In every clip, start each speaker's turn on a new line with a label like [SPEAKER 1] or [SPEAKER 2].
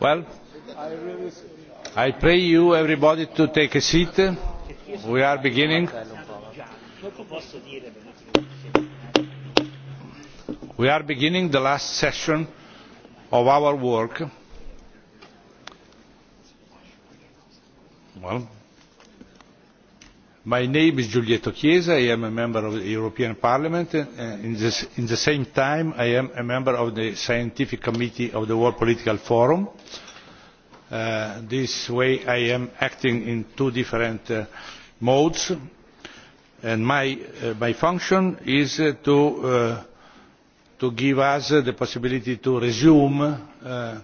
[SPEAKER 1] Well,
[SPEAKER 2] I pray you everybody to take a seat. We are beginning. We are beginning the last session of our work. Well, My name is Giulietto Chiesa. I am a member of the European Parliament. and In the same time, I am a member of the Scientific Committee of the World Political Forum. This way, I am acting in two different modes. And my function is to give us the possibility to resume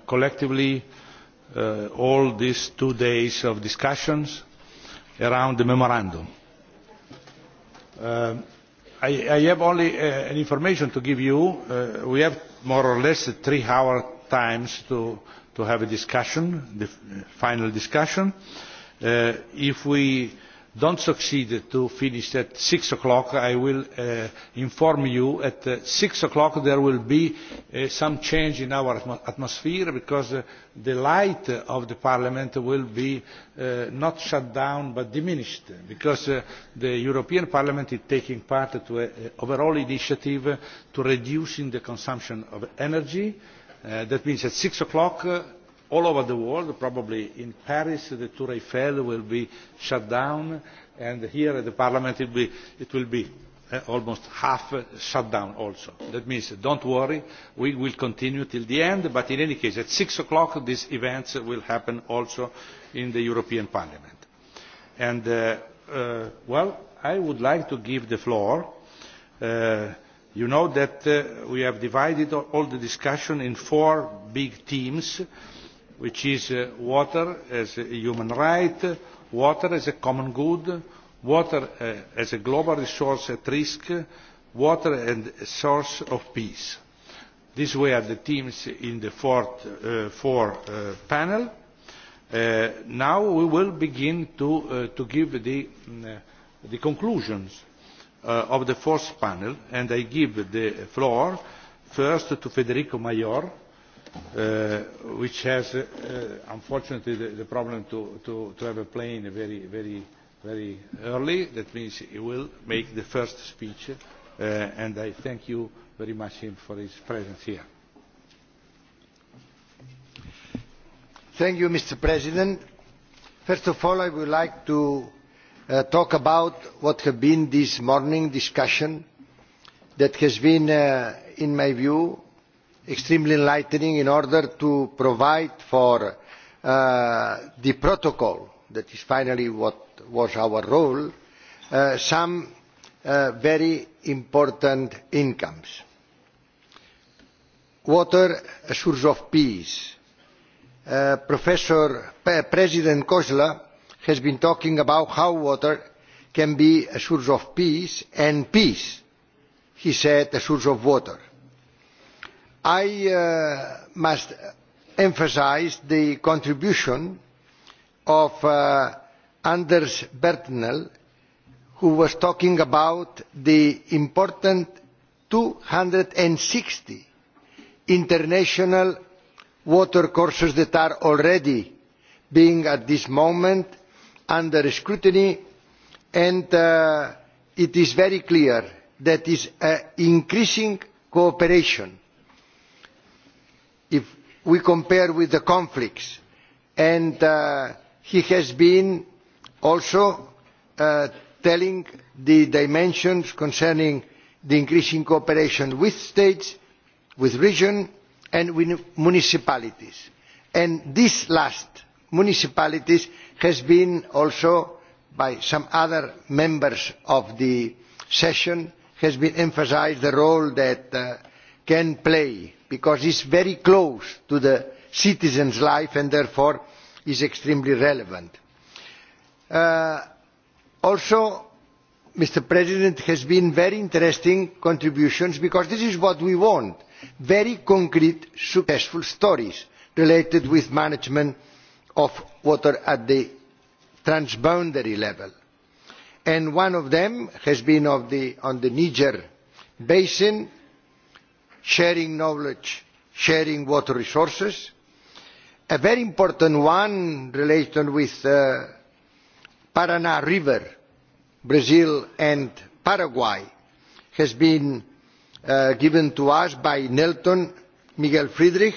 [SPEAKER 2] collectively all these two days of discussions around the memorandum. I I have only an information to give you. We have more or less three hour times to to have a discussion, the final discussion. If we don't succeed to finish at six o'clock, I will inform you at six o'clock there will be some change in our atmosphere because the light of the Parliament will be not shut down but diminished because the European Parliament is taking part to an overall initiative to reduce the consumption of energy. That means at six o'clock all over the world, probably in Paris the Tour Eiffel will be shut down and here at the Parliament it will be almost half shut down also. That means don't worry, we will continue till the end, but in any case at 6 o'clock these events will happen also in the European Parliament. And, well, I would like to give the floor. You know that we have divided all the discussion in four big teams which is water as a human right, water as a common good, water as a global resource at risk, water and a source of peace. These were the themes in the fourth panel. Now we will begin to give the conclusions of the fourth panel and I give the floor first to Federico Mayor which has unfortunately the problem to have a plane very very early. That means he will make the first speech and I thank you very much him for his presence here.
[SPEAKER 3] Thank you Mr President. First of all I would like to talk about what has been this morning discussion that has been in my view extremely enlightening in order to provide for the protocol that is finally what was our role some very important incomes. Water a source of peace. Professor President Kosla has been talking about how water can be a source of peace and peace, he said a source of water i must emphasise the contribution of anders bertel who was talking about the important two hundred and sixty international courses that are already being at this moment under scrutiny and it is very clear that there is increasing cooperation if we compare with the conflicts and he has been also telling the dimensions concerning the increasing cooperation with states with regions and with municipalities and this last municipalities has been also by some other members of the session has been emphasised the role that can play because it is very close to the citizen's life and therefore is extremely relevant. Also, Mr President, has been very interesting contributions because this is what we want very concrete, successful stories related with management of water at the transboundary level. And one of them has been on the Niger Basin sharing knowledge, sharing water resources. A very important one related with the Paraná River, Brazil and Paraguay, has been given to us by Nelton Miguel Friedrich,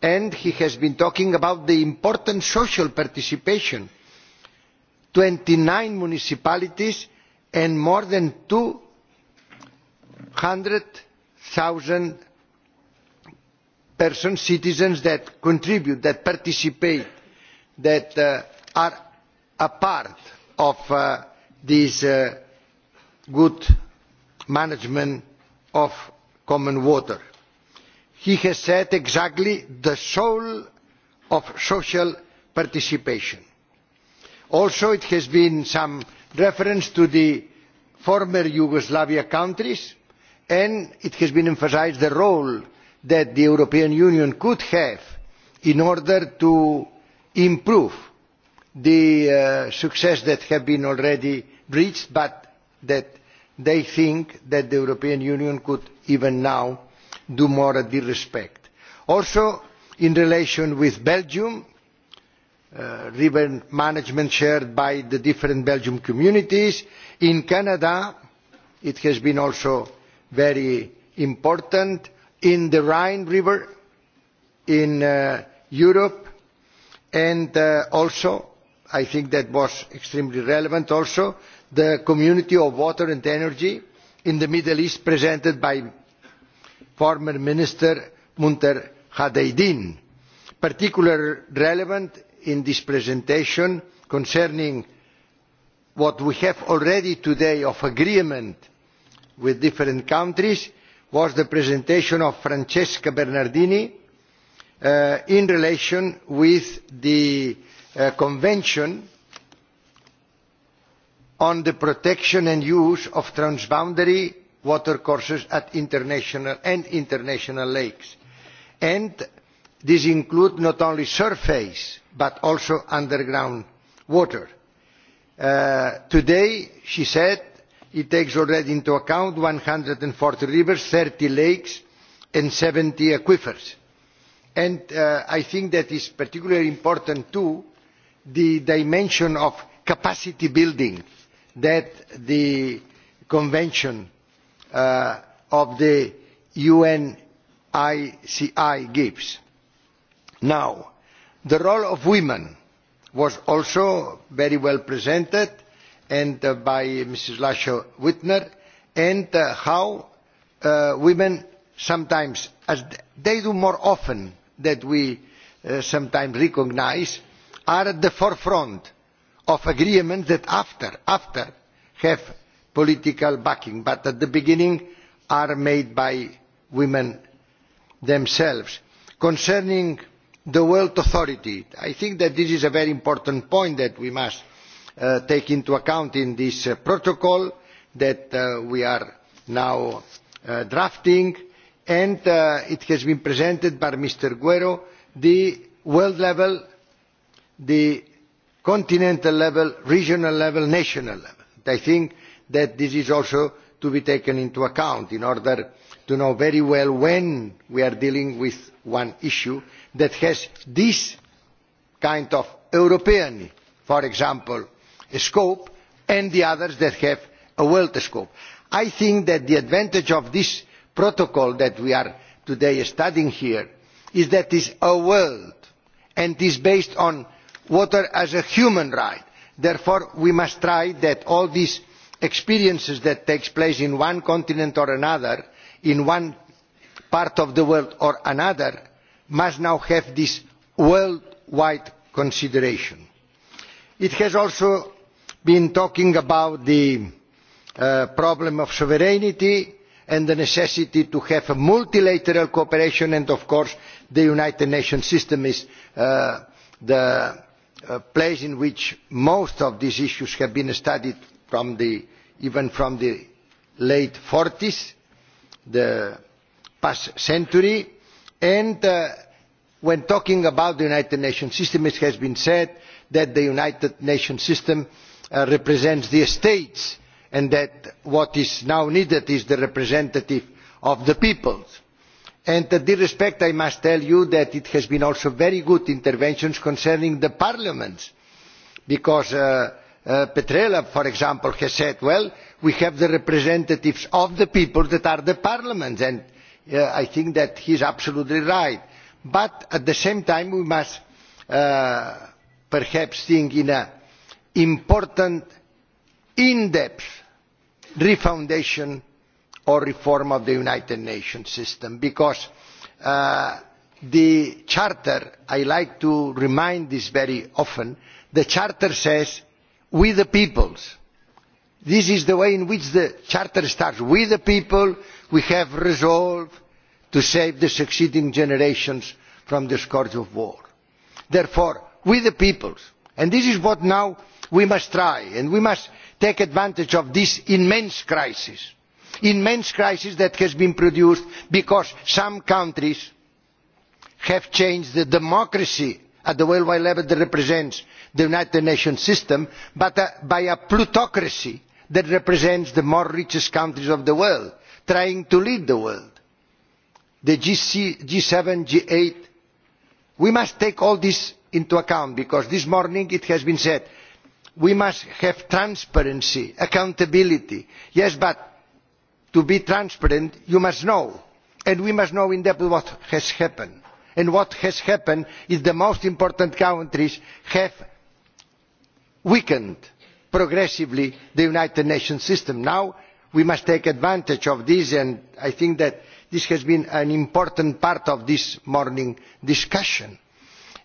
[SPEAKER 3] and he has been talking about the important social participation. 29 municipalities and more than 200 thousand persons citizens that contribute that participate that are a part of this good management of common water. he has said exactly the soul of social participation. also it has been some reference to the former Yugoslavia countries and it has been emphasised the role that the european union could have in order to improve the success that has been already reached but that they think that the european union could even now do more in this respect. also in relation with belgium river management shared by the different belgian communities in canada it has been also very important in the Rhine River in Europe and also I think that was extremely relevant also the community of water and energy in the Middle East presented by former Minister Munter Hadeidin. Particularly relevant in this presentation concerning what we have already today of agreement with different countries was the presentation of Francesca Bernardini in relation with the Convention on the protection and use of transboundary watercourses at international and international lakes. And these include not only surface but also underground water. Today, she said, It takes already into account 140 rivers, 30 lakes and 70 aquifers. And I think that is particularly important too the dimension of capacity building that the Convention of the UNICI gives. Now, the role of women was also very well presented and by Mrs. Lasho Wittner, and how women sometimes, as they do more often than we sometimes recognise, are at the forefront of agreements that after have political backing, but at the beginning are made by women themselves. Concerning the World Authority, I think that this is a very important point that we must take into account in this protocol that we are now drafting and it has been presented by mr guerrero the world level the continental level regional level national level. i think that this is also to be taken into account in order to know very well when we are dealing with one issue that has this kind of european for example scope and the others that have a world scope. i think that the advantage of this protocol that we are today studying here is that it is a world and is based on water as a human right. therefore we must try that all these experiences that take place in one continent or another in one part of the world or another must now have this worldwide consideration. it has also been talking about the problem of sovereignty and the necessity to have multilateral cooperation and of course the united nations system is the place in which most of these issues have been studied even from the late 40s the past century and when talking about the united nations system it has been said that the united nations system represents the states and that what is now needed is the representative of the people. in this respect i must tell you that it has been also very good interventions concerning the parliaments because petrella for example has said well we have the representatives of the people that are the parliaments and i think that he is absolutely right but at the same time we must perhaps think in a important in depth refoundation or reform of the united nations system because the charter i like to remind this very often the charter says we the peoples'. this is the way in which the charter starts we the people we have resolved to save the succeeding generations from the scourge of war. therefore we the peoples' and this is what now we must try and we must take advantage of this immense crisis immense crisis that has been produced because some countries have changed the democracy at the worldwide level that represents the united nations system but by a plutocracy that represents the more richest countries of the world trying to lead the world the g 7 g 8 we must take all this into account because this morning it has been said we must have transparency accountability yes but to be transparent you must know and we must know in depth what has happened and what has happened is that the most important countries have weakened progressively the united nations system. now we must take advantage of this and i think that this has been an important part of this morning's discussion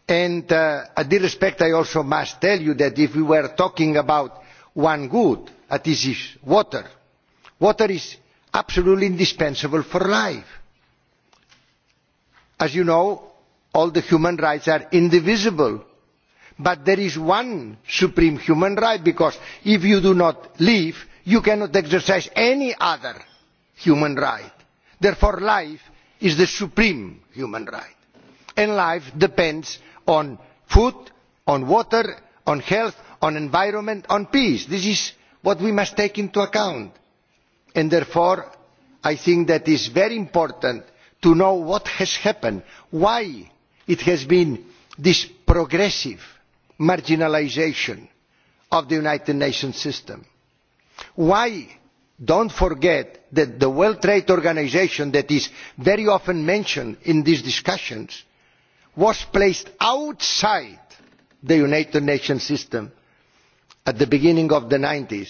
[SPEAKER 3] and in this respect i also must tell you that if we were talking about one good that is water water is absolutely indispensable for life. as you know all the human rights are indivisible but there is one supreme human right because if you do not live you cannot exercise any other human right. therefore life is the supreme human right and life depends on food on water on health on environment on peace. this is what we must take into account and therefore i think that it is very important to know what has happened why it has been this progressive marginalisation of the united nations system. why do not forget that the world trade organisation that is very often mentioned in these discussions was placed outside the united nations system at the beginning of the 90s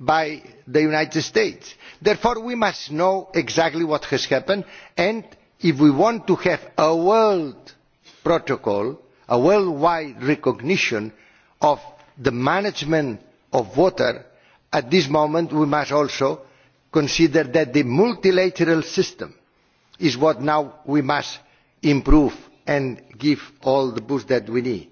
[SPEAKER 3] by the united states therefore we must know exactly what has happened and if we want to have a world protocol a worldwide recognition of the management of water at this moment we must also consider that the multilateral system is what now we must improve and give all the boost that we need.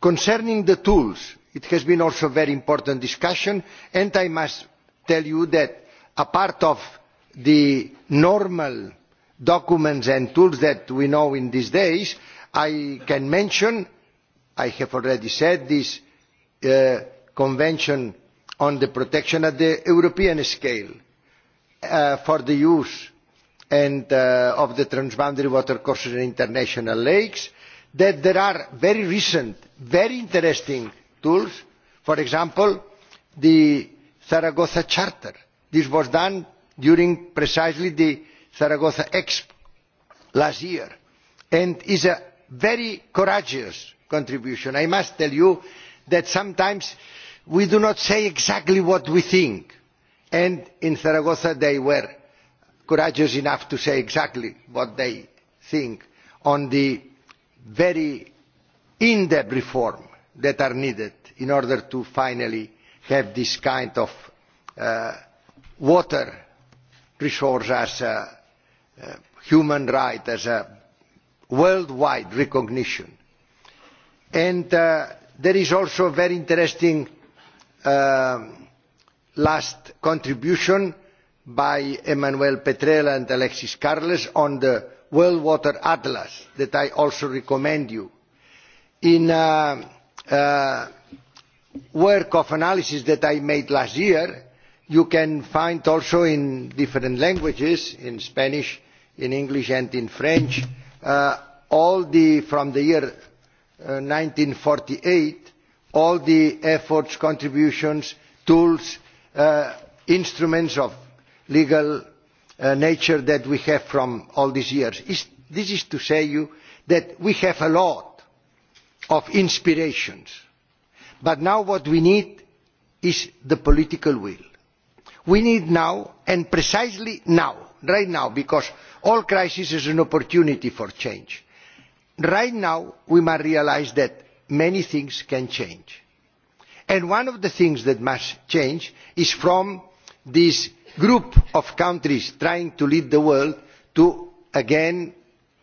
[SPEAKER 3] Concerning the tools, it has been also a very important discussion and I must tell you that apart of the normal documents and tools that we know in these days, I can mention, I have already said, this Convention on the Protection at the European scale for the use and of the transboundary Water Courses and international lakes that there are very recent very interesting tools for example the zaragoza charter this was done during precisely the zaragoza expo last year and is a very courageous contribution. i must tell you that sometimes we do not say exactly what we think and in zaragoza they were courageous enough to say exactly what they think on the very in depth reforms that are needed in order to finally have this kind of water resource as a human right as a worldwide recognition. And there is also a very interesting last contribution by Emmanuel Petrella and Alexis Carles on the World Water Atlas that I also recommend you. In work of analysis that I made last year, you can find also in different languages, in Spanish, in English and in French, all the from the year 1948, all the efforts, contributions, tools, instruments of legal nature that we have from all these years. This is to say you that we have a lot of inspirations, but now what we need is the political will. We need now, and precisely now, right now, because all crisis is an opportunity for change. Right now we must realise that many things can change, and one of the things that must change is from this group of countries trying to lead the world to again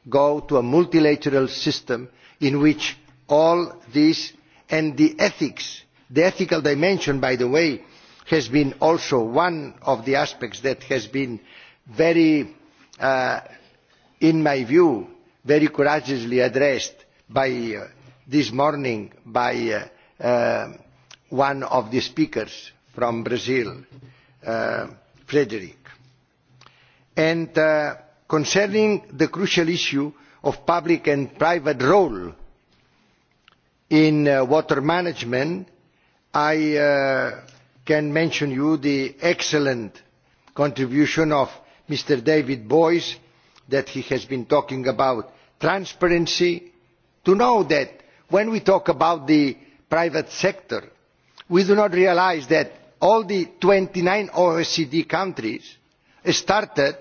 [SPEAKER 3] go to a multilateral system in which all this and the ethics the ethical dimension by the way has been also one of the aspects that has been very in my view very courageously addressed this morning by one of the speakers from brazil Frederick. And concerning the crucial issue of public and private role in water management, I can mention you the excellent contribution of Mr. David Boyce that he has been talking about transparency, to know that when we talk about the private sector, we do not realise that all the twenty nine oecd countries started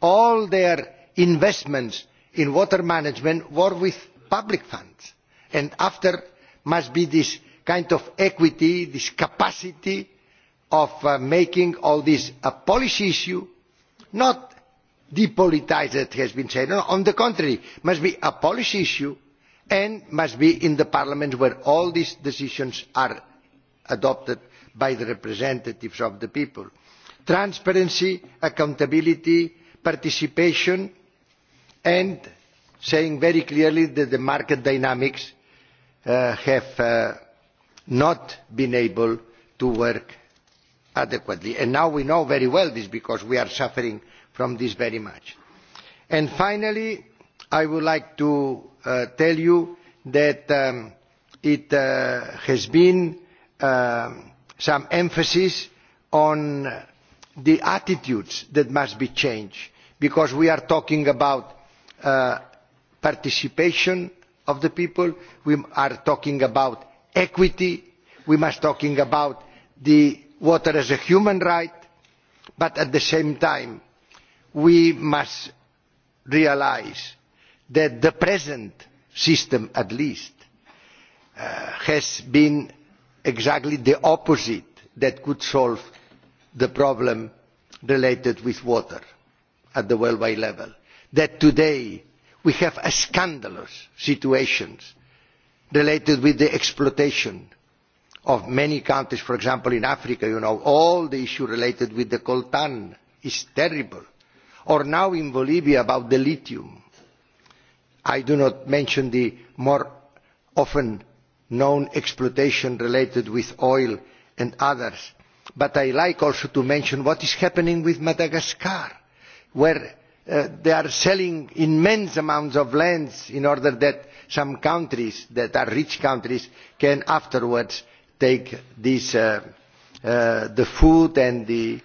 [SPEAKER 3] all their investments in water management were with public funds and after must be this kind of equity this capacity of making all this a policy issue not depoliticised as has been said on the contrary it must be a policy issue and must be in the parliament where all these decisions are adopted by the representatives of the people. Transparency, accountability, participation and saying very clearly that the market dynamics have not been able to work adequately. And now we know very well this because we are suffering from this very much. And finally, I would like to tell you that it has been some emphasis on the attitudes that must be changed because we are talking about participation of the people we are talking about equity we must talking about the water as a human right but at the same time we must realise that the present system at least has been exactly the opposite that could solve the problem related with water at the worldwide level. That today we have scandalous situation related with the exploitation of many countries, for example in Africa, you know, all the issues related with the coltan is terrible. Or now in Bolivia about the lithium. I do not mention the more often known exploitation related with oil and others. But I like also to mention what is happening with Madagascar, where they are selling immense amounts of lands in order that some countries that are rich countries can afterwards take the food and the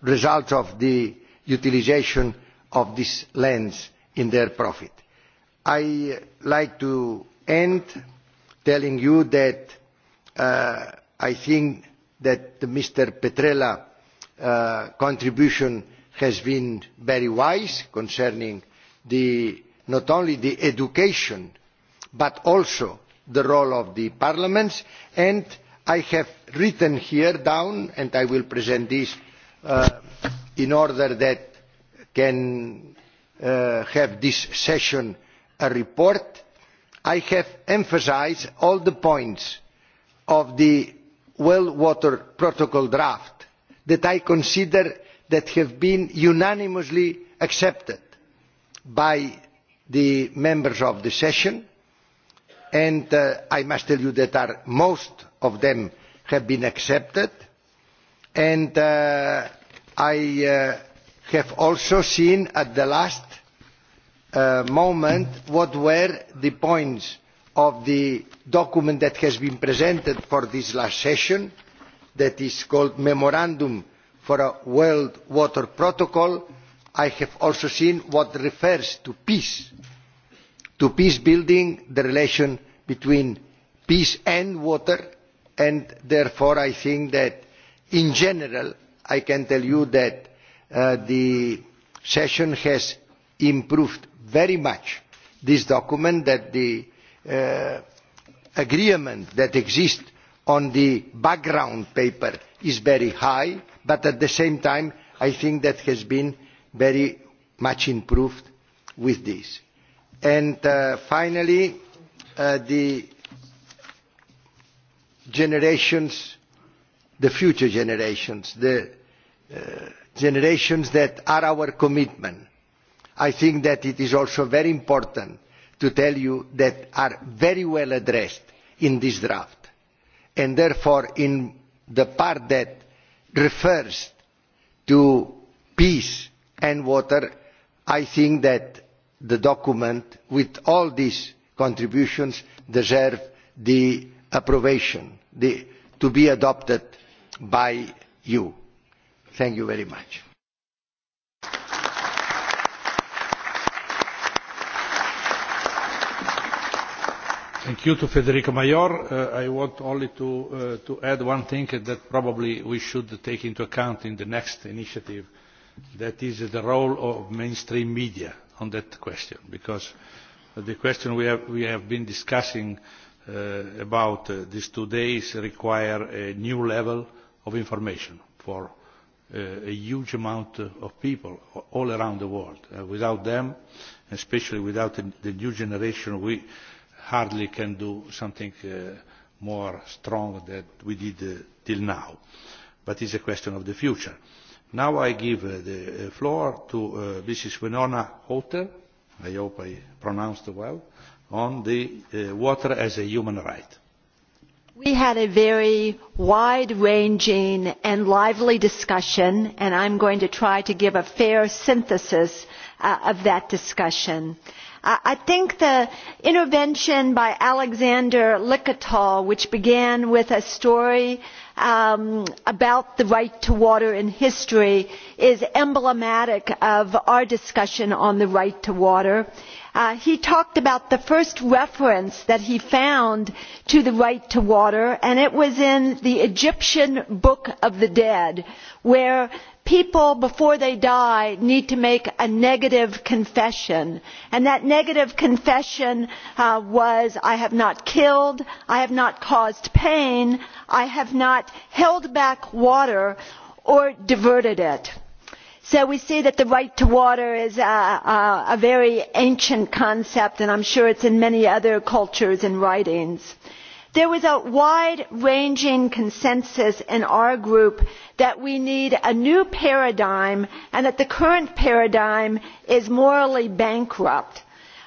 [SPEAKER 3] results of the utilisation of these lands in their profit. I like to end telling you that I think that Mr. Petrella's contribution has been very wise concerning not only the education but also the role of the parliaments and I have written here down and I will present this in order that can have this session a report i have emphasised all the points of the well water protocol draft that i consider that have been unanimously accepted by the members of the session and i must tell you that most of them have been accepted and i have also seen at the last moment what were the points of the document that has been presented for this last session that is called memorandum for a world water protocol i have also seen what refers to peace to peace building the relation between peace and water and therefore i think that in general i can tell you that the session has improved very much this document that the agreement that exists on the background paper is very high but at the same time i think that has been very much improved with this. and finally the generations the future generations the generations that are our commitment I think that it is also very important to tell you that are very well addressed in this draft and therefore in the part that refers to peace and water I think that the document with all these contributions deserves the approbation to be adopted by you. Thank you very much.
[SPEAKER 2] Thank you to Federica Mayor. I want only to add one thing that probably we should take into account in the next initiative, that is the role of mainstream media on that question, because the question we have been discussing about these two days require a new level of information for a huge amount of people all around the world. Without them, especially without the new generation, we hardly can do something more strong than we did till now. But it's a question of the future. Now I give the floor to Mrs. Winona Hotel, I hope I pronounced well, on the water as a human right.
[SPEAKER 4] We had a very wide-ranging and lively discussion, and I'm going to try to give a fair synthesis of that discussion. I think the intervention by Alexander Lickitall, which began with a story about the right to water in history, is emblematic of our discussion on the right to water. He talked about the first reference that he found to the right to water, and it was in the Egyptian Book of the Dead, where people before they die need to make a negative confession and that negative confession was i have not killed i have not caused pain i have not held back water or diverted it. so we see that the right to water is a very ancient concept and i am sure it is in many other cultures and writings there was a wide ranging consensus in our group that we need a new paradigm and that the current paradigm is morally bankrupt.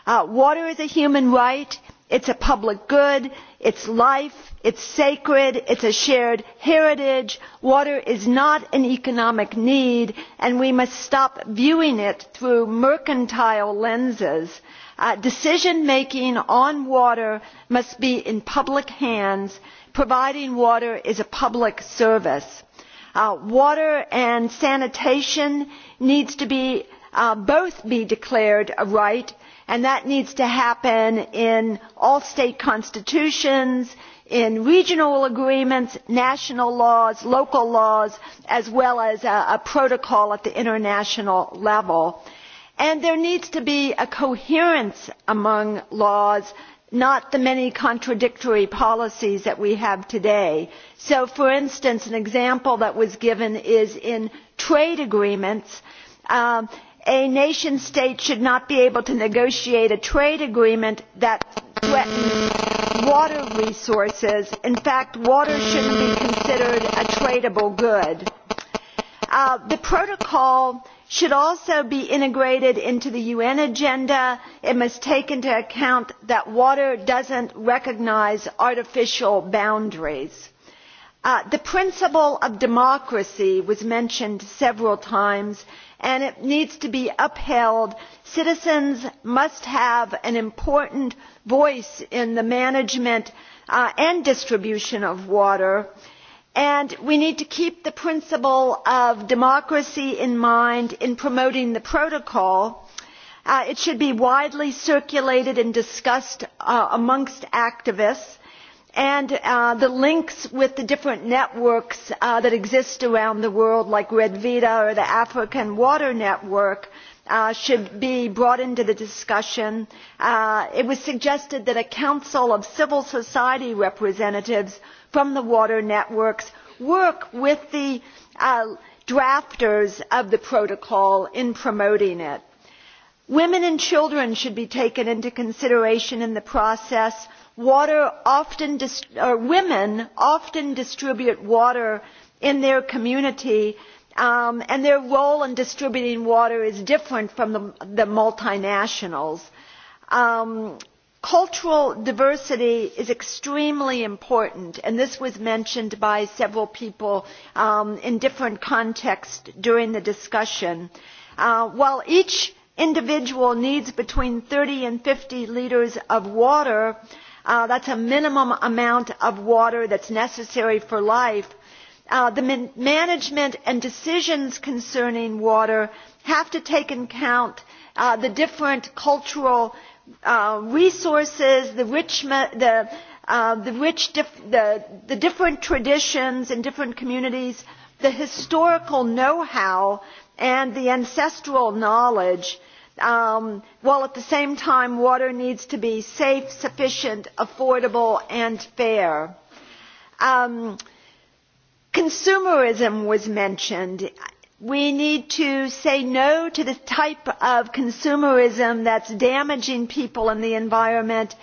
[SPEAKER 4] water is a human right it is a public good it is life it is sacred it is a shared heritage. water is not an economic need and we must stop viewing it through mercantile lenses decision making on water must be in public hands providing water is a public service. water and sanitation needs to both be declared a right and that needs to happen in all state constitutions in regional agreements national laws local laws as well as a protocol at the international level and there needs to be a coherence among laws not the many contradictory policies that we have today. so for instance an example that was given is in trade agreements a nation state should not be able to negotiate a trade agreement that threatens water resources. in fact water should be considered a tradable good the protocol should also be integrated into the un agenda. it must take into account that water does not recognise artificial boundaries. the principle of democracy was mentioned several times and it needs to be upheld. citizens must have an important voice in the management and distribution of water and we need to keep the principle of democracy in mind in promoting the protocol. it should be widely circulated and discussed amongst activists and the links with the different networks that exist around the world like red vita or the african water network should be brought into the discussion. it was suggested that a council of civil society representatives from the water networks work with the drafters of the protocol in promoting it. women and children should be taken into consideration in the process. women often distribute water in their community and their role in distributing water is different from the multinationals cultural diversity is extremely important and this was mentioned by several people in different contexts during the discussion. while each individual needs between thirty and fifty litres of water that is a minimum amount of water that is necessary for life the management and decisions concerning water have to take into account the different cultural resources, the rich the different traditions in different communities, the historical know how and the ancestral knowledge, while at the same time water needs to be safe, sufficient, affordable and fair. Consumerism was mentioned we need to say no to the type of consumerism that's damaging people and the environment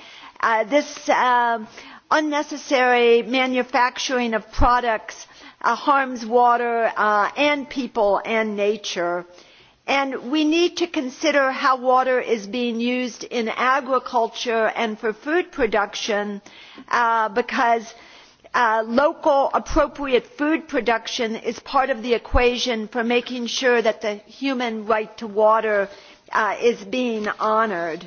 [SPEAKER 4] this unnecessary manufacturing of products harms water and people and nature and we need to consider how water is being used in agriculture and for food production because local appropriate food production is part of the equation for making sure that the human right to water is being honoured.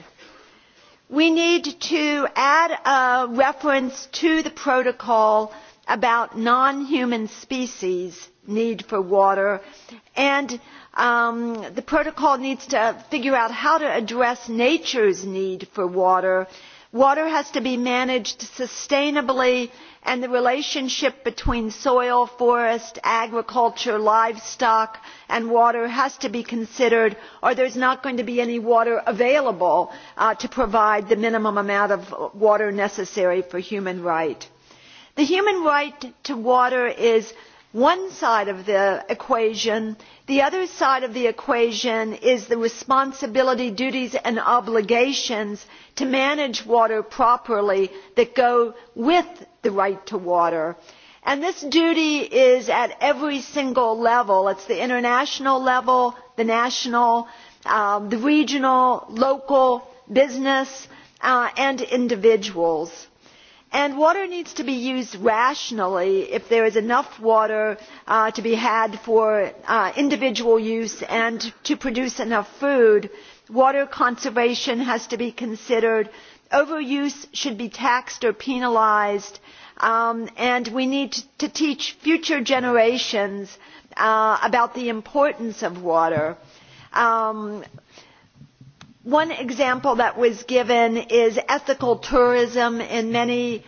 [SPEAKER 4] We need to add a reference to the protocol about non-human species need for water and the protocol needs to figure out how to address nature's need for water. Water has to be managed sustainably and the relationship between soil forest agriculture livestock and water has to be considered or there is not going to be any water available to provide the minimum amount of water necessary for human right. the human right to water is one side of the equation. the other side of the equation is the responsibility duties and obligations to manage water properly that go with the right to water and this duty is at every single level it the international level the national the regional local business and individuals and water needs to be used rationally if there is enough water to be had for individual use and to produce enough food water conservation has to be considered overuse should be taxed or penalised and we need to teach future generations about the importance of water One example that was given is ethical tourism in many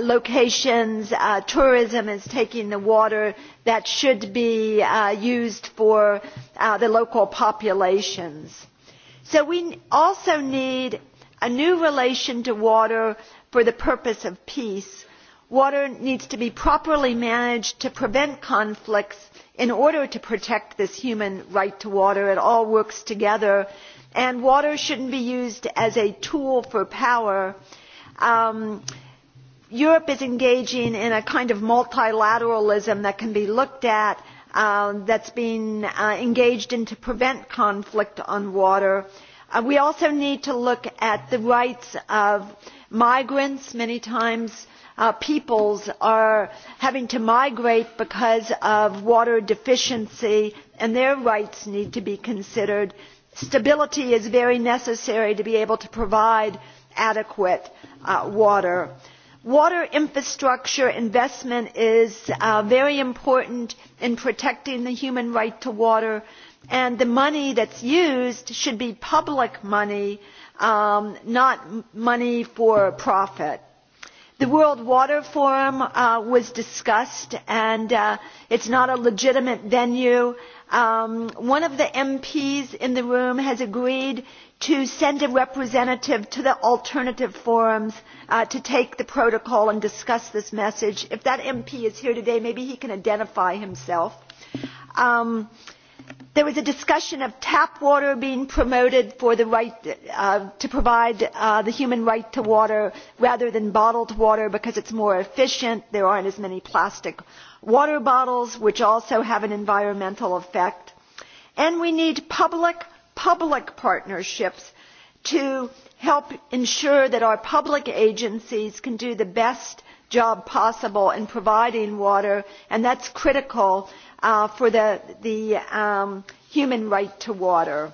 [SPEAKER 4] locations. Tourism is taking the water that should be used for the local populations. So we also need a new relation to water for the purpose of peace. Water needs to be properly managed to prevent conflicts in order to protect this human right to water. It all works together and water shouldn't be used as a tool for power. Europe is engaging in a kind of multilateralism that can be looked at that's being engaged in to prevent conflict on water. We also need to look at the rights of migrants. Many times peoples are having to migrate because of water deficiency and their rights need to be considered stability is very necessary to be able to provide adequate water. water infrastructure investment is very important in protecting the human right to water and the money that is used should be public money not money for profit. the world water forum was discussed and it is not a legitimate venue One of the MPs in the room has agreed to send a representative to the alternative forums to take the protocol and discuss this message. If that MP is here today, maybe he can identify himself. There was a discussion of tap water being promoted for the right to provide the human right to water rather than bottled water because it's more efficient. There aren't as many plastic water bottles which also have an environmental effect and we need public public partnerships to help ensure that our public agencies can do the best job possible in providing water and that's critical for the human right to water.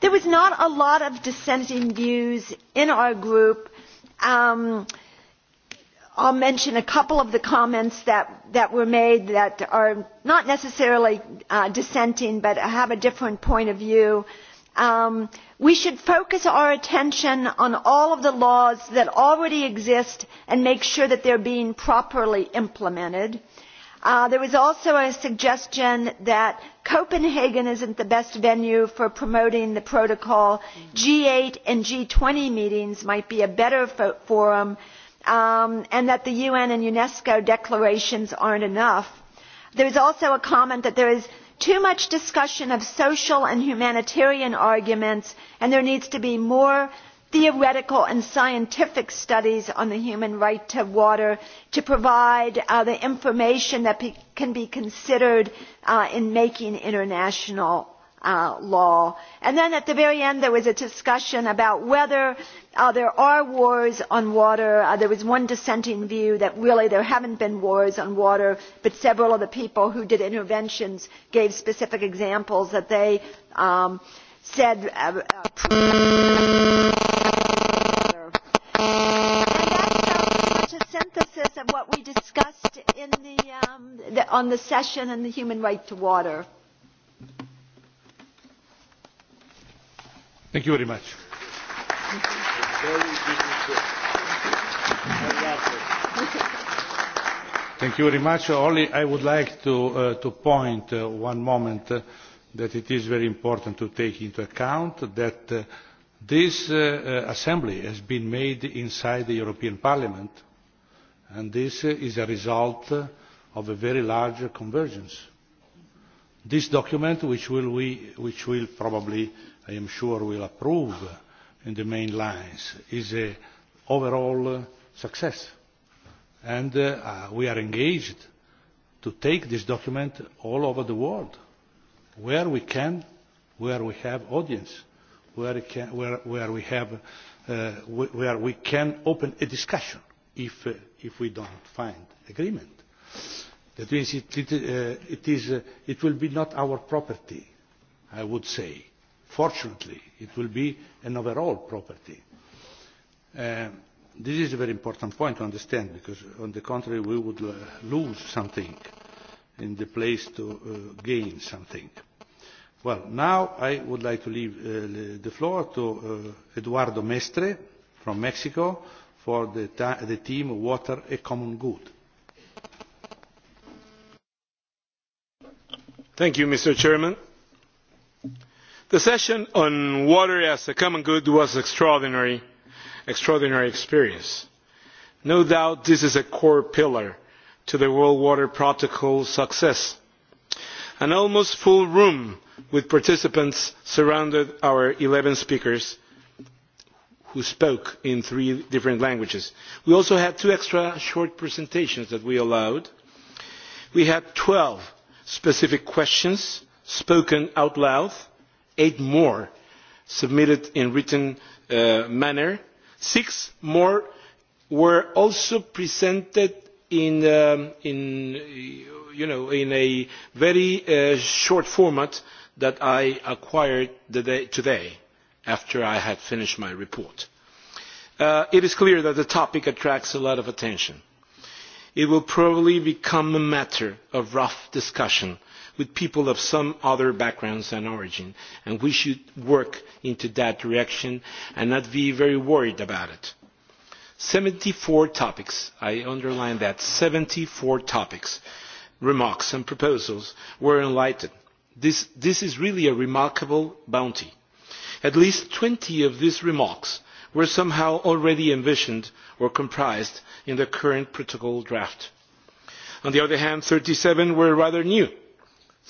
[SPEAKER 4] There was not a lot of dissenting views in our group. I'll mention a couple of the comments that were made that are not necessarily dissenting but have a different point of view. We should focus our attention on all of the laws that already exist and make sure that they're being properly implemented. There was also a suggestion that Copenhagen isn't the best venue for promoting the protocol. G8 and G20 meetings might be a better forum and that the un and unesco declarations aren't enough there is also a comment that there is too much discussion of social and humanitarian arguments and there needs to be more theoretical and scientific studies on the human right to water to provide the information that can be considered in making international law. And then at the very end there was a discussion about whether there are wars on water. There was one dissenting view that really there haven't been wars on water, but several of the people who did interventions gave specific examples that they said a synthesis of what we discussed in the on the session on the human right to water.
[SPEAKER 2] Thank you very much. Thank you very much. Only I would like to point one moment that it is very important to take into account that this assembly has been made inside the European Parliament and this is a result of a very large convergence. This document which will we which will probably I am sure will approve in the main lines is an overall success. And we are engaged to take this document all over the world, where we can, where we have audience, where we where we can open a discussion if if we don't find agreement. That means it is it will be not our property, I would say Fortunately, it will be an overall property. This is a very important point to understand, because on the contrary we would lose something in the place to gain something. Well, now I would like to leave the floor to Eduardo Mestre from Mexico for the team Water a Common
[SPEAKER 1] Good. Thank you, Mr. Chairman The session on water as a common good was an extraordinary extraordinary experience. No doubt this is a core pillar to the World Water Protocol success. An almost full room with participants surrounded our 11 speakers who spoke in three different languages. We also had two extra short presentations that we allowed. We had 12 specific questions spoken out loud eight more submitted in written manner. Six more were also presented in a very short format that I acquired today after I had finished my report. It is clear that the topic attracts a lot of attention. It will probably become a matter of rough discussion with people of some other backgrounds and origin. And we should work into that direction and not be very worried about it. 74 topics, I underline that, 74 topics, remarks and proposals were enlightened. This is really a remarkable bounty. At least 20 of these remarks were somehow already envisioned or comprised in the current protocol draft. On the other hand, 37 were rather new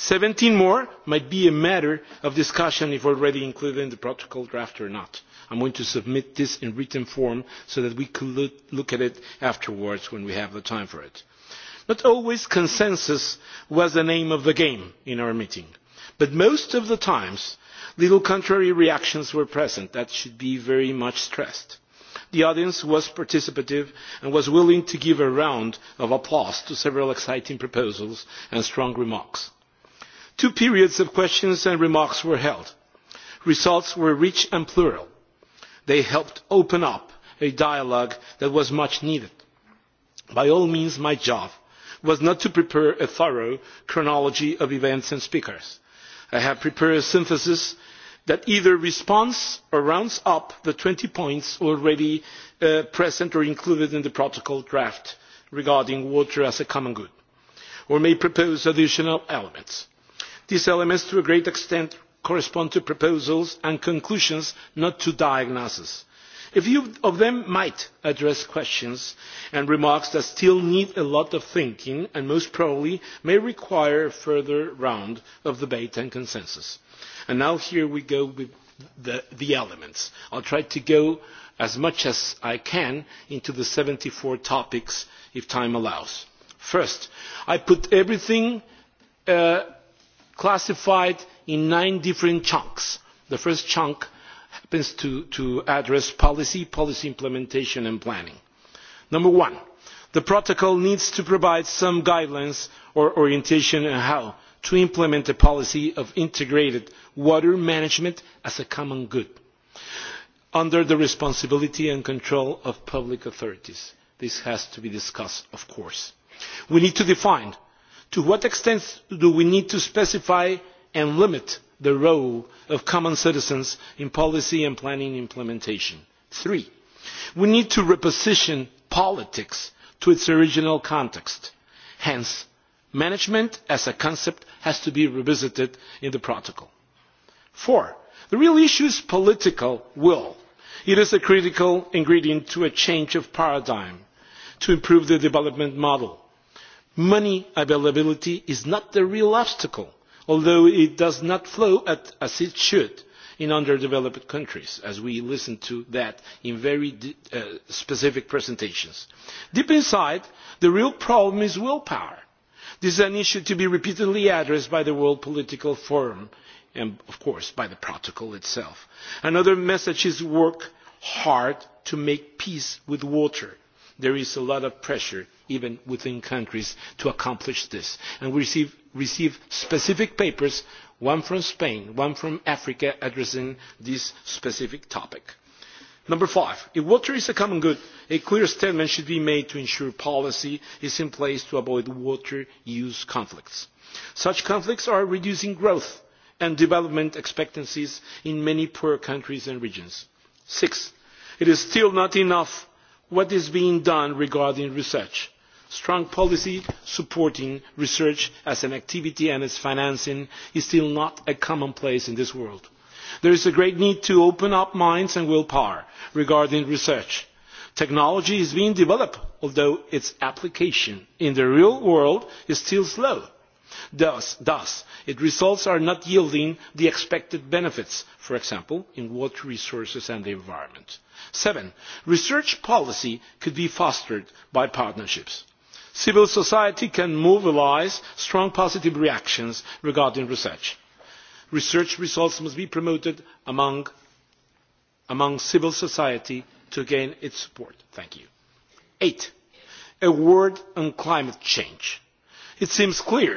[SPEAKER 1] seventeen more might be a matter of discussion if already included in the protocol draft or not. i am going to submit this in written form so that we can look at it afterwards when we have the time for it. not always consensus was the name of the game in our meeting but most of the times little contrary reactions were present. that should be very much stressed. the audience was participative and was willing to give a round of applause to several exciting proposals and strong remarks Two periods of questions and remarks were held. Results were rich and plural. They helped open up a dialogue that was much needed. By all means, my job was not to prepare a thorough chronology of events and speakers. I have prepared a synthesis that either responds or rounds up the 20 points already present or included in the protocol draft regarding water as a common good, or may propose additional elements these elements to a great extent correspond to proposals and conclusions not to diagnoses. a few of them might address questions and remarks that still need a lot of thinking and most probably may require a further round of debate and consensus. and now here we go with the elements. i will try to go as much as i can into the seventy four topics if time allows. first i put everything classified in nine different chunks. The first chunk happens to address policy, policy implementation and planning. Number one, the protocol needs to provide some guidelines or orientation on how to implement a policy of integrated water management as a common good under the responsibility and control of public authorities. This has to be discussed, of course. We need to define to what extent do we need to specify and limit the role of common citizens in policy and planning implementation? three we need to reposition politics to its original context. hence management as a concept has to be revisited in the protocol. four the real issue is political will. it is a critical ingredient to a change of paradigm to improve the development model money availability is not the real obstacle although it does not flow as it should in underdeveloped countries as we listened to that in very specific presentations. deep inside the real problem is willpower. this is an issue to be repeatedly addressed by the world political forum and of course by the protocol itself. another message is work hard to make peace with water. there is a lot of pressure even within countries to accomplish this and we receive specific papers one from spain one from africa addressing this specific topic. number five if water is a common good a clear statement should be made to ensure policy is in place to avoid water use conflicts. such conflicts are reducing growth and development expectancies in many poor countries and regions. six it is still not enough what is being done regarding research strong policy supporting research as an activity and its financing is still not a commonplace in this world. There is a great need to open up minds and willpower regarding research. Technology is being developed, although its application in the real world is still slow. Thus, its results are not yielding the expected benefits, for example, in water resources and the environment. Seven, research policy could be fostered by partnerships civil society can mobilise strong positive reactions regarding research. research results must be promoted among civil society to gain its support. eight a word on climate change. it seems clear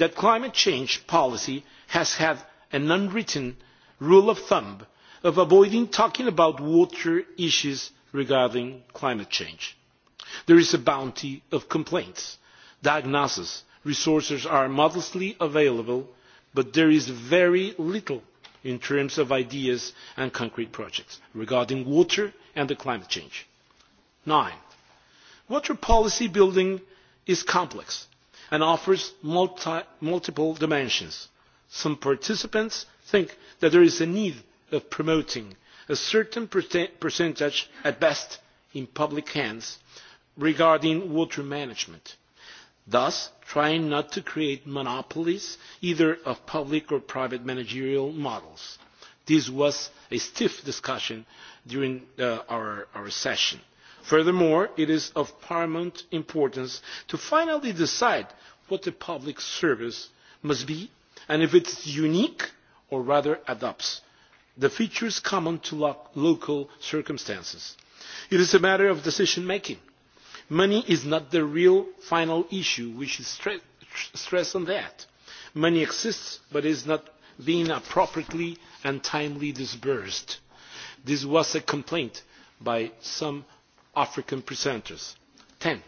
[SPEAKER 1] that climate change policy has had an unwritten rule of thumb of avoiding talking about water issues regarding climate change There is a bounty of complaints. Diagnosis resources are modestly available, but there is very little in terms of ideas and concrete projects regarding water and climate change. Nine. Water policy building is complex and offers multiple dimensions. Some participants think that there is a need of promoting a certain percentage, at best, in public hands regarding water management, thus trying not to create monopolies either of public or private managerial models. This was a stiff discussion during our session. Furthermore, it is of paramount importance to finally decide what the public service must be and if it is unique or rather adopts the features common to local circumstances. It is a matter of decision making money is not the real final issue we should stress on that. money exists but is not being appropriately and timely disbursed. this was a complaint by some african presenters. ten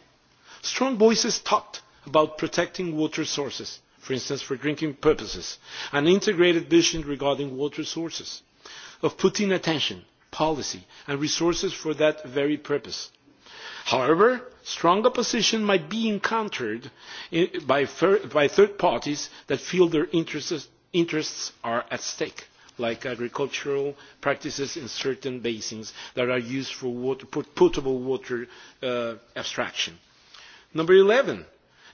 [SPEAKER 1] strong voices talked about protecting water sources for instance for drinking purposes an integrated vision regarding water sources of putting attention policy and resources for that very purpose However, strong opposition might be encountered by third parties that feel their interests are at stake, like agricultural practices in certain basins that are used for potable water abstraction. Number 11.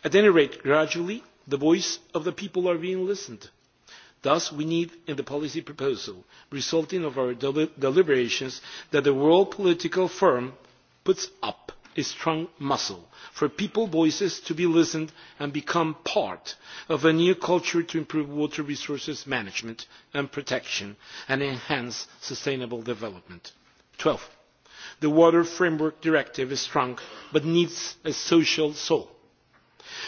[SPEAKER 1] At any rate, gradually, the voice of the people are being listened. Thus, we need in the policy proposal, resulting of our deliberations, that the world political firm puts up a strong muscle for people's voices to be listened and become part of a new culture to improve water resources management and protection and enhance sustainable development. 12. The Water Framework Directive is strong but needs a social soul.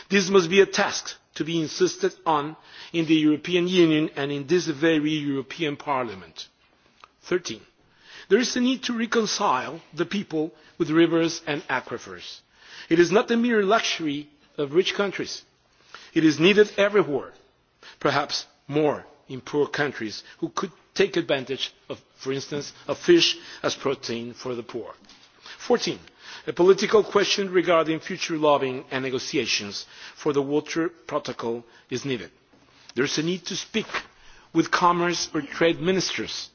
[SPEAKER 1] This must be a task to be insisted on in the European Union and in this very European Parliament. 13 There is a need to reconcile the people with rivers and aquifers. It is not the mere luxury of rich countries. It is needed everywhere, perhaps more in poor countries who could take advantage of, for instance, of fish as protein for the poor. 14. A political question regarding future lobbying and negotiations for the water protocol is needed. There is a need to speak with commerce or trade ministers,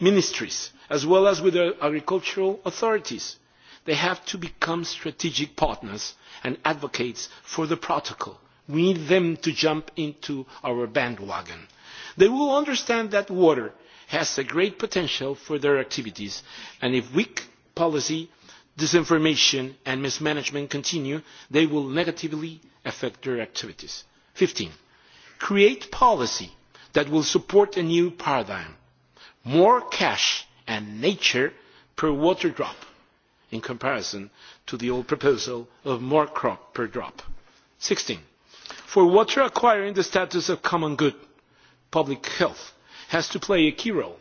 [SPEAKER 1] ministries as well as with the agricultural authorities. They have to become strategic partners and advocates for the protocol. We need them to jump into our bandwagon. They will understand that water has a great potential for their activities, and if weak policy, disinformation and mismanagement continue, they will negatively affect their activities. 15. Create policy that will support a new paradigm. More cash and nature per water drop in comparison to the old proposal of more crop per drop. 16. For water acquiring the status of common good, public health has to play a key role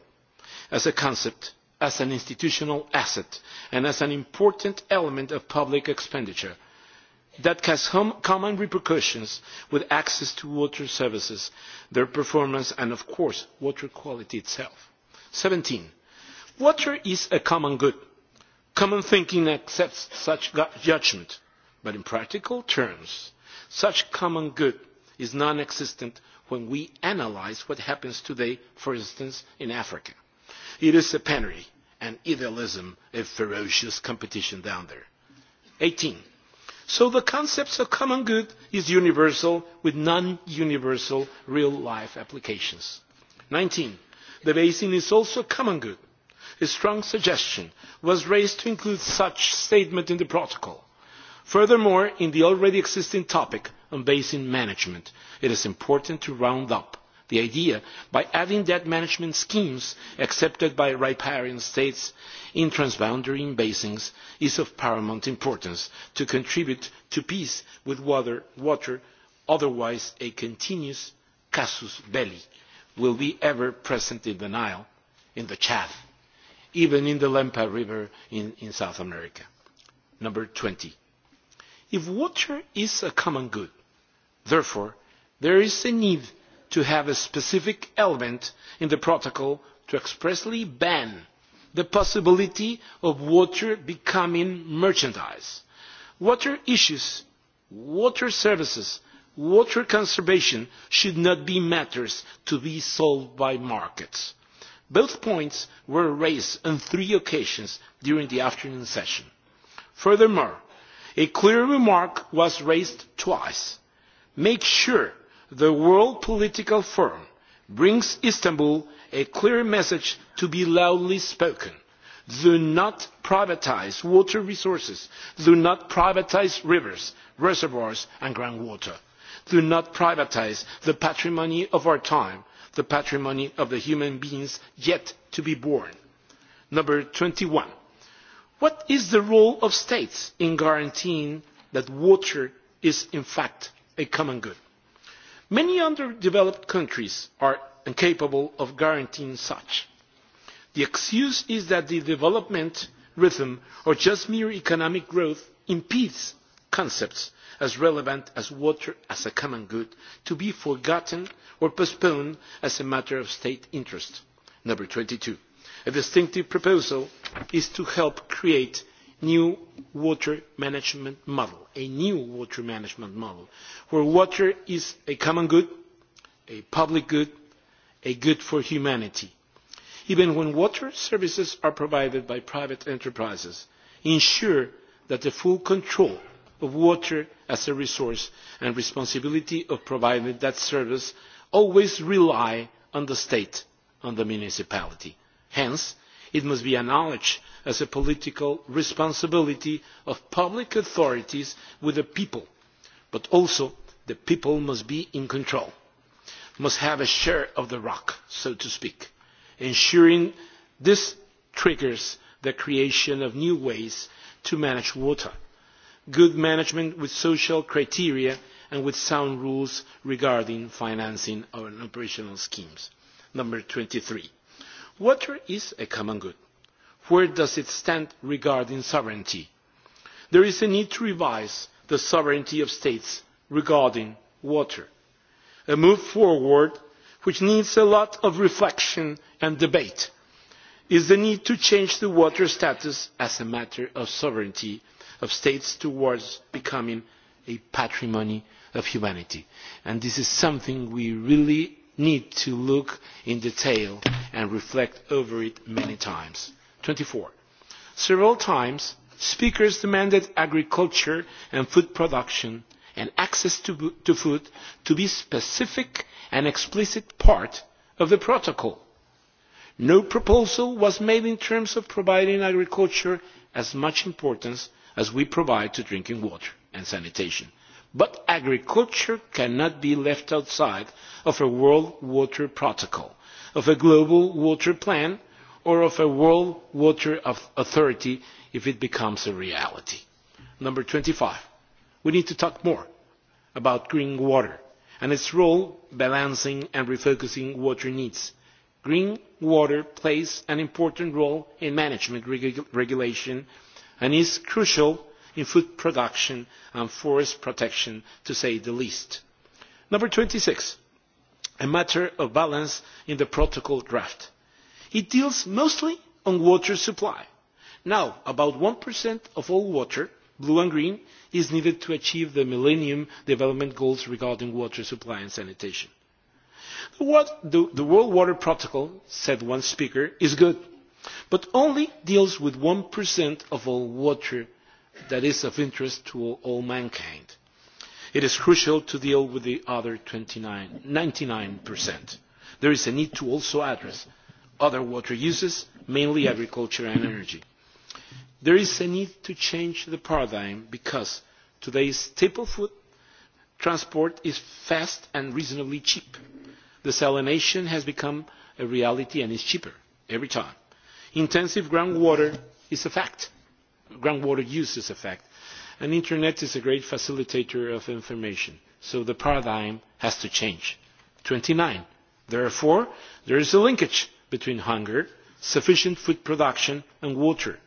[SPEAKER 1] as a concept, as an institutional asset, and as an important element of public expenditure that has common repercussions with access to water services, their performance, and, of course, water quality itself. 17 Water is a common good. Common thinking accepts such judgment, but in practical terms, such common good is non-existent when we analyze what happens today, for instance, in Africa. It is a penury, an idealism, a ferocious competition down there. 18. So the concept of common good is universal with non-universal real-life applications. 19. The basin is also common good a strong suggestion was raised to include such statement in the protocol. Furthermore, in the already existing topic on basin management, it is important to round up the idea by adding debt management schemes accepted by riparian states in transboundary basins is of paramount importance to contribute to peace with water, otherwise a continuous casus belli will be ever present in the Nile, in the Chad, even in the Lempa River in South America. Number 20. If water is a common good, therefore, there is a need to have a specific element in the protocol to expressly ban the possibility of water becoming merchandise. Water issues, water services, water conservation should not be matters to be solved by markets Both points were raised on three occasions during the afternoon session. Furthermore, a clear remark was raised twice. Make sure the World Political Forum brings Istanbul a clear message to be loudly spoken. Do not privatise water resources. Do not privatise rivers, reservoirs and groundwater. Do not privatise the patrimony of our time the patrimony of the human beings yet to be born. Number one What is the role of states in guaranteeing that water is in fact a common good? Many underdeveloped countries are incapable of guaranteeing such. The excuse is that the development rhythm or just mere economic growth impedes concepts as relevant as water as a common good to be forgotten or postponed as a matter of state interest. number twenty two a distinctive proposal is to help create a new water management model a new water management model where water is a common good a public good a good for humanity even when water services are provided by private enterprises ensure that the full control of water as a resource and responsibility of providing that service always rely on the state, on the municipality. Hence, it must be acknowledged as a political responsibility of public authorities with the people, but also the people must be in control, must have a share of the rock, so to speak. Ensuring this triggers the creation of new ways to manage water good management with social criteria and with sound rules regarding financing and operational schemes. Number three Water is a common good. Where does it stand regarding sovereignty? There is a need to revise the sovereignty of states regarding water. A move forward which needs a lot of reflection and debate is the need to change the water status as a matter of sovereignty of states towards becoming a patrimony of humanity. And this is something we really need to look in detail and reflect over it many times. four. Several times, speakers demanded agriculture and food production and access to food to be specific and explicit part of the protocol. No proposal was made in terms of providing agriculture as much importance as we provide to drinking water and sanitation. But agriculture cannot be left outside of a World Water Protocol, of a Global Water Plan, or of a World Water Authority if it becomes a reality. Number 25. We need to talk more about green water and its role balancing and refocusing water needs. Green water plays an important role in management regulation and is crucial in food production and forest protection, to say the least. Number twenty six A matter of balance in the protocol draft. It deals mostly on water supply. Now, about 1% of all water, blue and green, is needed to achieve the Millennium Development Goals regarding water supply and sanitation. The World Water Protocol, said one speaker, is good but only deals with 1% of all water that is of interest to all mankind. It is crucial to deal with the other 99%. There is a need to also address other water uses, mainly agriculture and energy. There is a need to change the paradigm because today's staple food transport is fast and reasonably cheap. Desalination has become a reality and is cheaper every time. Intensive groundwater is a fact. Groundwater use is a fact. And Internet is a great facilitator of information. So the paradigm has to change. 29. Therefore, there is a linkage between hunger, sufficient food production, and water.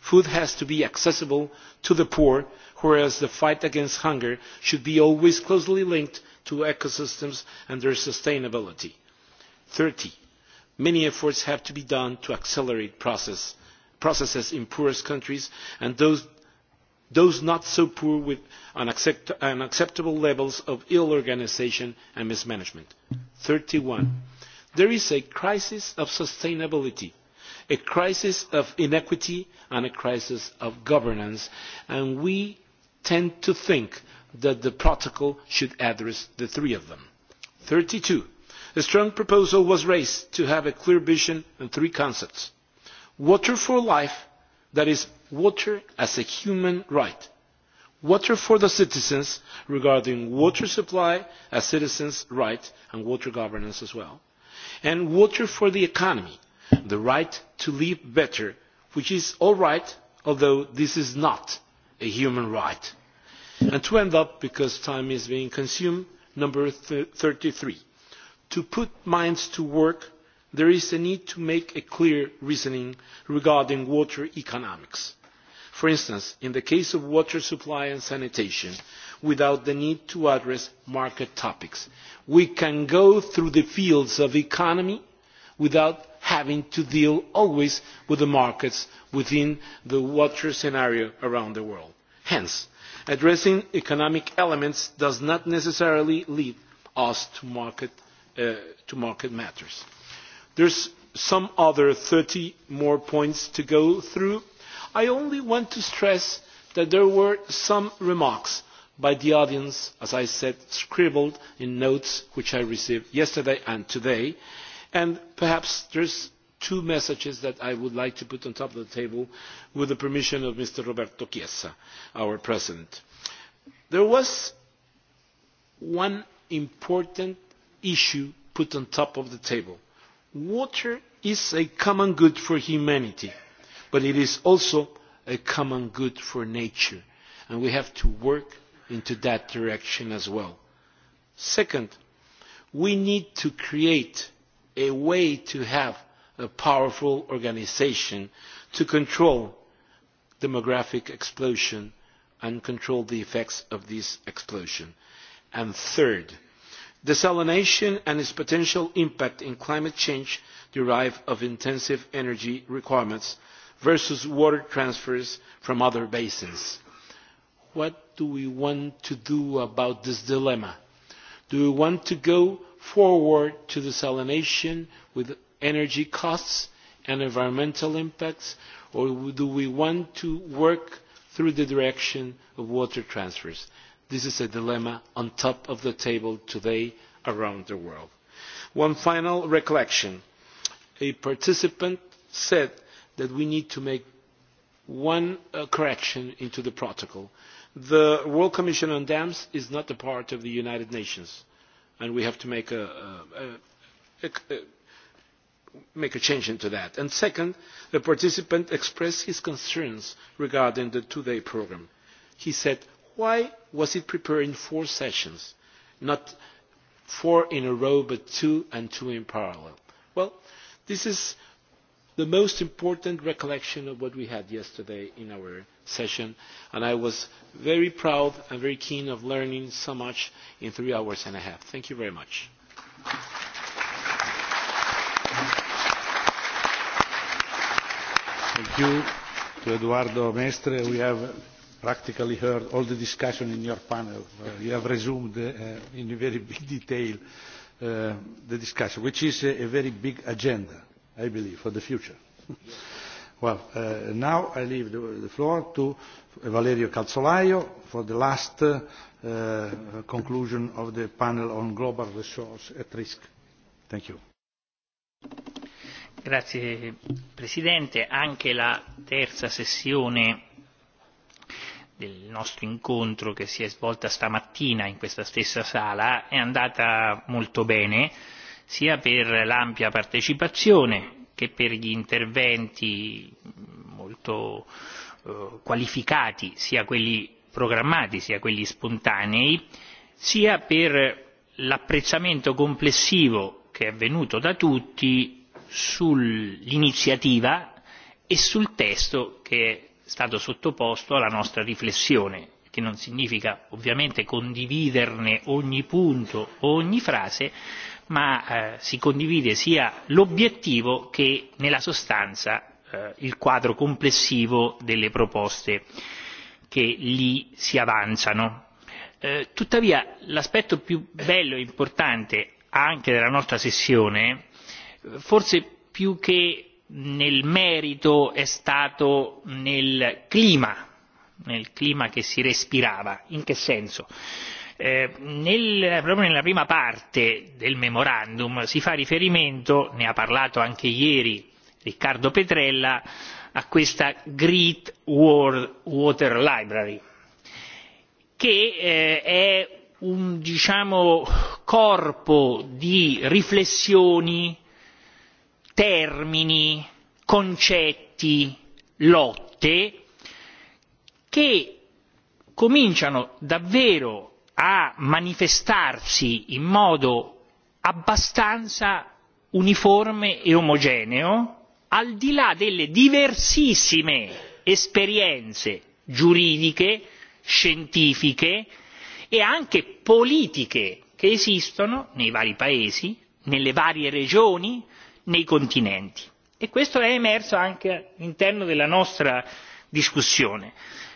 [SPEAKER 1] Food has to be accessible to the poor, whereas the fight against hunger should be always closely linked to ecosystems and their sustainability. 30 many efforts have to be done to accelerate processes in poorest countries and those not so poor with unacceptable levels of ill organisation and mismanagement. thirty one there is a crisis of sustainability a crisis of inequity and a crisis of governance and we tend to think that the protocol should address the three of them. thirty two a strong proposal was raised to have a clear vision and three concepts water for life that is water as a human right water for the citizens regarding water supply as citizens' right and water governance as well and water for the economy the right to live better which is all right although this is not a human right. and to end up because time is being consumed number thirty three to put minds to work there is a need to make a clear reasoning regarding water economics for instance in the case of water supply and sanitation without the need to address market topics. we can go through the fields of economy without having to deal always with the markets within the water scenario around the world. hence addressing economic elements does not necessarily lead us to market to market matters. There's some other 30 more points to go through. I only want to stress that there were some remarks by the audience, as I said, scribbled in notes which I received yesterday and today, and perhaps there's two messages that I would like to put on top of the table with the permission of Mr. Roberto Chiesa, our President. There was one important issue put on top of the table. Water is a common good for humanity, but it is also a common good for nature, and we have to work into that direction as well. Second, we need to create a way to have a powerful organisation to control demographic explosion and control the effects of this explosion. And third, Desalination and its potential impact in climate change derive of intensive energy requirements versus water transfers from other basins. What do we want to do about this dilemma? Do we want to go forward to desalination with energy costs and environmental impacts, or do we want to work through the direction of water transfers? This is a dilemma on top of the table today around the world. One final recollection. A participant said that we need to make one correction into the protocol. The World Commission on Dams is not a part of the United Nations, and we have to make a change into that. And second, the participant expressed his concerns regarding the two-day program. He said Why was it prepared in four sessions? Not four in a row, but two and two in parallel. Well, this is the most important recollection of what we had yesterday in our session, and I was very proud and very keen of learning so much in three hours and a half. Thank you very much. Thank you
[SPEAKER 2] to Eduardo Mestre. We have practically heard all the discussion in your panel. You have resumed in very big detail the discussion, which is a very big agenda, I believe, for the future. Well, now I leave the floor to Valerio Calzolaio for the last conclusion of the panel on global resource at risk. Thank you.
[SPEAKER 5] Grazie Presidente. Anche la terza sessione del nostro incontro che si è svolta stamattina in questa stessa sala è andata molto bene sia per l'ampia partecipazione che per gli interventi molto qualificati sia quelli programmati sia quelli spontanei sia per l'apprezzamento complessivo che è venuto da tutti sull'iniziativa e sul testo che stato sottoposto alla nostra riflessione che non significa ovviamente condividerne ogni punto o ogni frase ma si condivide sia l'obiettivo che nella sostanza il quadro complessivo delle proposte che lì si avanzano. tuttavia l'aspetto più bello e importante anche della nostra sessione forse più che nel merito è stato nel clima nel clima che si respirava in che senso proprio nella prima parte del memorandum si fa riferimento ne ha parlato anche ieri riccardo petrella a questa great world water library che è un diciamo corpo di riflessioni termini concetti lotte che cominciano davvero a manifestarsi in modo abbastanza uniforme e omogeneo al di là delle diversissime esperienze giuridiche scientifiche e anche politiche che esistono nei vari paesi nelle varie regioni nei continenti e questo è emerso anche all'interno della nostra discussione.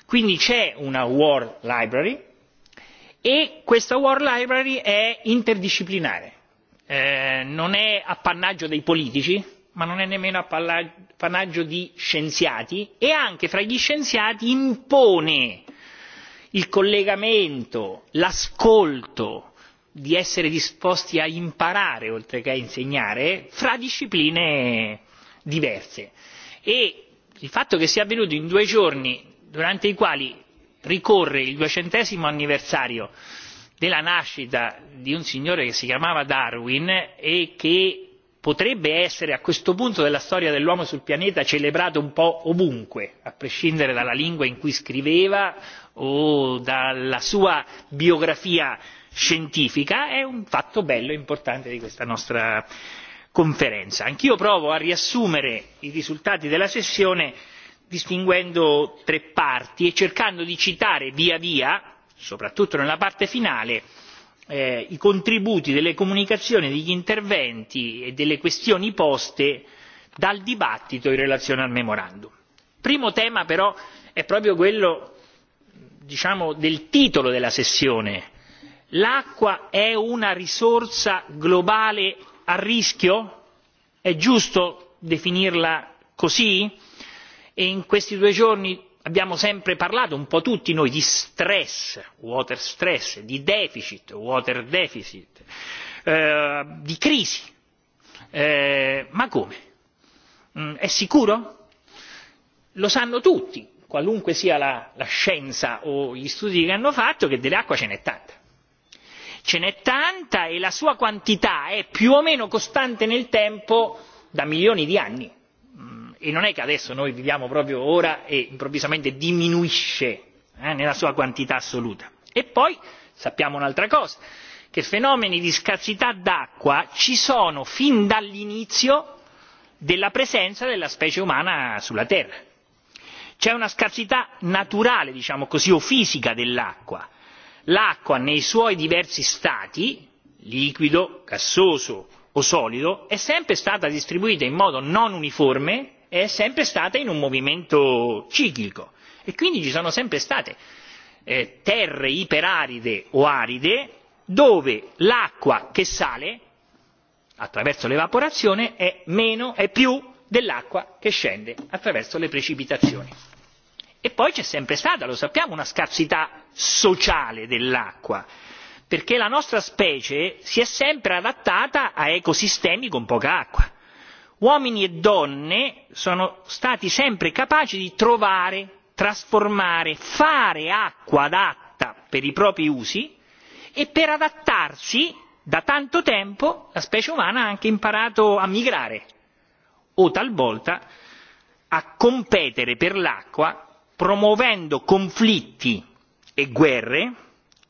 [SPEAKER 5] Quindi c'è una World Library e questa World Library è interdisciplinare, non è appannaggio dei politici ma non è nemmeno appannaggio di scienziati e anche fra gli scienziati impone il collegamento, l'ascolto di essere disposti a imparare oltre che a insegnare fra discipline diverse e il fatto che sia avvenuto in due giorni durante i quali ricorre il duecentesimo anniversario della nascita di un signore che si chiamava darwin e che potrebbe essere a questo punto della storia dell'uomo sul pianeta celebrato un po' ovunque a prescindere dalla lingua in cui scriveva o dalla sua biografia scientifica è un fatto bello e importante di questa nostra conferenza. Anch'io provo a riassumere i risultati della sessione distinguendo tre parti e cercando di citare via via, soprattutto nella parte finale, i contributi delle comunicazioni, degli interventi e delle questioni poste dal dibattito in relazione al memorandum. Il primo tema però è proprio quello diciamo del titolo della sessione l'acqua è una risorsa globale a rischio? è giusto definirla così? e in questi due giorni abbiamo sempre parlato un po' tutti noi di stress water stress di deficit water deficit di crisi ma come? è sicuro? lo sanno tutti qualunque sia la scienza o gli studi che hanno fatto che dell'acqua ce n'è tanta ce n'è tanta e la sua quantità è più o meno costante nel tempo da milioni di anni e non è che adesso noi viviamo proprio ora e improvvisamente diminuisce nella sua quantità assoluta. e poi sappiamo un'altra cosa che fenomeni di scarsità d'acqua ci sono fin dall'inizio della presenza della specie umana sulla terra c'è una scarsità naturale diciamo così o fisica dell'acqua l'acqua nei suoi diversi stati liquido gassoso o solido è sempre stata distribuita in modo non uniforme e è sempre stata in un movimento ciclico e quindi ci sono sempre state terre iperaride o aride dove l'acqua che sale attraverso l'evaporazione è meno è più dell'acqua che scende attraverso le precipitazioni e poi c'è sempre stata lo sappiamo una scarsità sociale dell'acqua perché la nostra specie si è sempre adattata a ecosistemi con poca acqua. Uomini e donne sono stati sempre capaci di trovare, trasformare, fare acqua adatta per i propri usi e per adattarsi da tanto tempo la specie umana ha anche imparato a migrare o talvolta a competere per l'acqua promuovendo conflitti e guerre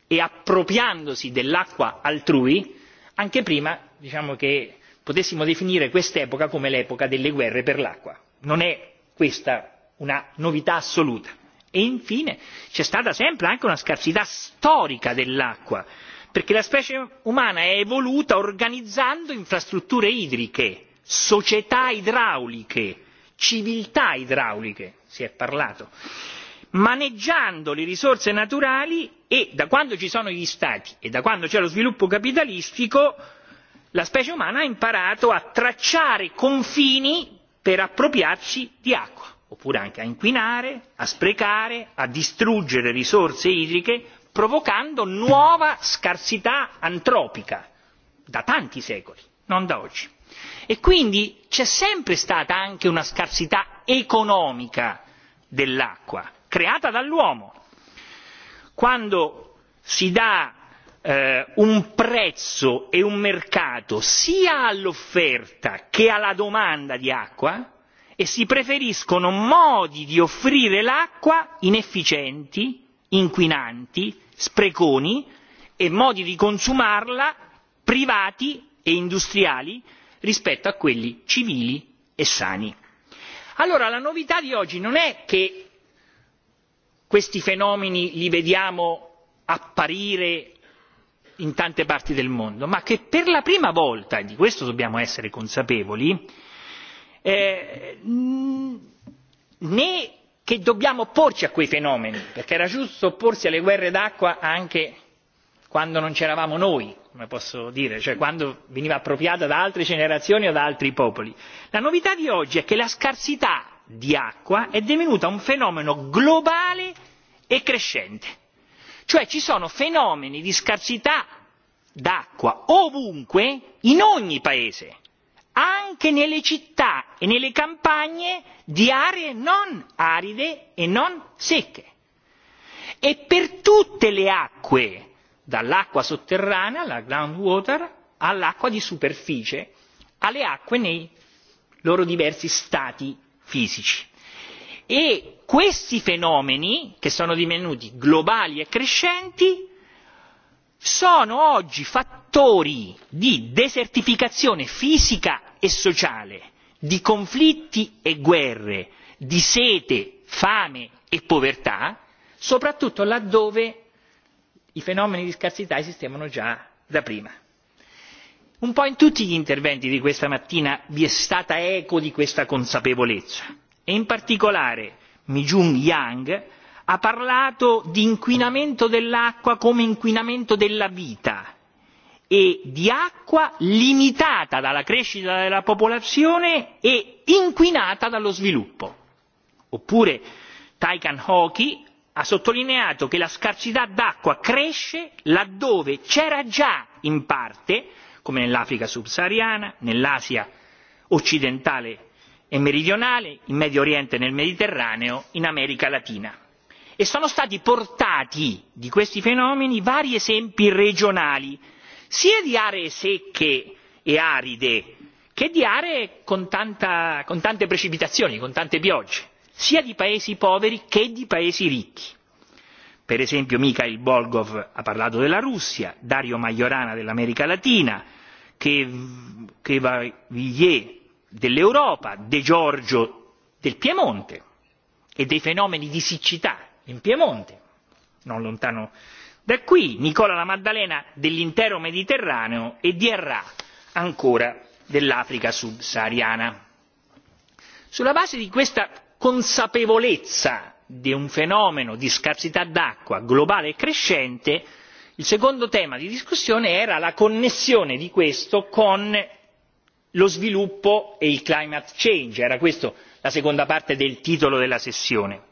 [SPEAKER 5] e appropriandosi dell'acqua altrui anche prima diciamo che potessimo definire quest'epoca come l'epoca delle guerre per l'acqua. Non è questa una novità assoluta. E infine c'è stata sempre anche una scarsità storica dell'acqua, perché la specie umana è evoluta organizzando infrastrutture idriche, società idrauliche, civiltà idrauliche, si è parlato maneggiando le risorse naturali e da quando ci sono gli stati e da quando c'è lo sviluppo capitalistico la specie umana ha imparato a tracciare confini per appropriarci di acqua oppure anche a inquinare a sprecare a distruggere risorse idriche provocando nuova scarsità antropica da tanti secoli non da oggi e quindi c'è sempre stata anche una scarsità economica dell'acqua creata dall'uomo. Quando si dà un prezzo e un mercato sia all'offerta che alla domanda di acqua e si preferiscono modi di offrire l'acqua inefficienti, inquinanti, spreconi e modi di consumarla privati e industriali rispetto a quelli civili e sani. Allora la novità di oggi non è che questi fenomeni li vediamo apparire in tante parti del mondo ma che per la prima volta e di questo dobbiamo essere consapevoli né che dobbiamo opporci a quei fenomeni perché era giusto opporsi alle guerre d'acqua anche quando non c'eravamo noi come posso dire cioè quando veniva appropriata da altre generazioni o da altri popoli. la novità di oggi è che la scarsità di acqua è divenuta un fenomeno globale e crescente cioè ci sono fenomeni di scarsità d'acqua ovunque in ogni paese anche nelle città e nelle campagne di aree non aride e non secche e per tutte le acque dall'acqua sotterranea la groundwater all'acqua di superficie alle acque nei loro diversi stati fisici e questi fenomeni che sono divenuti globali e crescenti sono oggi fattori di desertificazione fisica e sociale di conflitti e guerre di sete fame e povertà soprattutto laddove i fenomeni di scarsità esistevano già da prima un po' in tutti gli interventi di questa mattina vi è stata eco di questa consapevolezza e in particolare mi jung yang ha parlato di inquinamento dell'acqua come inquinamento della vita e di acqua limitata dalla crescita della popolazione e inquinata dallo sviluppo. Oppure Taikan Hoki ha sottolineato che la scarsità d'acqua cresce laddove c'era già in parte come nell'Africa subsahariana, nell'Asia occidentale e meridionale, in Medio Oriente e nel Mediterraneo, in America Latina. E sono stati portati di questi fenomeni vari esempi regionali, sia di aree secche e aride, che di aree con tante precipitazioni, con tante piogge, sia di paesi poveri che di paesi ricchi per esempio Mikhail Bolgov ha parlato della Russia, Dario Majorana dell'America Latina, Chevavillier dell'Europa, De Giorgio del Piemonte e dei fenomeni di siccità in Piemonte, non lontano da qui, Nicola la Maddalena dell'intero Mediterraneo e di ancora dell'Africa subsahariana. Sulla base di questa consapevolezza di un fenomeno di scarsità d'acqua globale e crescente il secondo tema di discussione era la connessione di questo con lo sviluppo e il climate change era questa la seconda parte del titolo della sessione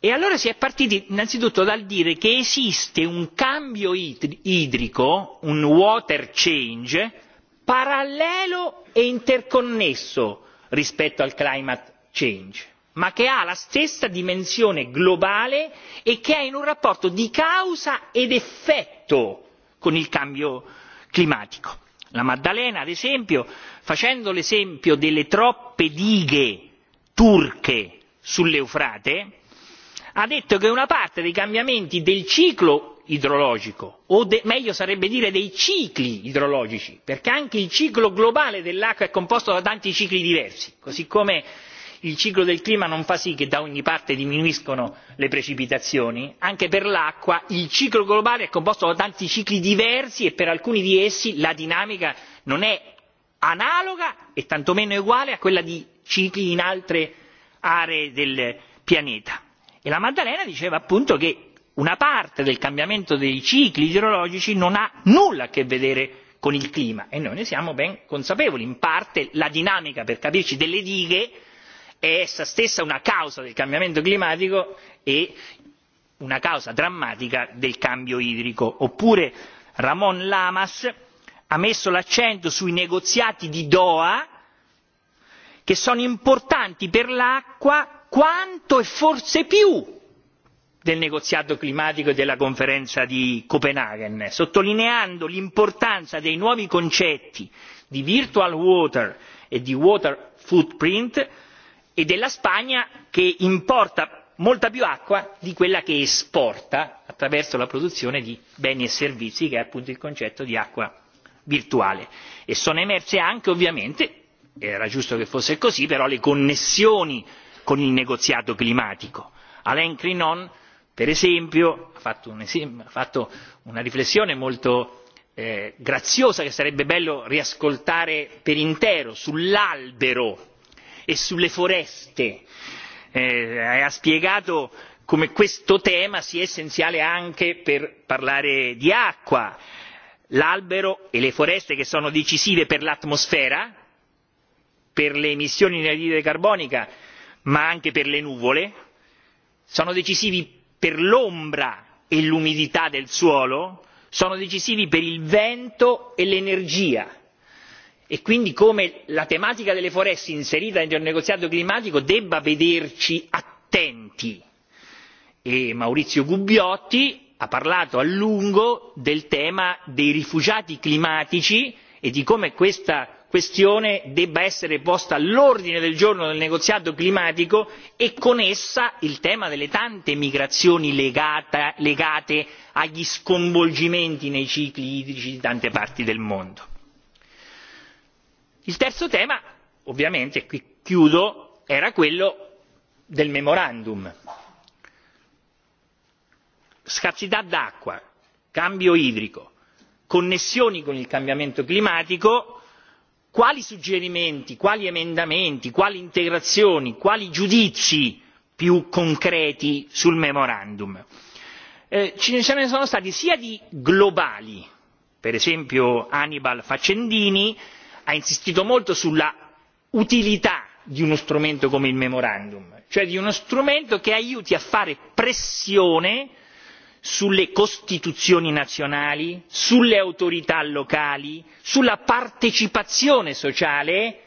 [SPEAKER 5] e allora si è partiti innanzitutto dal dire che esiste un cambio idrico un water change parallelo e interconnesso rispetto al climate change ma che ha la stessa dimensione globale e che è in un rapporto di causa ed effetto con il cambio climatico. La Maddalena, ad esempio, facendo l'esempio delle troppe dighe turche sull'Eufrate, ha detto che una parte dei cambiamenti del ciclo idrologico, o meglio sarebbe dire dei cicli idrologici, perché anche il ciclo globale dell'acqua è composto da tanti cicli diversi, così come il ciclo del clima non fa sì che da ogni parte diminuiscano le precipitazioni anche per l'acqua il ciclo globale è composto da tanti cicli diversi e per alcuni di essi la dinamica non è analoga e tantomeno uguale a quella di cicli in altre aree del pianeta e la maddalena diceva appunto che una parte del cambiamento dei cicli idrologici non ha nulla a che vedere con il clima e noi ne siamo ben consapevoli in parte la dinamica per capirci delle dighe è essa stessa una causa del cambiamento climatico e una causa drammatica del cambio idrico oppure ramon lamas ha messo l'accento sui negoziati di doha che sono importanti per l'acqua quanto e forse più del negoziato climatico e della conferenza di copenaghen sottolineando l'importanza dei nuovi concetti di virtual water e di water footprint e della Spagna che importa molta più acqua di quella che esporta attraverso la produzione di beni e servizi che è appunto il concetto di acqua virtuale e sono emerse anche ovviamente era giusto che fosse così però le connessioni con il negoziato climatico. Alain Crinon per esempio ha fatto una riflessione molto graziosa che sarebbe bello riascoltare per intero sull'albero e sulle foreste ha spiegato come questo tema sia essenziale anche per parlare di acqua l'albero e le foreste che sono decisive per l'atmosfera per le emissioni di anidride carbonica ma anche per le nuvole sono decisivi per l'ombra e l'umidità del suolo sono decisivi per il vento e l'energia e quindi come la tematica delle foreste inserita nel negoziato climatico debba vederci attenti e maurizio gubbiotti ha parlato a lungo del tema dei rifugiati climatici e di come questa questione debba essere posta all'ordine del giorno del negoziato climatico e con essa il tema delle tante migrazioni legate agli sconvolgimenti nei cicli idrici di tante parti del mondo il terzo tema ovviamente e qui chiudo era quello del memorandum scarsità d'acqua cambio idrico connessioni con il cambiamento climatico quali suggerimenti quali emendamenti quali integrazioni quali giudizi più concreti sul memorandum? ce ne sono stati sia di globali per esempio hannibal facendini ha insistito molto sulla utilità di uno strumento come il memorandum cioè di uno strumento che aiuti a fare pressione sulle costituzioni nazionali sulle autorità locali sulla partecipazione sociale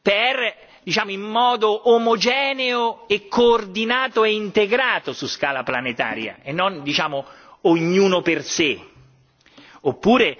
[SPEAKER 5] per diciamo in modo omogeneo e coordinato e integrato su scala planetaria e non diciamo ognuno per sé. oppure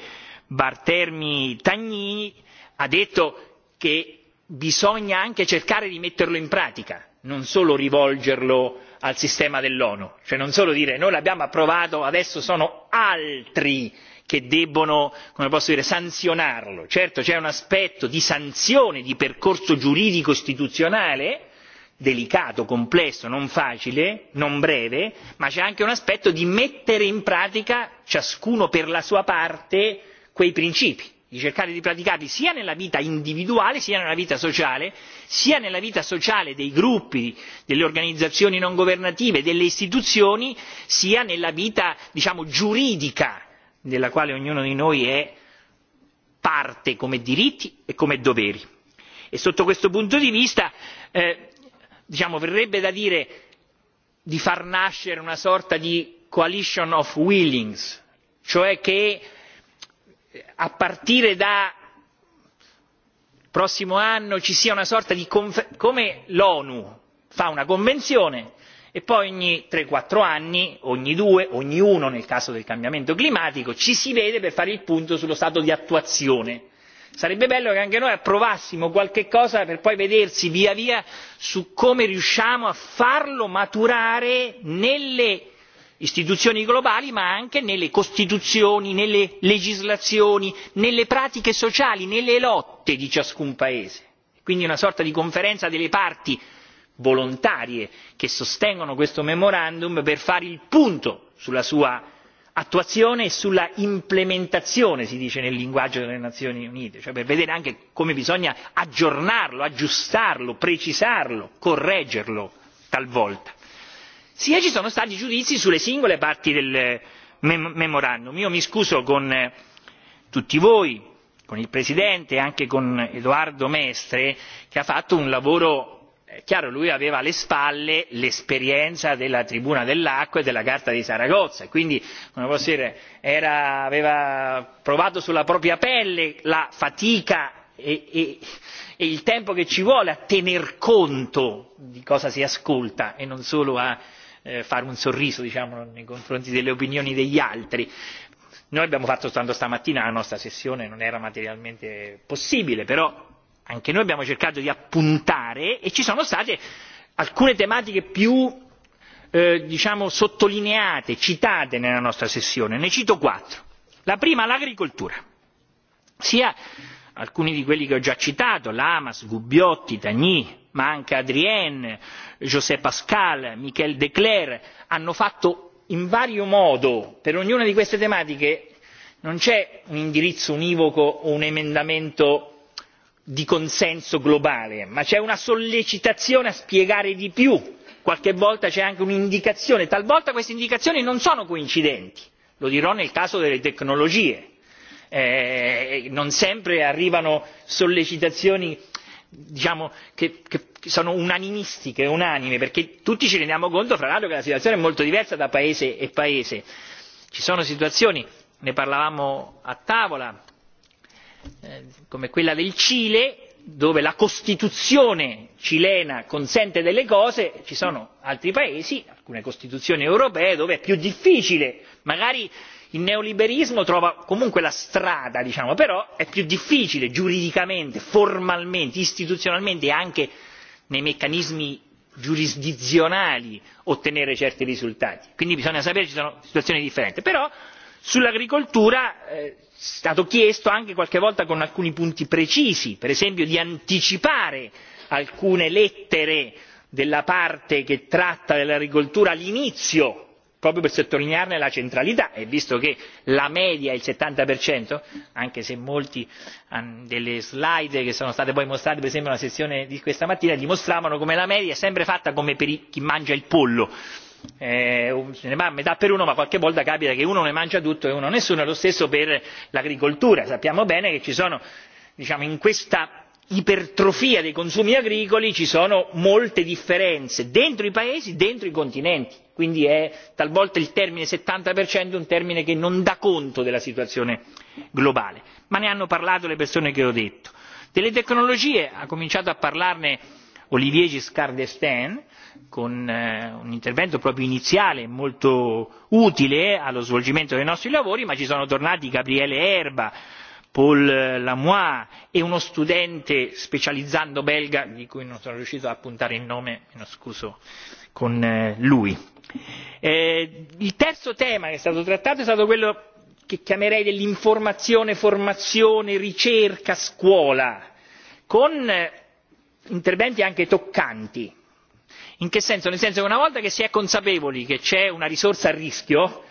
[SPEAKER 5] barthelemy tagnini ha detto che bisogna anche cercare di metterlo in pratica non solo rivolgerlo al sistema dell'onu cioè non solo dire noi l'abbiamo approvato adesso sono altri che debbono come posso dire sanzionarlo. certo c'è un aspetto di sanzione di percorso giuridico istituzionale delicato complesso non facile non breve ma c'è anche un aspetto di mettere in pratica ciascuno per la sua parte quei principi di cercare di praticarli sia nella vita individuale sia nella vita sociale sia nella vita sociale dei gruppi delle organizzazioni non governative delle istituzioni sia nella vita diciamo giuridica della quale ognuno di noi è parte come diritti e come doveri. E sotto questo punto di vista diciamo verrebbe da dire di far nascere una sorta di coalition of willings cioè che a partire da prossimo anno ci sia una sorta di come l'onu fa una convenzione e poi ogni tre quattro anni ogni due ogni uno nel caso del cambiamento climatico ci si vede per fare il punto sullo stato di attuazione. sarebbe bello che anche noi approvassimo qualche cosa per poi vedersi via via su come riusciamo a farlo maturare nelle istituzioni globali ma anche nelle costituzioni nelle legislazioni nelle pratiche sociali nelle lotte di ciascun paese quindi una sorta di conferenza delle parti volontarie che sostengono questo memorandum per fare il punto sulla sua attuazione e sulla implementazione si dice nel linguaggio delle nazioni unite cioè per vedere anche come bisogna aggiornarlo aggiustarlo precisarlo correggerlo talvolta sia ci sono stati giudizi sulle singole parti del memorandum. io mi scuso con tutti voi con il presidente e anche con edoardo mestre che ha fatto un lavoro chiaro lui aveva alle spalle l'esperienza della tribuna dell'acqua e della carta di saragozza e quindi come posso dire aveva provato sulla propria pelle la fatica e il tempo che ci vuole a tener conto di cosa si ascolta e non solo a fare un sorriso diciamo nei confronti delle opinioni degli altri noi abbiamo fatto soltanto stamattina la nostra sessione non era materialmente possibile però anche noi abbiamo cercato di appuntare e ci sono state alcune tematiche più diciamo sottolineate citate nella nostra sessione ne cito quattro la prima l'agricoltura sia alcuni di quelli che ho già citato lamas gubbiotti tagni ma anche Adrienne, José Pascal, Michel Declair hanno fatto in vario modo per ognuna di queste tematiche non c'è un indirizzo univoco o un emendamento di consenso globale ma c'è una sollecitazione a spiegare di più qualche volta c'è anche un'indicazione talvolta queste indicazioni non sono coincidenti lo dirò nel caso delle tecnologie non sempre arrivano sollecitazioni diciamo che sono unanimistiche unanime perché tutti ci rendiamo conto fra l'altro che la situazione è molto diversa da paese e paese ci sono situazioni ne parlavamo a tavola come quella del Cile dove la costituzione cilena consente delle cose ci sono altri paesi alcune costituzioni europee dove è più difficile magari il neoliberismo trova comunque la strada diciamo però è più difficile giuridicamente formalmente istituzionalmente e anche nei meccanismi giurisdizionali ottenere certi risultati quindi bisogna sapere ci sono situazioni differenti però sull'agricoltura è stato chiesto anche qualche volta con alcuni punti precisi per esempio di anticipare alcune lettere della parte che tratta dell'agricoltura all'inizio proprio per sottolinearne la centralità e visto che la media è il 70%, anche se molti delle slide che sono state poi mostrate per esempio nella sessione di questa mattina dimostravano come la media è sempre fatta come per chi mangia il pollo se ne va a metà per uno ma qualche volta capita che uno ne mangia tutto e uno nessuno e lo stesso per l'agricoltura sappiamo bene che ci sono diciamo in questa ipertrofia dei consumi agricoli ci sono molte differenze dentro i paesi dentro i continenti quindi talvolta il termine settanta è un termine che non dà conto della situazione globale ma ne hanno parlato le persone che ho detto. delle tecnologie ha cominciato a parlarne olivier giscard d'estaing con un intervento proprio iniziale molto utile allo svolgimento dei nostri lavori ma ci sono tornati gabriele erba Paul Lamois e uno studente specializzando belga di cui non sono riuscito a appuntare il nome, ne scuso con lui. Il terzo tema che è stato trattato è stato quello che chiamerei dell'informazione, formazione, ricerca, scuola, con interventi anche toccanti. In che senso? Nel senso che una volta che si è consapevoli che c'è una risorsa a rischio,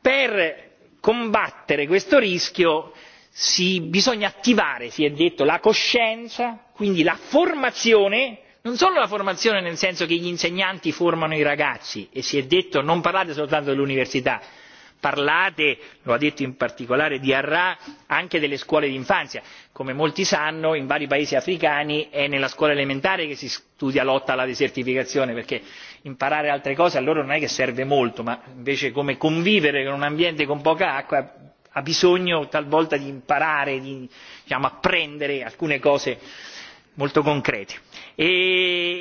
[SPEAKER 5] per combattere questo rischio Si bisogna attivare si è detto la coscienza quindi la formazione non solo la formazione nel senso che gli insegnanti formano i ragazzi e si è detto non parlate soltanto dell'università parlate lo ha detto in particolare diarra anche delle scuole d'infanzia come molti sanno in vari paesi africani è nella scuola elementare che si studia lotta alla desertificazione perché imparare altre cose a loro non è che serve molto ma invece come convivere con un ambiente con poca acqua ha bisogno talvolta di imparare, di diciamo, apprendere alcune cose molto concrete.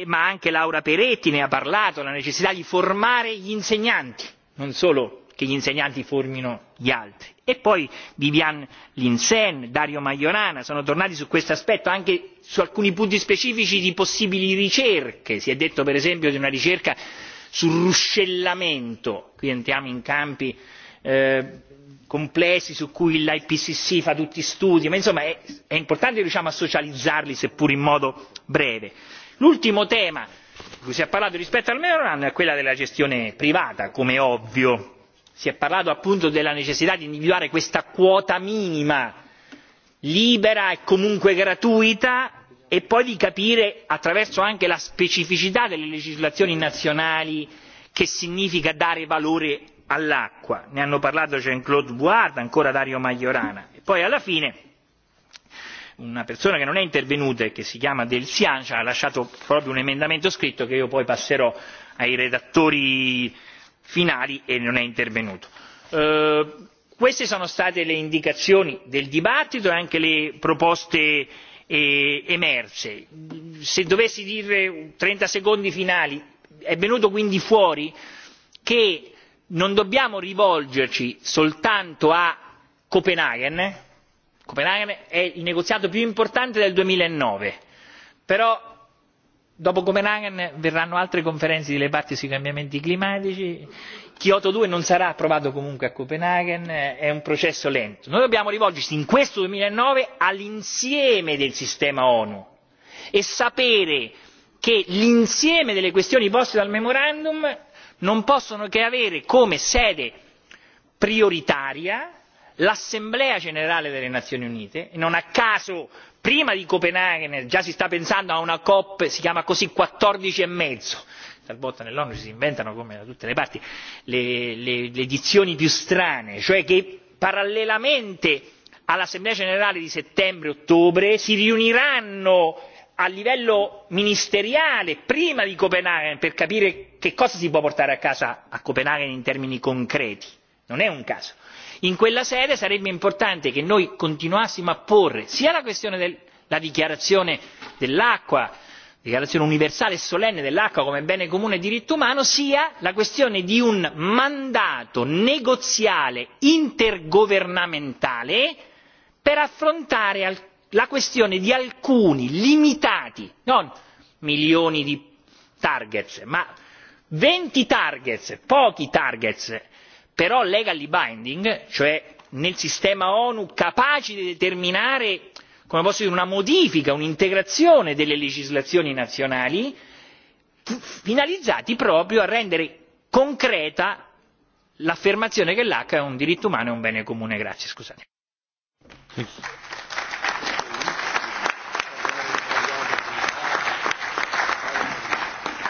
[SPEAKER 5] ma anche Laura Peretti ne ha parlato, la necessità di formare gli insegnanti, non solo che gli insegnanti formino gli altri. E poi Viviane Linsen, Dario Maiorana sono tornati su questo aspetto anche su alcuni punti specifici di possibili ricerche. Si è detto per esempio di una ricerca sul ruscellamento, qui entriamo in campi complessi su cui l'IPCC fa tutti studi, ma insomma è importante riusciamo a socializzarli seppur in modo breve. L'ultimo tema di cui si è parlato rispetto al Memorandum è quella della gestione privata, come ovvio. Si è parlato appunto della necessità di individuare questa quota minima libera e comunque gratuita e poi di capire attraverso anche la specificità delle legislazioni nazionali che significa dare valore all'acqua ne hanno parlato Jean Claude Board, ancora Dario Maiorana. e poi alla fine una persona che non è intervenuta e che si chiama Del Sian ha lasciato proprio un emendamento scritto che io poi passerò ai redattori finali e non è intervenuto. Queste sono state le indicazioni del dibattito e anche le proposte emerse. Se dovessi dire 30 secondi finali, è venuto quindi fuori che non dobbiamo rivolgerci soltanto a copenaghen copenaghen è il negoziato più importante del duemilanove però dopo copenaghen verranno altre conferenze delle parti sui cambiamenti climatici kyoto due non sarà approvato comunque a copenaghen è un processo lento noi dobbiamo rivolgerci in questo duemilanove all'insieme del sistema onu e sapere che l'insieme delle questioni poste dal memorandum non possono che avere come sede prioritaria l'assemblea generale delle nazioni unite e non a caso prima di copenaghen già si sta pensando a una cop si chiama così quattordici e mezzo talvolta nell'onu si inventano come da tutte le parti le edizioni più strane cioè che parallelamente all'assemblea generale di settembre ottobre si riuniranno a livello ministeriale prima di copenaghen per capire che cosa si può portare a casa a copenaghen in termini concreti non è un caso in quella sede sarebbe importante che noi continuassimo a porre sia la questione della dichiarazione dell'acqua dichiarazione universale e solenne dell'acqua come bene comune e diritto umano sia la questione di un mandato negoziale intergovernamentale per affrontare la questione di alcuni limitati non milioni di target ma venti target pochi target però legally binding cioè nel sistema onu capaci di determinare come posso dire una modifica un'integrazione delle legislazioni nazionali finalizzati proprio a rendere concreta l'affermazione che l'acqua è un diritto umano e un bene comune.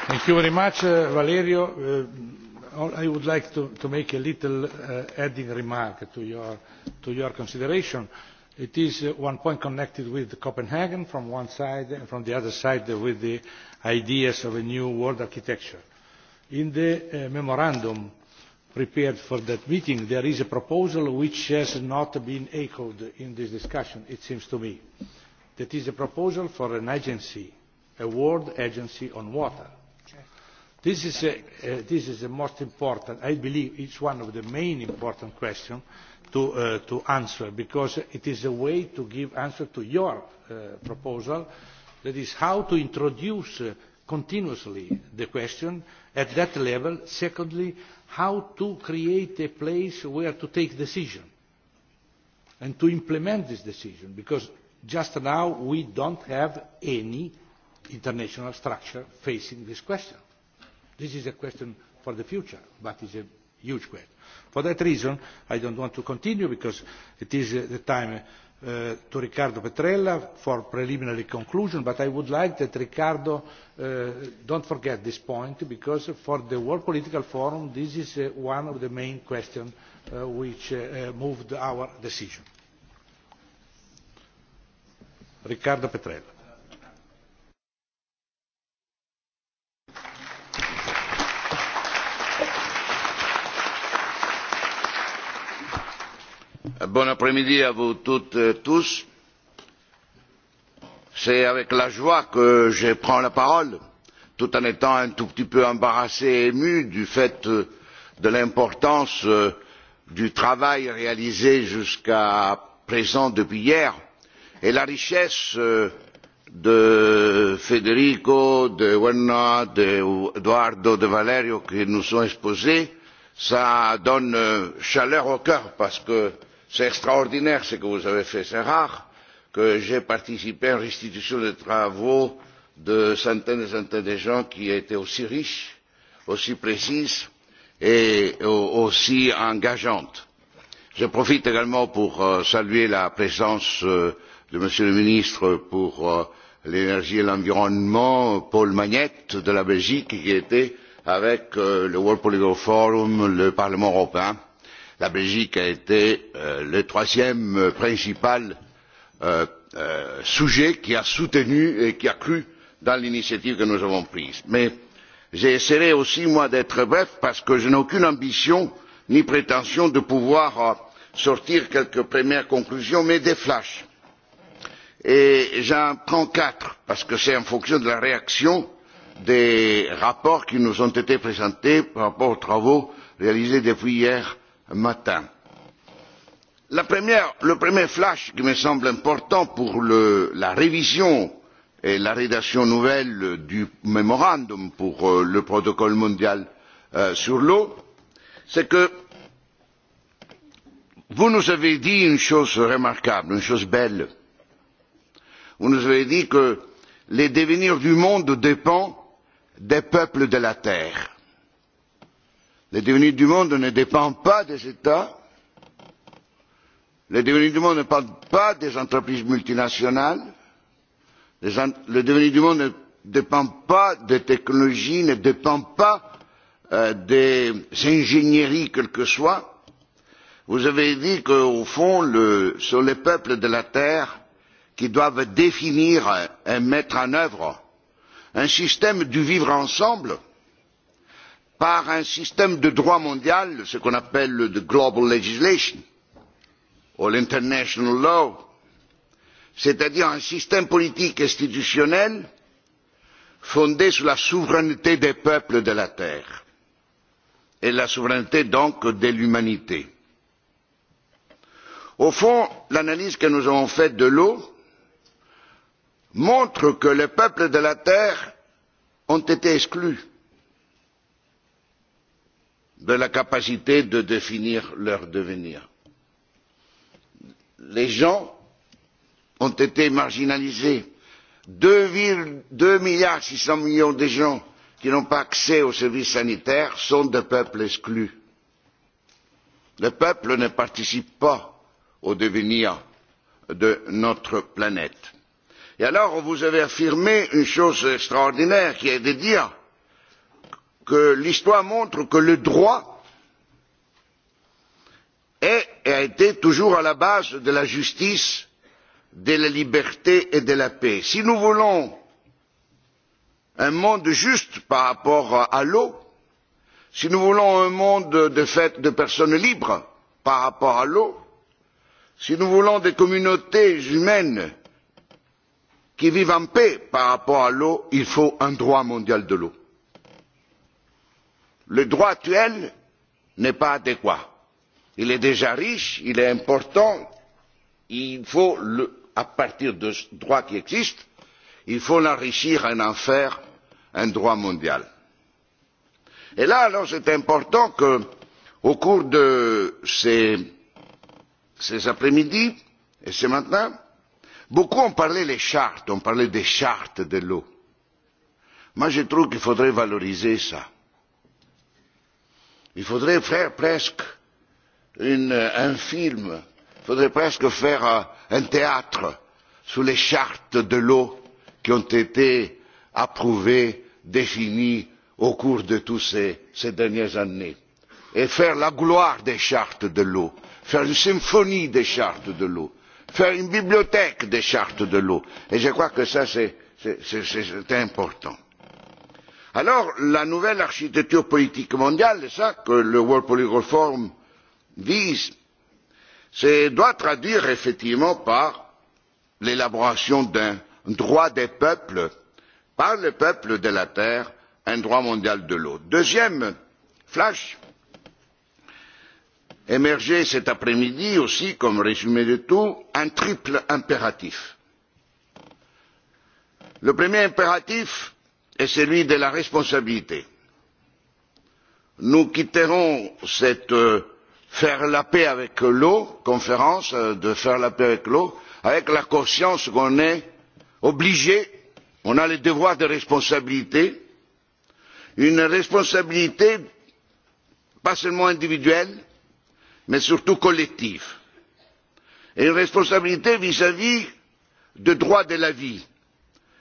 [SPEAKER 2] Thank you very much, Valerio. I would like to make a little adding remark to your consideration. It is one point connected with Copenhagen from one side and from the other side with the ideas of a new world architecture. In the memorandum prepared for that meeting, there is a proposal which has not been echoed in this discussion, it seems to me. That is a proposal for an agency, a world agency on water This is the most important, I believe it's one of the main important questions to answer because it is a way to give answer to your proposal that is how to introduce continuously the question at that level. Secondly, how to create a place where to take decision and to implement this decision because just now we don't have any international structure facing this question. This is a question for the future, but is a huge question. For that reason, I don't want to continue because it is the time to Riccardo Petrella for preliminary conclusion, but I would like that Riccardo don't forget this point because for the World Political Forum this is one of the main questions which moved our decision. Riccardo Petrella.
[SPEAKER 6] Bon après-midi à vous toutes et tous. C'est avec la joie que je prends la parole, tout en étant un tout petit peu embarrassé et ému du fait de l'importance du travail réalisé jusqu'à présent depuis hier et la richesse de Federico, de Wenna, de Eduardo, de Valerio qui nous sont exposés, cela donne chaleur au cœur parce que C'est extraordinaire ce que vous avez fait. C'est rare que j'ai participé à une restitution de travaux de centaines et centaines de gens qui étaient aussi riches, aussi précises et aussi engageantes. Je profite également pour saluer la présence de Monsieur le ministre pour l'énergie et l'environnement, Paul Magnette de la Belgique, qui était avec le World Political Forum, le Parlement européen la belgique a été le troisième principal sujet qui a soutenu et qui a cru dans l'initiative que nous avons prise. mais j'essaierai aussi moi, d'être bref parce que je n'ai aucune ambition ni prétention de pouvoir sortir quelques premières conclusions mais des flashs. et j'en prends quatre parce que c'est en fonction de la réaction des rapports qui nous ont été présentés par rapport aux travaux réalisés depuis hier matin. La première, le premier flash qui me semble important pour le, la révision et la rédaction nouvelle du mémorandum pour le protocole mondial sur l'eau, c'est que vous nous avez dit une chose remarquable, une chose belle. Vous nous avez dit que les devenir du monde dépend des peuples de la Terre le devenir du monde ne dépend pas des états le devenir du monde ne dépend pas des entreprises multinationales le devenir du monde ne dépend pas des technologies ne dépend pas des ingénieries quelles que soient. vous avez dit qu'au fond ce sont les peuples de la terre qui doivent définir et mettre en œuvre un système du vivre ensemble par un système de droit mondial, ce qu'on appelle le global legislation ou l'international law, c'est-à-dire un système politique institutionnel fondé sur la souveraineté des peuples de la Terre et la souveraineté donc de l'humanité. Au fond, l'analyse que nous avons faite de l'eau montre que les peuples de la Terre ont été exclus de la capacité de définir leur devenir. Les gens ont été marginalisés. 2,6 milliards millions de gens qui n'ont pas accès aux services sanitaires sont des peuples exclus. Le peuple ne participe pas au devenir de notre planète. Et alors, vous avez affirmé une chose extraordinaire qui est de dire que l'histoire montre que le droit est et a été toujours à la base de la justice de la liberté et de la paix. si nous voulons un monde juste par rapport à l'eau si nous voulons un monde de fait de personnes libres par rapport à l'eau si nous voulons des communautés humaines qui vivent en paix par rapport à l'eau il faut un droit mondial de l'eau le droit actuel n'est pas adéquat. il est déjà riche il est important il faut à partir de ce droit qui existe il faut l'enrichir et en faire un droit mondial. et là alors c'est important que au cours de ces après midi et ce matin beaucoup ont parlé des chartes ont parlé des chartes de l'eau. moi je trouve qu'il faudrait valoriser cela Il faudrait faire presque un film, il faudrait presque faire un théâtre sur les chartes de l'eau qui ont été approuvées, définies au cours de toutes ces dernières années. Et faire la gloire des chartes de l'eau, faire une symphonie des chartes de l'eau, faire une bibliothèque des chartes de l'eau. Et je crois que ça, c'est important alors la nouvelle architecture politique mondiale c'est cela que le world political forum vise doit traduire effectivement par l'élaboration d'un droit des peuples par le peuple de la terre un droit mondial de l'eau. deuxième flash émergé cet après midi aussi comme résumé de tout un triple impératif. le premier impératif est celui de la responsabilité. Nous quitterons cette faire la paix avec l'eau conférence de faire la paix avec l'eau avec la conscience qu'on est obligé, on a les devoirs de responsabilité, une responsabilité pas seulement individuelle, mais surtout collective, et une responsabilité vis à vis des droits de la vie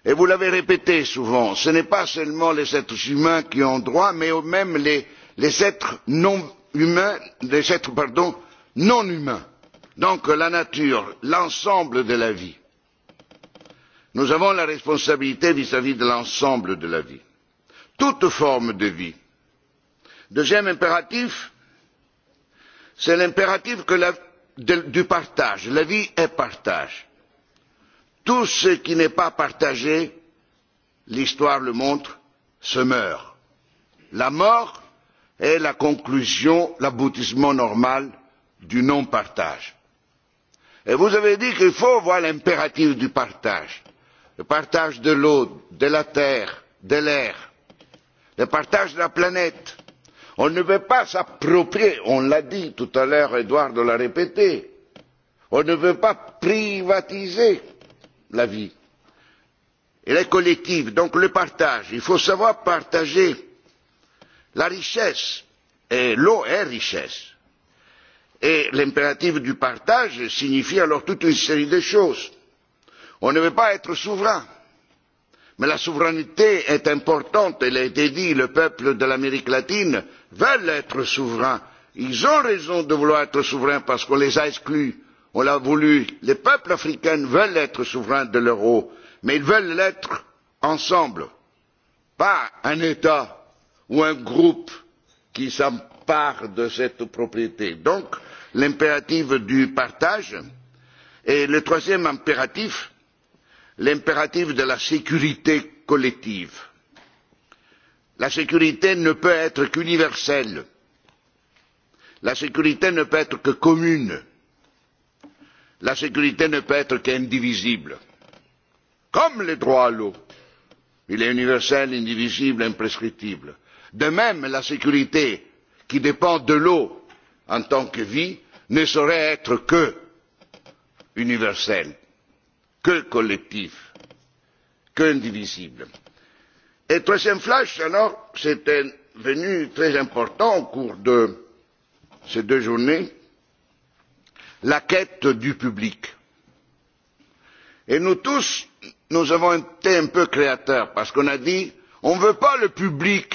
[SPEAKER 6] et vous l'avez répété souvent ce n'est pas seulement les êtres humains qui ont droit mais même les êtres non humains les êtres pardon non humains donc la nature l'ensemble de la vie. nous avons la responsabilité vis à vis de l'ensemble de la vie toute forme de vie. deuxième impératif c'est l'impératif du partage la vie est partage tout ce qui n'est pas partagé l'histoire le montre se meurt. la mort est la conclusion l'aboutissement normal du non partage. et vous avez dit qu'il faut voir l'impératif du partage le partage de l'eau de la terre de l'air le partage de la planète. on ne veut pas s'approprier on l'a dit tout à l'heure Edouard l'a répété on ne veut pas privatiser la vie. et les collective, donc le partage. Il faut savoir partager la richesse. Et l'eau est richesse. Et l'impératif du partage signifie alors toute une série de choses. On ne veut pas être souverain. Mais la souveraineté est importante. Elle a été dit, le peuple de l'Amérique latine veulent être souverain, Ils ont raison de vouloir être souverains parce qu'on les a exclus on l'a voulu les peuples africains veulent être souverains de l'euro mais ils veulent l'être ensemble pas un état ou un groupe qui s'empare de cette propriété. donc l'impératif du partage et le troisième impératif l'impératif de la sécurité collective. la sécurité ne peut être qu'universelle la sécurité ne peut être que commune la sécurité ne peut être qu'indivisible comme le droit à l'eau il est universel indivisible imprescriptible. de même la sécurité qui dépend de l'eau en tant que vie ne saurait être que universelle que collective qu'indivisible. et troisième flash alors c'est venu très important au cours de ces deux journées la quête du public. Et nous tous, nous avons été un peu créateurs parce qu'on a dit on ne veut pas le public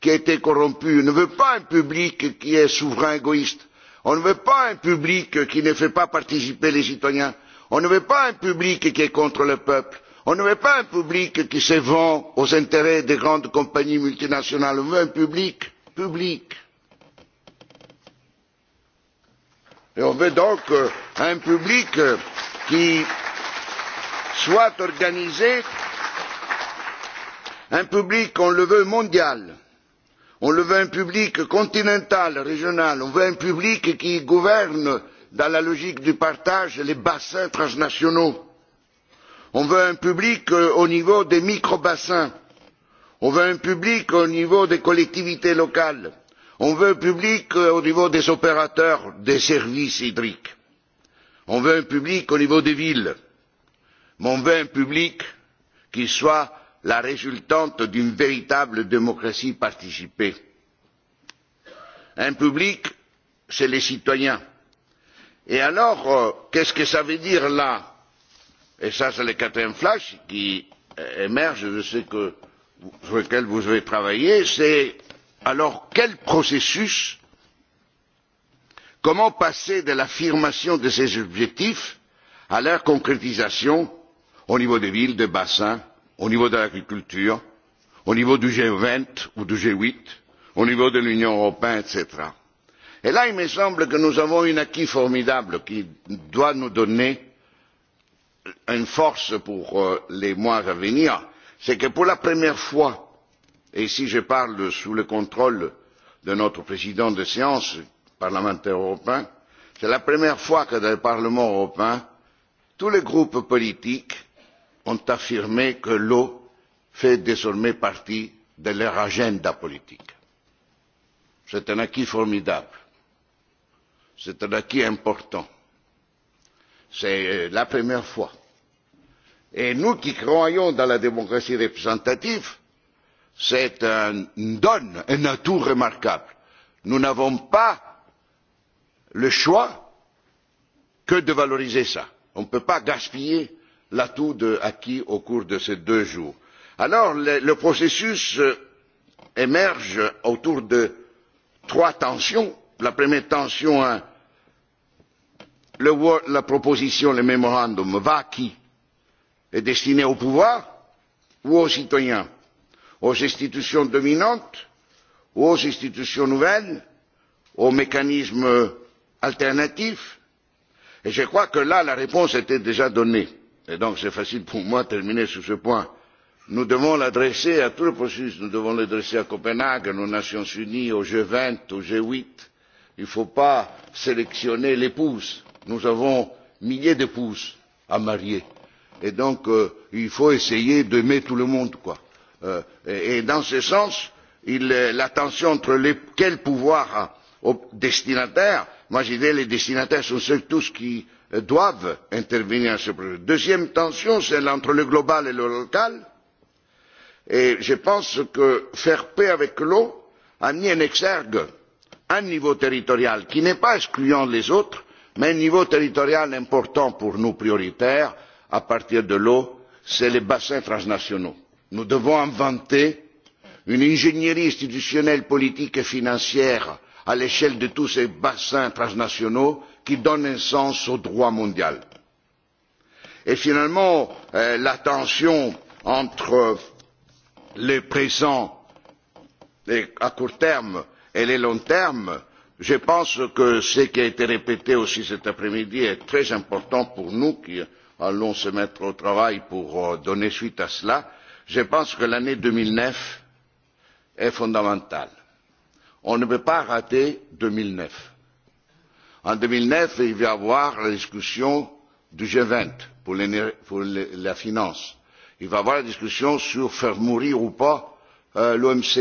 [SPEAKER 6] qui a été corrompu, on ne veut pas un public qui est souverain égoïste, on ne veut pas un public qui ne fait pas participer les citoyens, on ne veut pas un public qui est contre le peuple, on ne veut pas un public qui se vend aux intérêts des grandes compagnies multinationales, on veut un public public et on veut donc un public qui soit organisé un public on le veut mondial on le veut un public continental régional on veut un public qui gouverne dans la logique du partage les bassins transnationaux on veut un public au niveau des microbassins, on veut un public au niveau des collectivités locales on veut un public au niveau des opérateurs des services hydriques on veut un public au niveau des villes mais on veut un public qui soit la résultante d'une véritable démocratie participée. un public c'est les citoyens. et alors qu'est ce que cela veut dire là? et ça c'est le quatrième flash qui émerge de ce sur lequel vous avez travaillé c'est alors quel processus comment passer de l'affirmation de ces objectifs à leur concrétisation au niveau des villes des bassins au niveau de l'agriculture au niveau du g 20 ou du g 8 au niveau de l'union européenne etc. et là il me semble que nous avons un acquis formidable qui doit nous donner une force pour les mois à venir c'est que pour la première fois et si je parle sous le contrôle de notre président de séance parlementaire européen c'est la première fois que dans le parlement européen tous les groupes politiques ont affirmé que l'eau fait désormais partie de leur agenda politique. c'est un acquis formidable c'est un acquis important c'est la première fois et nous qui croyons dans la démocratie représentative c'est un donne, un atout remarquable. Nous n'avons pas le choix que de valoriser cela. On ne peut pas gaspiller l'atout acquis au cours de ces deux jours. Alors, le processus émerge autour de trois tensions. La première tension, la proposition, le mémorandum va à qui Est destiné au pouvoir ou aux citoyens aux institutions dominantes, aux institutions nouvelles, aux mécanismes alternatifs. Et je crois que là, la réponse était déjà donnée. Et donc, c'est facile pour moi de terminer sur ce point. Nous devons l'adresser à tout le processus. Nous devons l'adresser à Copenhague, aux Nations Unies, au G20, au G8. Il ne faut pas sélectionner l'épouse. Nous avons milliers d'épouses à marier. Et donc, il faut essayer d'aimer tout le monde, quoi et dans ce sens la tension entre quel pouvoir destinataire moi je dirais les destinataires sont tous qui doivent intervenir dans ce projet. deuxième tension celle entre le global et le local et je pense que faire paix avec l'eau a mis en exergue un niveau territorial qui n'est pas excluant les autres mais un niveau territorial important pour nous prioritaire à partir de l'eau c'est les bassins transnationaux nous devons inventer une ingénierie institutionnelle politique et financière à l'échelle de tous ces bassins transnationaux qui donne un sens au droit mondial. et finalement la tension entre le présent à court terme et le long terme je pense que ce qui a été répété aussi cet après midi est très important pour nous qui allons se mettre au travail pour donner suite à cela je pense que l'année deux mille neuf est fondamentale. on ne peut pas rater. deux mille neuf en deux mille neuf il va y avoir la discussion du g vingt pour la finance il va y avoir la discussion sur faire mourir ou pas l'omc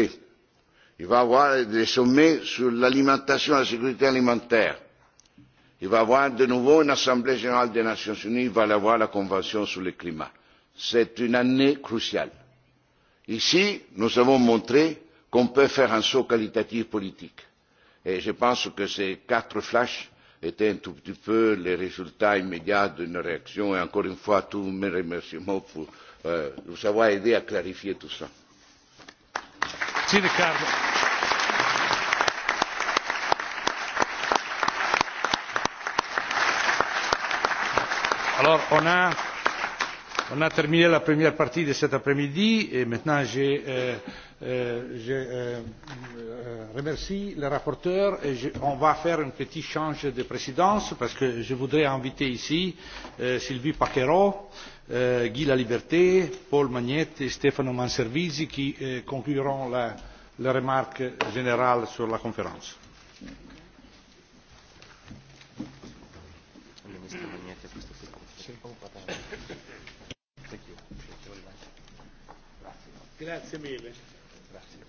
[SPEAKER 6] il va y avoir des sommets sur l'alimentation et la sécurité alimentaire il va y avoir de nouveau une assemblée générale des nations unies il va y avoir la convention sur le climat c'est une année cruciale. Ici, nous avons montré qu'on peut faire un saut qualitatif politique. Et je pense que ces quatre flashs étaient un tout petit peu les résultats immédiats d'une réaction. Et encore une fois, tous mes remerciements pour nous avoir aidé à clarifier tout ça.
[SPEAKER 2] Alors, on a On a terminé la première partie de cet après-midi et maintenant je remercie le rapporteur et on va faire un petit change de présidence parce que je voudrais inviter ici Sylvie Paquero, Guy Liberté, Paul Magnette et Stefano Manservisi qui concluront la remarque générale sur la conférence.
[SPEAKER 1] Grazie mille. Grazie.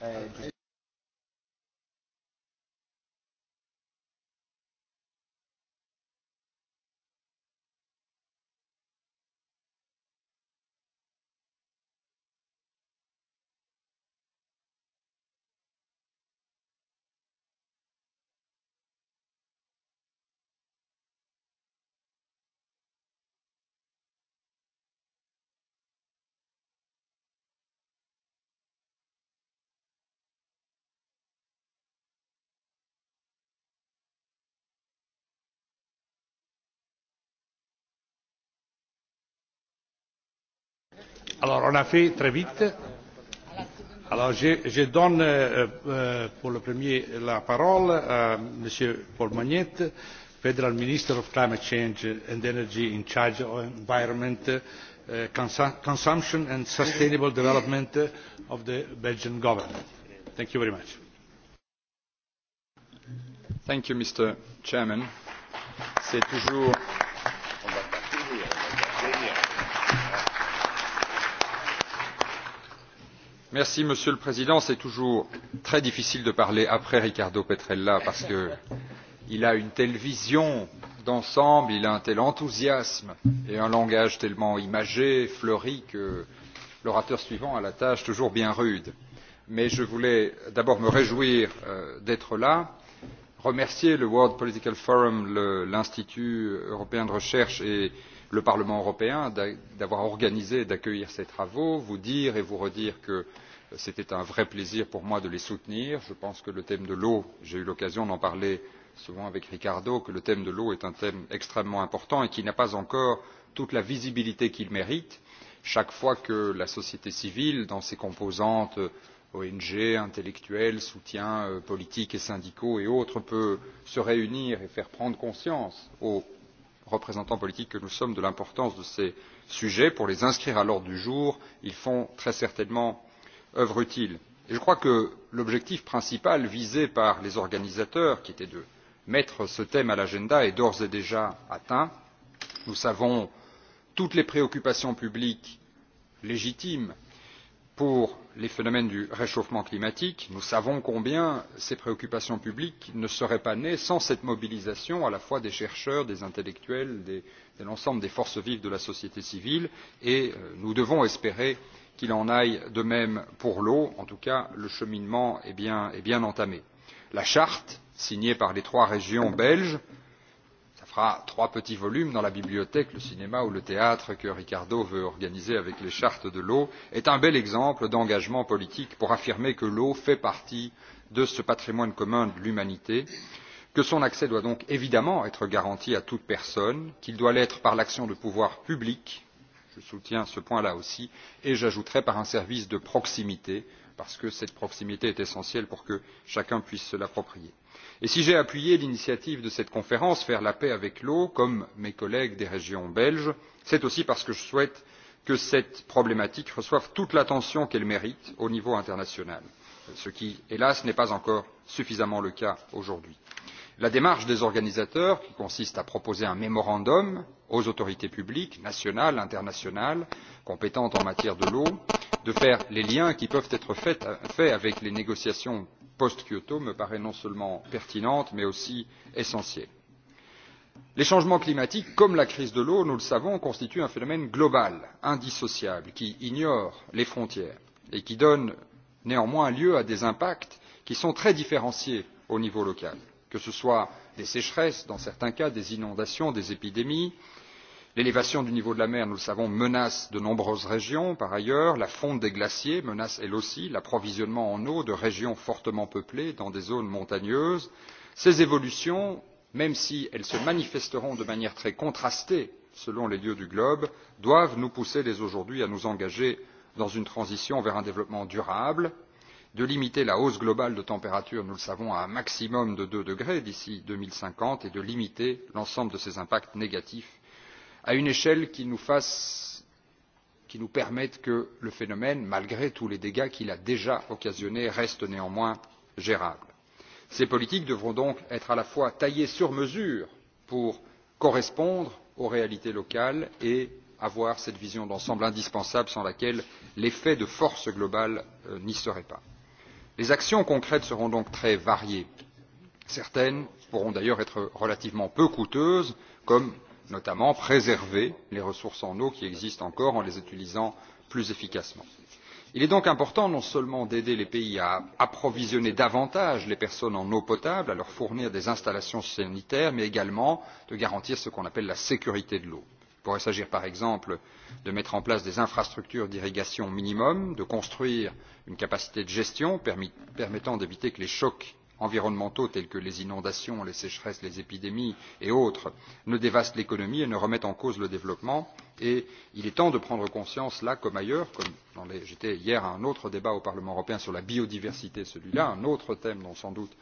[SPEAKER 2] Ε, Alors, on a fait très vite. Alors, je donne pour le premier la parole à M. Paul Magnette, Federal Minister of Climate Change and Energy in charge of Environment, Consumption and Sustainable Development of the Belgian government.
[SPEAKER 7] Thank you very much. Thank you, Mr. Chairman. C'est toujours monsieur le président c'est toujours très difficile de parler après ricardo petrella parce qu'il a une telle vision d'ensemble il a un tel enthousiasme et un langage tellement imagé fleuri que l'orateur suivant a la tâche toujours bien rude. mais je voulais d'abord me réjouir d'être là remercier le world political forum l'institut européen de recherche et le parlement européen d'avoir organisé et d'accueillir ces travaux vous dire et vous redire que c'était un vrai plaisir pour moi de les soutenir. je pense que le thème de l'eau j'ai eu l'occasion d'en parler souvent avec ricardo que le thème de l'eau est un thème extrêmement important et qui n'a pas encore toute la visibilité qu'il mérite. chaque fois que la société civile dans ses composantes ong intellectuels soutiens politiques et syndicaux et autres peut se réunir et faire prendre conscience aux représentants politiques que nous sommes de l'importance de ces sujets pour les inscrire à l'ordre du jour ils font très certainement œuvre utile. Je crois que l'objectif principal visé par les organisateurs, qui était de mettre ce thème à l'agenda, est d'ores et déjà atteint. Nous savons toutes les préoccupations publiques légitimes pour les phénomènes du réchauffement climatique. Nous savons combien ces préoccupations publiques ne seraient pas nées sans cette mobilisation à la fois des chercheurs, des intellectuels, de l'ensemble des forces vives de la société civile, et nous devons espérer qu'il en aille de même pour l'eau. En tout cas, le cheminement est bien entamé. La charte, signée par les trois régions belges, ça fera trois petits volumes dans la bibliothèque, le cinéma ou le théâtre que Ricardo veut organiser avec les chartes de l'eau, est un bel exemple d'engagement politique pour affirmer que l'eau fait partie de ce patrimoine commun de l'humanité que son accès doit donc évidemment être garanti à toute personne qu'il doit l'être par l'action de pouvoirs publics je soutiens ce point là aussi et j'ajouterai par un service de proximité parce que cette proximité est essentielle pour que chacun puisse se l'approprier. et si j'ai appuyé l'initiative de cette conférence faire la paix avec l'eau comme mes collègues des régions belges c'est aussi parce que je souhaite que cette problématique reçoive toute l'attention qu'elle mérite au niveau international ce qui hélas n'est pas encore suffisamment le cas aujourd'hui. la démarche des organisateurs qui consiste à proposer un mémorandum aux autorités publiques nationales internationales compétentes en matière de l'eau de faire les liens qui peuvent être faits avec les négociations post kyoto me paraît non seulement pertinente mais aussi essentielle. les changements climatiques comme la crise de l'eau nous le savons constituent un phénomène global indissociable qui ignore les frontières et qui donne néanmoins lieu à des impacts qui sont très différenciés au niveau local que ce soit des sécheresses dans certains cas des inondations des épidémies L'élévation du niveau de la mer, nous le savons, menace de nombreuses régions. Par ailleurs, la fonte des glaciers menace elle aussi l'approvisionnement en eau de régions fortement peuplées dans des zones montagneuses. Ces évolutions, même si elles se manifesteront de manière très contrastée selon les lieux du globe, doivent nous pousser dès aujourd'hui à nous engager dans une transition vers un développement durable, de limiter la hausse globale de température, nous le savons, à un maximum de 2 degrés d'ici 2050 et de limiter l'ensemble de ces impacts négatifs à une échelle qui nous fasse nous permette que le phénomène malgré tous les dégâts qu'il a déjà occasionnés reste néanmoins gérable. ces politiques devront donc être à la fois taillées sur mesure pour correspondre aux réalités locales et avoir cette vision d'ensemble indispensable sans laquelle l'effet de force globale n'y serait pas. les actions concrètes seront donc très variées. certaines pourront d'ailleurs être relativement peu coûteuses comme notamment préserver les ressources en eau qui existent encore en les utilisant plus efficacement. Il est donc important non seulement d'aider les pays à approvisionner davantage les personnes en eau potable, à leur fournir des installations sanitaires, mais également de garantir ce qu'on appelle la sécurité de l'eau. Il pourrait s'agir par exemple de mettre en place des infrastructures d'irrigation minimum, de construire une capacité de gestion permettant d'éviter que les chocs environnementaux tels que les inondations, les sécheresses, les épidémies et autres ne dévastent l'économie et ne remettent en cause le développement. Et il est temps de prendre conscience, là comme ailleurs, comme j'étais hier à un autre débat au Parlement européen sur la biodiversité, celui-là, un autre thème dont sans doute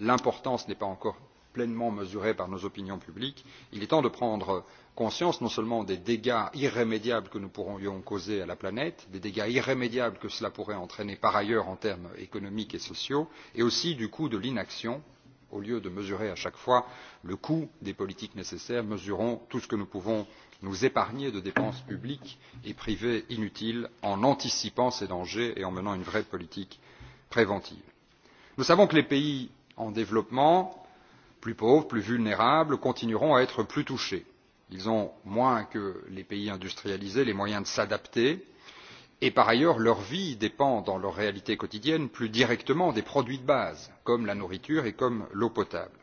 [SPEAKER 7] l'importance n'est pas encore pleinement mesurée par nos opinions publiques, il est temps de prendre conscience non seulement des dégâts irrémédiables que nous pourrions causer à la planète, des dégâts irrémédiables que cela pourrait entraîner par ailleurs en termes économiques et sociaux, et aussi du coût de l'inaction. Au lieu de mesurer à chaque fois le coût des politiques nécessaires, mesurons tout ce que nous pouvons nous épargner de dépenses publiques et privées inutiles en anticipant ces dangers et en menant une vraie politique préventive. Nous savons que les pays en développement plus pauvres, plus vulnérables, continueront à être plus touchés. Ils ont moins que les pays industrialisés les moyens de s'adapter et, par ailleurs, leur vie dépend, dans leur réalité quotidienne, plus directement des produits de base, comme la nourriture et comme l'eau potable.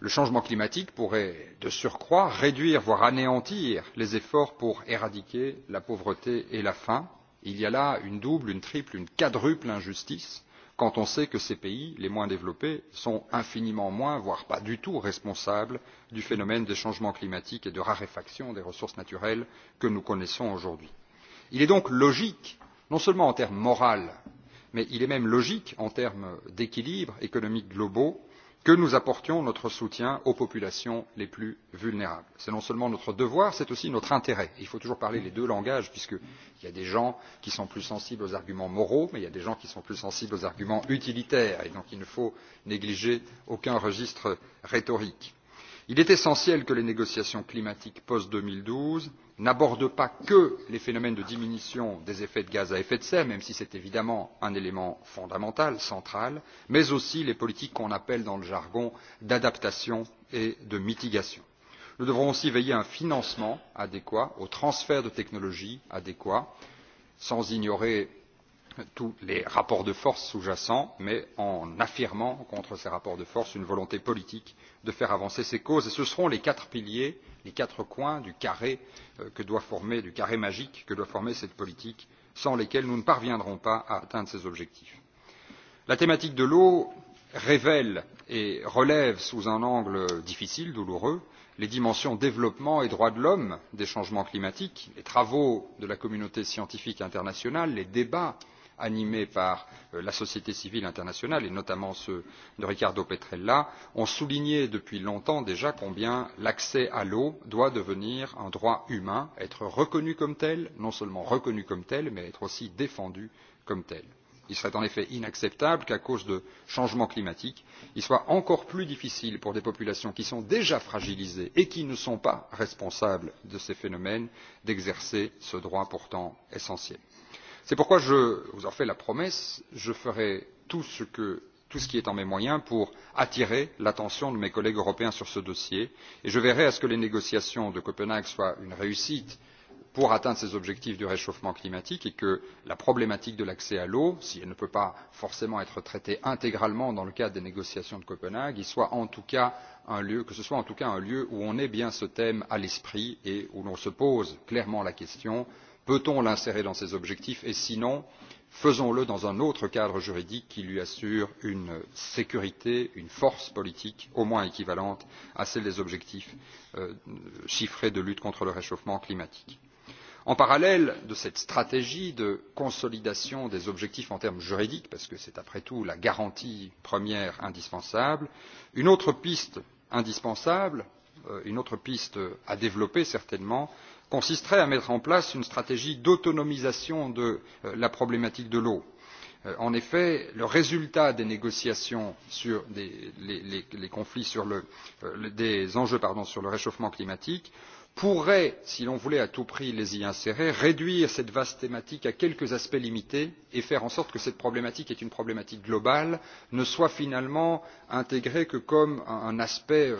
[SPEAKER 7] Le changement climatique pourrait, de surcroît, réduire, voire anéantir, les efforts pour éradiquer la pauvreté et la faim. Il y a là une double, une triple, une quadruple injustice quand on sait que ces pays les moins développés sont infiniment moins voire pas du tout responsables du phénomène des changements climatiques et de raréfaction des ressources naturelles que nous connaissons aujourd'hui. il est donc logique non seulement en termes moraux mais il est même logique en termes d'équilibres économiques globaux que nous apportions notre soutien aux populations les plus vulnérables. C'est non seulement notre devoir, c'est aussi notre intérêt. Il faut toujours parler les deux langages, puisqu'il y a des gens qui sont plus sensibles aux arguments moraux, mais il y a des gens qui sont plus sensibles aux arguments utilitaires, et donc il ne faut négliger aucun registre rhétorique. Il est essentiel que les négociations climatiques post 2012 n'aborde pas que les phénomènes de diminution des effets de gaz à effet de serre, même si c'est évidemment un élément fondamental, central, mais aussi les politiques qu'on appelle dans le jargon d'adaptation et de mitigation. Nous devrons aussi veiller à un financement adéquat, au transfert de technologies adéquat, sans ignorer tous les rapports de force sous jacents mais en affirmant contre ces rapports de force une volonté politique de faire avancer ces causes et ce seront les quatre piliers les quatre coins du carré que doit former du carré magique que doit former cette politique sans lesquels nous ne parviendrons pas à atteindre ces objectifs. la thématique de l'eau révèle et relève sous un angle difficile douloureux les dimensions développement et droits de l'homme des changements climatiques. les travaux de la communauté scientifique internationale les débats animés par la société civile internationale et notamment ceux de Ricardo Petrella ont souligné depuis longtemps déjà combien l'accès à l'eau doit devenir un droit humain, être reconnu comme tel, non seulement reconnu comme tel, mais être aussi défendu comme tel. Il serait en effet inacceptable qu'à cause de changements climatiques, il soit encore plus difficile pour des populations qui sont déjà fragilisées et qui ne sont pas responsables de ces phénomènes d'exercer ce droit pourtant essentiel c'est pourquoi je vous en fais la promesse je ferai tout ce qui est en mes moyens pour attirer l'attention de mes collègues européens sur ce dossier et je verrai à ce que les négociations de copenhague soient une réussite pour atteindre ces objectifs du réchauffement climatique et que la problématique de l'accès à l'eau si elle ne peut pas forcément être traitée intégralement dans le cadre des négociations de copenhague soit en tout cas un lieu que ce soit en tout cas un lieu où on ait bien ce thème à l'esprit et où l'on se pose clairement la question Peut-on l'insérer dans ces objectifs et sinon, faisons-le dans un autre cadre juridique qui lui assure une sécurité, une force politique au moins équivalente à celle des objectifs chiffrés de lutte contre le réchauffement climatique. En parallèle de cette stratégie de consolidation des objectifs en termes juridiques, parce que c'est après tout la garantie première indispensable, une autre piste indispensable, une autre piste à développer certainement, consisterait à mettre en place une stratégie d'autonomisation de la problématique de l'eau. En effet, le résultat des négociations sur les conflits, des enjeux sur le réchauffement climatique pourrait, si l'on voulait à tout prix les y insérer, réduire cette vaste thématique à quelques aspects limités et faire en sorte que cette problématique, qui est une problématique globale, ne soit finalement intégrée que comme un aspect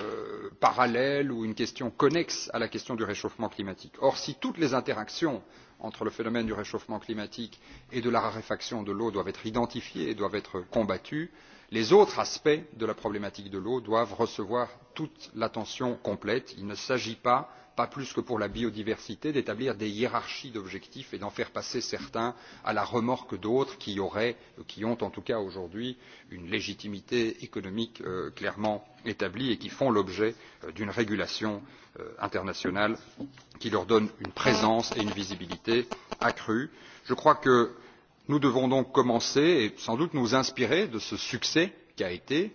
[SPEAKER 7] parallèle ou une question connexe à la question du réchauffement climatique. Or, si toutes les interactions entre le phénomène du réchauffement climatique et de la raréfaction de l'eau doivent être identifiées et doivent être combattues, les autres aspects de la problématique de l'eau doivent recevoir toute l'attention complète. Il ne s'agit pas pas plus que pour la biodiversité, d'établir des hiérarchies d'objectifs et d'en faire passer certains à la remorque d'autres qui auraient, qui ont en tout cas aujourd'hui une légitimité économique clairement établie et qui font l'objet d'une régulation internationale qui leur donne une présence et une visibilité accrue. Je crois que nous devons donc commencer et sans doute nous inspirer de ce succès qui a été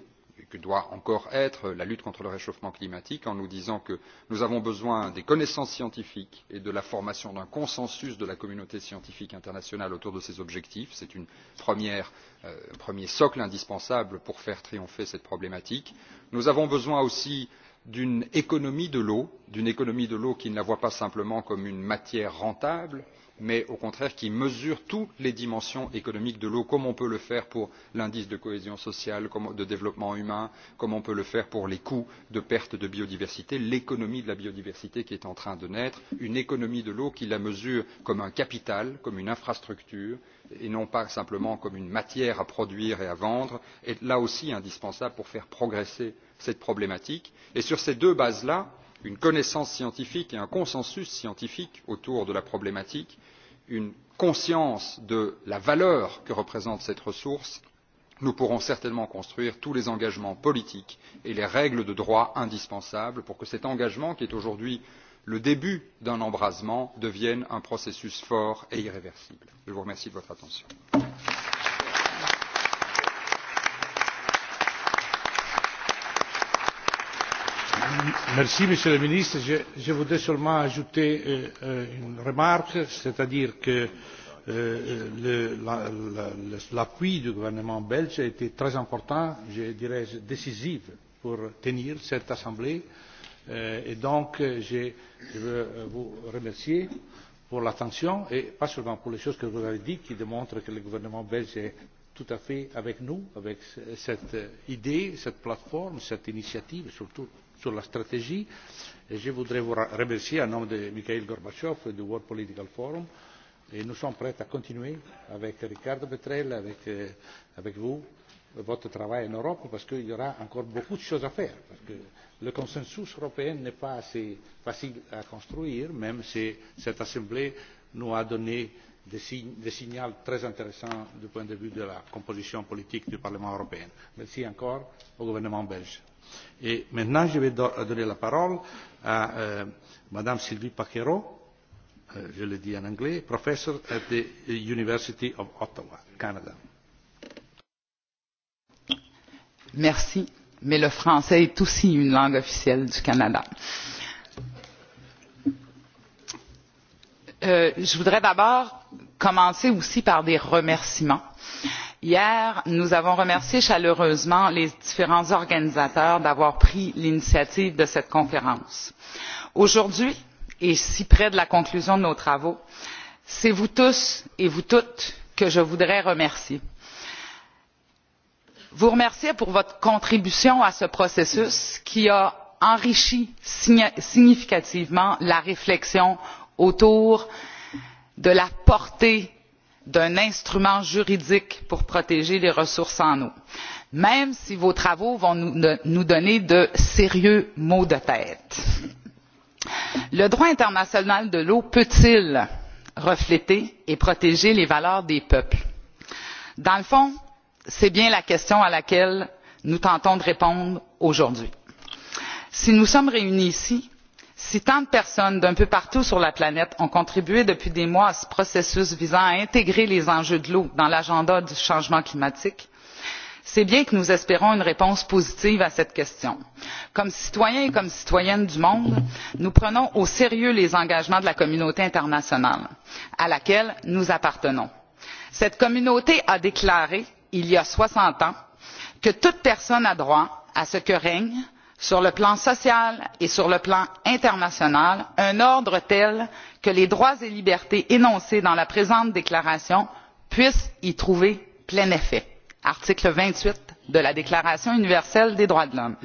[SPEAKER 7] que doit encore être la lutte contre le réchauffement climatique en nous disant que nous avons besoin des connaissances scientifiques et de la formation d'un consensus de la communauté scientifique internationale autour de ces objectifs. C'est un premier socle indispensable pour faire triompher cette problématique. Nous avons besoin aussi d'une économie de l'eau, d'une économie de l'eau qui ne la voit pas simplement comme une matière rentable mais au contraire qui mesure toutes les dimensions économiques de l'eau, comme on peut le faire pour l'indice de cohésion sociale, de développement humain, comme on peut le faire pour les coûts de perte de biodiversité, l'économie de la biodiversité qui est en train de naître, une économie de l'eau qui la mesure comme un capital, comme une infrastructure, et non pas simplement comme une matière à produire et à vendre, est là aussi indispensable pour faire progresser cette problématique. Et sur ces deux bases-là, une connaissance scientifique et un consensus scientifique autour de la problématique, une conscience de la valeur que représente cette ressource, nous pourrons certainement construire tous les engagements politiques et les règles de droit indispensables pour que cet engagement, qui est aujourd'hui le début d'un embrasement, devienne un processus fort et irréversible. Je vous remercie de votre attention.
[SPEAKER 2] Merci, Monsieur le Ministre. Je voudrais seulement ajouter une remarque, c'est-à-dire que l'appui du gouvernement belge a été très important, je dirais décisif, pour tenir cette Assemblée. Et donc, je veux vous remercier pour l'attention et pas seulement pour les choses que vous avez dites qui démontrent que le gouvernement belge est tout à fait avec nous, avec cette idée, cette plateforme, cette initiative surtout sur la stratégie. Et je voudrais vous remercier au nom de Mikhail Gorbatchev et du World Political Forum. Et nous sommes prêts à continuer avec Ricardo Petrel, avec, vous, votre travail en Europe, parce qu'il y aura encore beaucoup de choses à faire. Parce que le consensus européen n'est pas assez facile à construire, même si cette Assemblée nous a donné des signaux très intéressants du point de vue de la composition politique du Parlement européen. Merci encore au gouvernement belge. Et maintenant, je vais donner la parole à Madame Sylvie Paquero, je le dis en anglais, professor at the University of Ottawa, Canada.
[SPEAKER 8] Merci, mais le français est aussi une langue officielle du Canada. je voudrais d'abord commencer aussi par des remerciements. hier nous avons remercié chaleureusement les différents organisateurs d'avoir pris l'initiative de cette conférence. aujourd'hui et si près de la conclusion de nos travaux c'est vous tous et vous toutes que je voudrais remercier. vous remercier pour votre contribution à ce processus qui a enrichi significativement la réflexion autour de la portée d'un instrument juridique pour protéger les ressources en eau même si vos travaux vont nous donner de sérieux maux de tête. le droit international de l'eau peut il refléter et protéger les valeurs des peuples? dans le fond c'est bien la question à laquelle nous tentons de répondre aujourd'hui. si nous sommes réunis ici si tant de personnes d'un peu partout sur la planète ont contribué depuis des mois à ce processus visant à intégrer les enjeux de l'eau dans l'agenda du changement climatique c'est bien que nous espérons une réponse positive à cette question. comme citoyens et comme citoyennes du monde nous prenons au sérieux les engagements de la communauté internationale à laquelle nous appartenons. cette communauté a déclaré il y a soixante ans que toute personne a droit à ce que règne sur le plan social et sur le plan international un ordre tel que les droits et libertés énoncés dans la présente déclaration puissent y trouver plein effet article vingt huit de la déclaration universelle des droits de l'homme.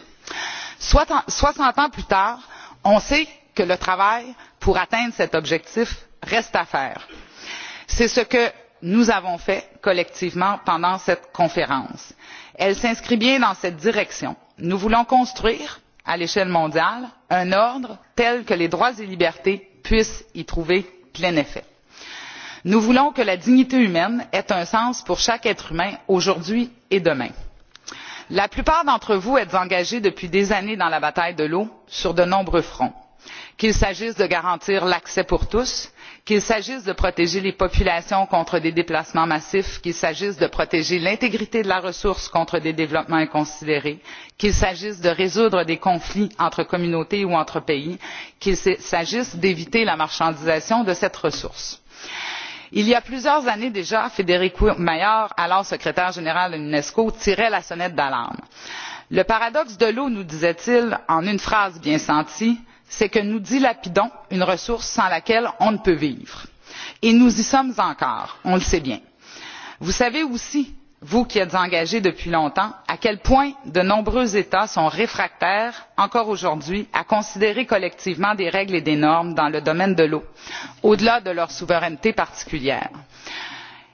[SPEAKER 8] soixante ans plus tard on sait que le travail pour atteindre cet objectif reste à faire. c'est ce que nous avons fait collectivement pendant cette conférence. elle s'inscrit bien dans cette direction nous voulons construire à l'échelle mondiale un ordre tel que les droits et libertés puissent y trouver plein effet. nous voulons que la dignité humaine ait un sens pour chaque être humain aujourd'hui et demain. la plupart d'entre vous êtes engagés depuis des années dans la bataille de l'eau sur de nombreux fronts qu'il s'agisse de garantir l'accès pour tous qu'il s'agisse de protéger les populations contre des déplacements massifs qu'il s'agisse de protéger l'intégrité de la ressource contre des développements inconsidérés qu'il s'agisse de résoudre des conflits entre communautés ou entre pays qu'il s'agisse d'éviter la marchandisation de cette ressource. il y a plusieurs années déjà federico mayor alors secrétaire général de l'unesco tirait la sonnette d'alarme. le paradoxe de l'eau nous disait il en une phrase bien sentie c'est que nous dilapidons une ressource sans laquelle on ne peut vivre et nous y sommes encore on le sait bien. vous savez aussi vous qui êtes engagés depuis longtemps à quel point de nombreux états sont réfractaires encore aujourd'hui à considérer collectivement des règles et des normes dans le domaine de l'eau au delà de leur souveraineté particulière.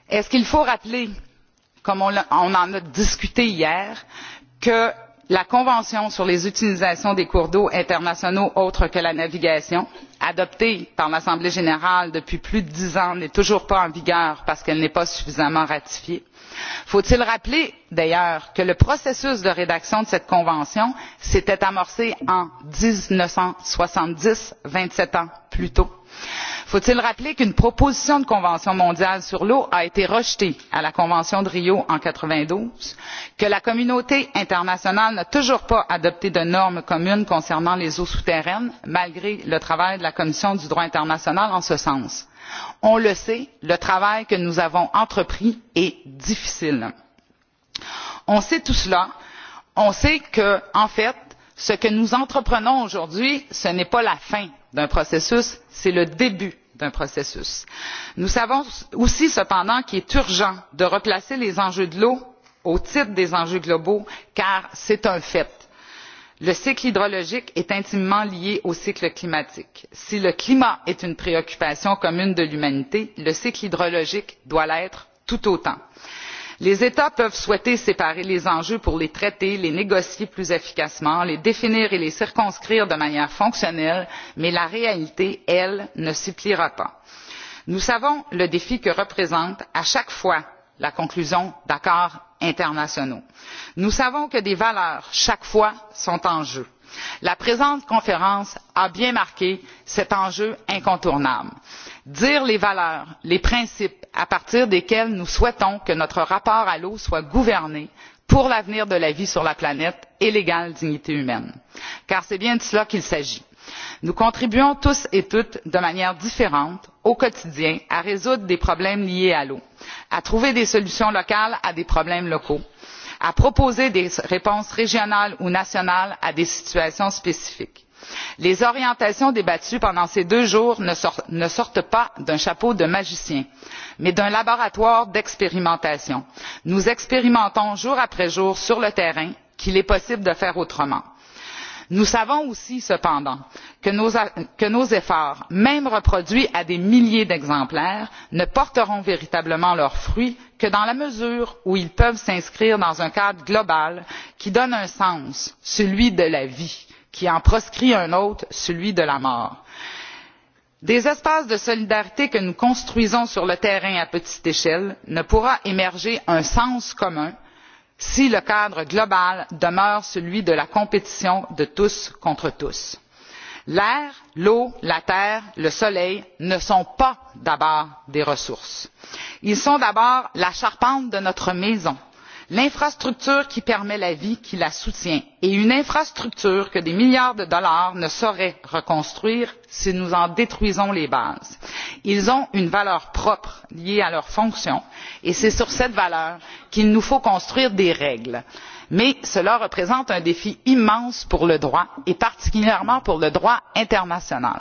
[SPEAKER 8] est ce qu'il faut rappeler comme on en a discuté hier que la convention sur les utilisations des cours d'eau internationaux autres que la navigation adoptée par l'assemblée générale depuis plus de dix ans n'est toujours pas en vigueur parce qu'elle n'est pas suffisamment ratifiée. faut il rappeler d'ailleurs que le processus de rédaction de cette convention s'était amorcé en mille neuf cent soixante dix vingt sept ans plus tôt? faut il rappeler qu'une proposition de convention mondiale sur l'eau a été rejetée à la convention de rio en mille quatre vingt douze que la communauté internationale n'a toujours pas adopté de normes communes concernant les eaux souterraines malgré le travail de la commission du droit international en ce sens? on le sait le travail que nous avons entrepris est difficile. on sait tout cela on sait que en fait ce que nous entreprenons aujourd'hui ce n'est pas la fin d'un processus c'est le début d'un processus. nous savons aussi cependant qu'il est urgent de replacer les enjeux de l'eau au titre des enjeux globaux car c'est un fait le cycle hydrologique est intimement lié au cycle climatique. si le climat est une préoccupation commune de l'humanité le cycle hydrologique doit l'être tout autant les états peuvent souhaiter séparer les enjeux pour les traiter les négocier plus efficacement les définir et les circonscrire de manière fonctionnelle mais la réalité elle ne s'y pliera pas. nous savons le défi que représente à chaque fois la conclusion d'accords internationaux. nous savons que des valeurs chaque fois sont en jeu. la présente conférence a bien marqué cet enjeu incontournable dire les valeurs les principes à partir desquels nous souhaitons que notre rapport à l'eau soit gouverné pour l'avenir de la vie sur la planète et l'égale dignité humaine car c'est bien de cela qu'il s'agit. nous contribuons tous et toutes de manière différente au quotidien à résoudre des problèmes liés à l'eau à trouver des solutions locales à des problèmes locaux à proposer des réponses régionales ou nationales à des situations spécifiques les orientations débattues pendant ces deux jours ne sortent pas d'un chapeau de magicien mais d'un laboratoire d'expérimentation. nous expérimentons jour après jour sur le terrain qu'il est possible de faire autrement. nous savons aussi cependant que nos efforts même reproduits à des milliers d'exemplaires ne porteront véritablement leurs fruits que dans la mesure où ils peuvent s'inscrire dans un cadre global qui donne un sens celui de la vie qui en proscrit un autre celui de la mort. des espaces de solidarité que nous construisons sur le terrain à petite échelle ne pourra émerger un sens commun si le cadre global demeure celui de la compétition de tous contre tous. l'air l'eau la terre le soleil ne sont pas d'abord des ressources ils sont d'abord la charpente de notre maison l'infrastructure qui permet la vie qui la soutient et une infrastructure que des milliards de dollars ne sauraient reconstruire si nous en détruisons les bases. ils ont une valeur propre liée à leur fonction et c'est sur cette valeur qu'il nous faut construire des règles mais cela représente un défi immense pour le droit et particulièrement pour le droit international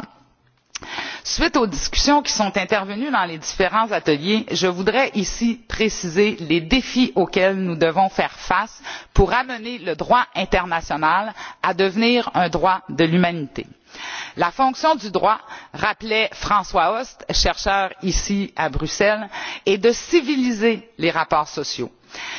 [SPEAKER 8] suite aux discussions qui sont intervenues dans les différents ateliers je voudrais ici préciser les défis auxquels nous devons faire face pour amener le droit international à devenir un droit de l'humanité. la fonction du droit rappelait françois host chercheur ici à bruxelles est de civiliser les rapports sociaux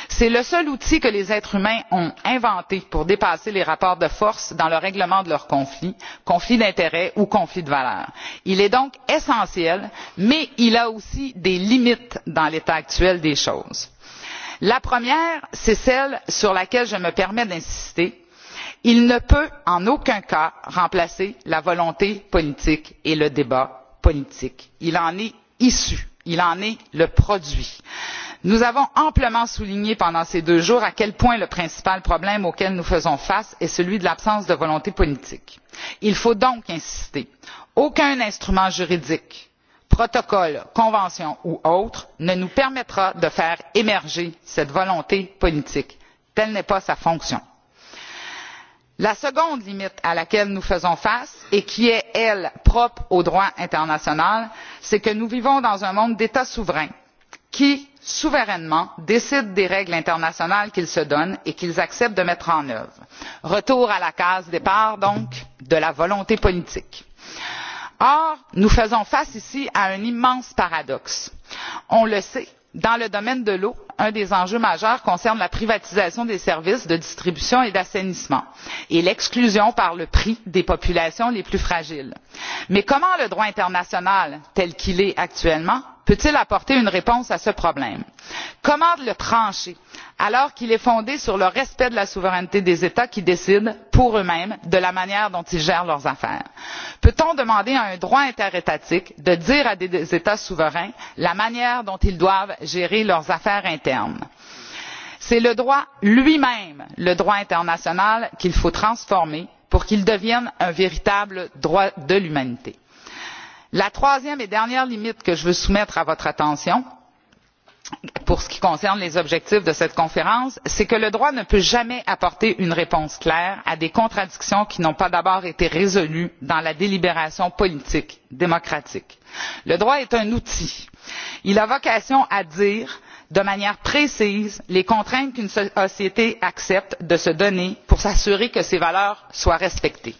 [SPEAKER 8] c'est le seul outil que les êtres humains ont inventé pour dépasser les rapports de force dans le règlement de leurs conflits conflits d'intérêts ou conflits de valeurs. il est donc essentiel mais il a aussi des limites dans l'état actuel des choses. la première c'est celle sur laquelle je me permets d'insister il ne peut en aucun cas remplacer la volonté politique et le débat politique. il en est issu il en est le produit nous avons amplement souligné pendant ces deux jours à quel point le principal problème auquel nous faisons face est celui de l'absence de volonté politique. il faut donc insister aucun instrument juridique protocole convention ou autre ne nous permettra de faire émerger cette volonté politique telle n'est pas sa fonction. la seconde limite à laquelle nous faisons face et qui est elle propre au droit international c'est que nous vivons dans un monde d'états souverains qui souverainement décident des règles internationales qu'ils se donnent et qu'ils acceptent de mettre en œuvre. retour à la case départ donc de la volonté politique. or nous faisons face ici à un immense paradoxe. on le sait dans le domaine de l'eau un des enjeux majeurs concerne la privatisation des services de distribution et d'assainissement et l'exclusion par le prix des populations les plus fragiles. mais comment le droit international tel qu'il est actuellement peut il apporter une réponse à ce problème? comment le trancher alors qu'il est fondé sur le respect de la souveraineté des états qui décident pour eux mêmes de la manière dont ils gèrent leurs affaires? peut on demander à un droit interétatique de dire à des états souverains la manière dont ils doivent gérer leurs affaires internes? c'est le droit lui même le droit international qu'il faut transformer pour qu'il devienne un véritable droit de l'humanité la troisième et dernière limite que je veux soumettre à votre attention pour ce qui concerne les objectifs de cette conférence c'est que le droit ne peut jamais apporter une réponse claire à des contradictions qui n'ont pas d'abord été résolues dans la délibération politique démocratique. le droit est un outil. il a vocation à dire de manière précise les contraintes qu'une société accepte de se donner pour s'assurer que ses valeurs soient respectées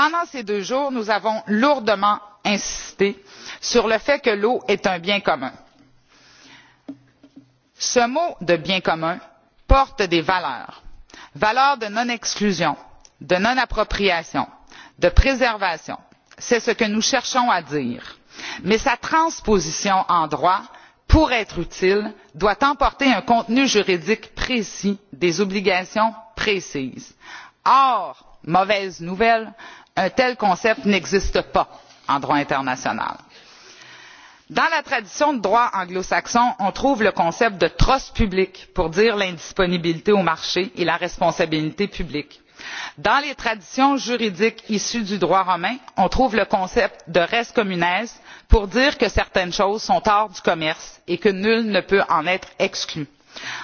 [SPEAKER 8] pendant ces deux jours nous avons lourdement insisté sur le fait que l'eau est un bien commun. ce mot de bien commun porte des valeurs valeurs de non exclusion de non appropriation de préservation c'est ce que nous cherchons à dire mais sa transposition en droit pour être utile doit emporter un contenu juridique précis des obligations précises. or mauvaise nouvelle un tel concept n'existe pas en droit international. dans la tradition de droit anglo saxon on trouve le concept de trust public pour dire l'indisponibilité au marché et la responsabilité publique. dans les traditions juridiques issues du droit romain on trouve le concept de res communes pour dire que certaines choses sont hors du commerce et que nul ne peut en être exclu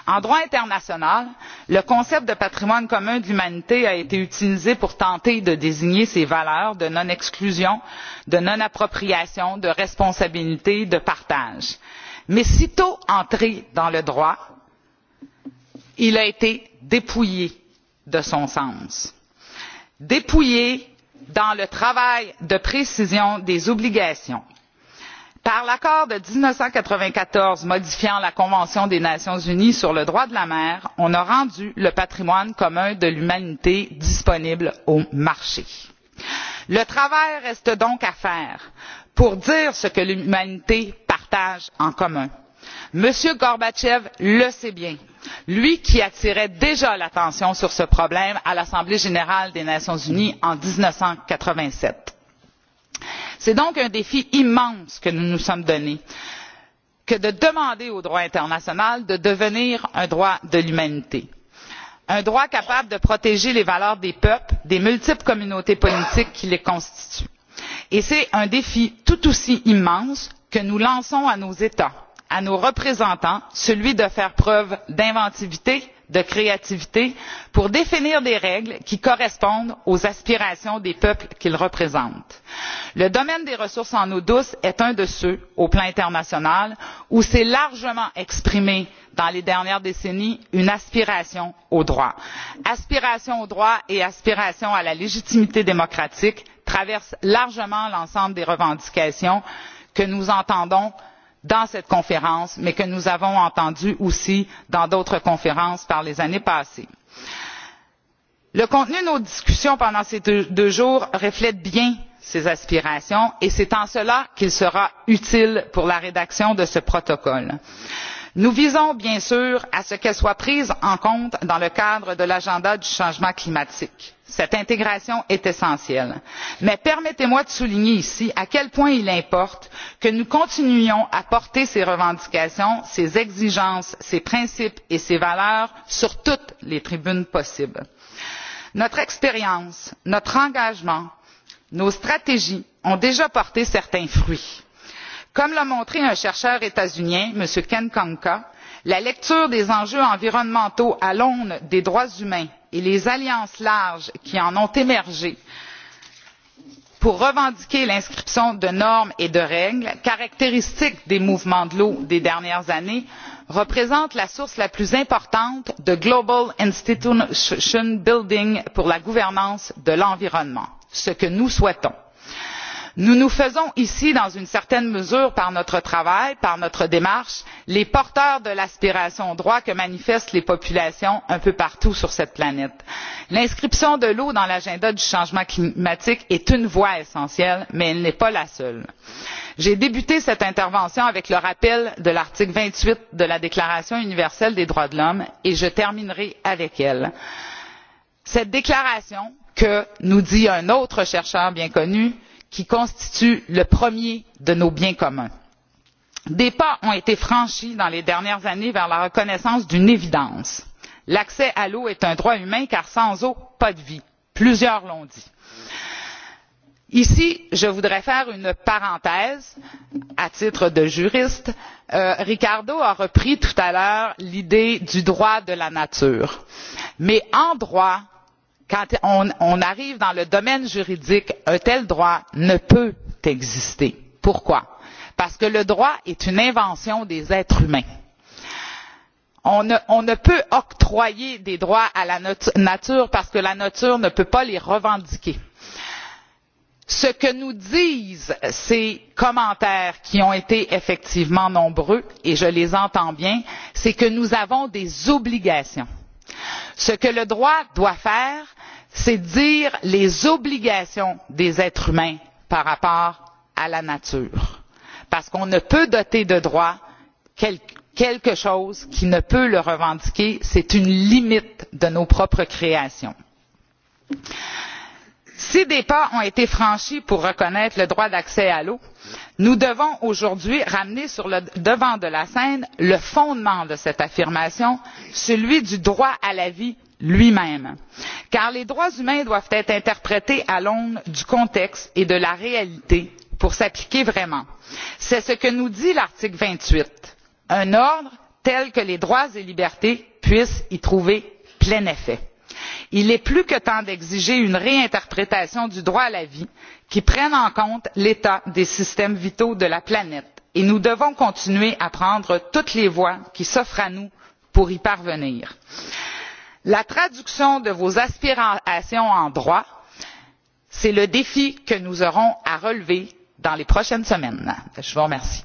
[SPEAKER 8] en droit international le concept de patrimoine commun de l'humanité a été utilisé pour tenter de désigner ces valeurs de non exclusion de non appropriation de responsabilité de partage mais sitôt entré dans le droit il a été dépouillé de son sens dépouillé dans le travail de précision des obligations par l'accord de mille neuf cent quatre vingt quatorze modifiant la convention des nations unies sur le droit de la mer on a rendu le patrimoine commun de l'humanité disponible au marché. le travail reste donc à faire pour dire ce que l'humanité partage en commun. m. gorbatchev le sait bien lui qui attirait déjà l'attention sur ce problème à l'assemblée générale des nations unies en mille neuf cent quatre vingt sept c'est donc un défi immense que nous nous sommes donné que de demander au droit international de devenir un droit de l'humanité un droit capable de protéger les valeurs des peuples des multiples communautés politiques qui les constituent et c'est un défi tout aussi immense que nous lançons à nos états à nos représentants celui de faire preuve d'inventivité de créativité pour définir des règles qui correspondent aux aspirations des peuples qu'ils représentent. le domaine des ressources en eau douce est un de ceux au plan international où s'est largement exprimée dans les dernières décennies une aspiration au droit. aspiration au droit et aspiration à la légitimité démocratique traversent largement l'ensemble des revendications que nous entendons dans cette conférence mais que nous avons entendu aussi dans d'autres conférences par les années passées. le contenu de nos discussions pendant ces deux jours reflète bien ces aspirations et c'est en cela qu'il sera utile pour la rédaction de ce protocole. nous visons bien sûr à ce qu'elles soient prises en compte dans le cadre de l'agenda du changement climatique cette intégration est essentielle mais permettez moi de souligner ici à quel point il importe que nous continuions à porter ces revendications ces exigences ces principes et ces valeurs sur toutes les tribunes possibles. notre expérience notre engagement nos stratégies ont déjà porté certains fruits comme l'a montré un chercheur états unien m. ken konka la lecture des enjeux environnementaux à l'aune des droits humains et les alliances larges qui en ont émergé pour revendiquer l'inscription de normes et de règles caractéristiques des mouvements de l'eau des dernières années représente la source la plus importante de global institution building pour la gouvernance de l'environnement ce que nous souhaitons nous nous faisons ici dans une certaine mesure par notre travail par notre démarche les porteurs de l'aspiration au droit que manifestent les populations un peu partout sur cette planète. l'inscription de l'eau dans l'agenda du changement climatique est une voie essentielle mais elle n'est pas la seule. j'ai débuté cette intervention avec le rappel de l'article vingt huit de la déclaration universelle des droits de l'homme et je terminerai avec elle. cette déclaration que nous dit un autre chercheur bien connu qui constitue le premier de nos biens communs. des pas ont été franchis dans les dernières années vers la reconnaissance d'une évidence l'accès à l'eau est un droit humain car sans eau pas de vie plusieurs l'ont dit. ici je voudrais faire une parenthèse à titre de juriste ricardo a repris tout à l'heure l'idée du droit de la nature mais en droit quand on arrive dans le domaine juridique un tel droit ne peut exister. pourquoi? parce que le droit est une invention des êtres humains. on ne peut octroyer des droits à la nature parce que la nature ne peut pas les revendiquer. ce que nous disent ces commentaires qui ont été effectivement nombreux et je les entends bien c'est que nous avons des obligations. ce que le droit doit faire c'est dire les obligations des êtres humains par rapport à la nature parce qu'on ne peut doter de droits quelque chose qui ne peut le revendiquer c'est une limite de nos propres créations. si des pas ont été franchis pour reconnaître le droit d'accès à l'eau nous devons aujourd'hui ramener sur le devant de la scène le fondement de cette affirmation celui du droit à la vie lui même car les droits humains doivent être interprétés à l'aune du contexte et de la réalité pour s'appliquer vraiment. c'est ce que nous dit l'article vingt huit un ordre tel que les droits et libertés puissent y trouver plein effet. il est plus que temps d'exiger une réinterprétation du droit à la vie qui prenne en compte l'état des systèmes vitaux de la planète et nous devons continuer à prendre toutes les voies qui s'offrent à nous pour y parvenir la traduction de vos aspirations en droit c'est le défi que nous aurons à relever dans les prochaines semaines. je vous remercie.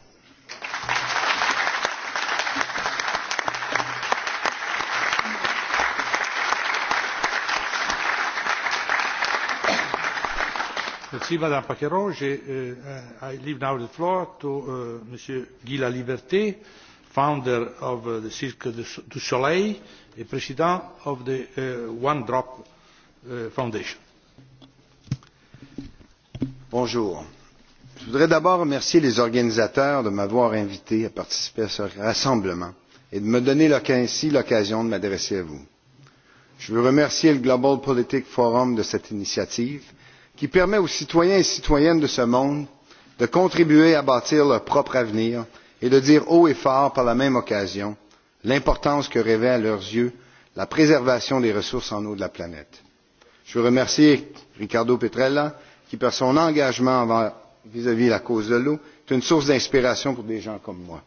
[SPEAKER 2] Guy Liberté, of Cirque du Soleil et président of the One Drop Foundation.
[SPEAKER 9] Bonjour. Je voudrais d'abord remercier les organisateurs de m'avoir invité à participer à ce rassemblement et de me donner ainsi l'occasion de m'adresser à vous. Je veux remercier le Global Politic Forum de cette initiative qui permet aux citoyens et citoyennes de ce monde de contribuer à bâtir leur propre avenir et de dire haut et fort par la même occasion l'importance que revêt à leurs yeux la préservation des ressources en eau de la planète. je veux remercier ricardo petrella qui par son engagement vis à vis la cause de l'eau est une source d'inspiration pour des gens comme moi.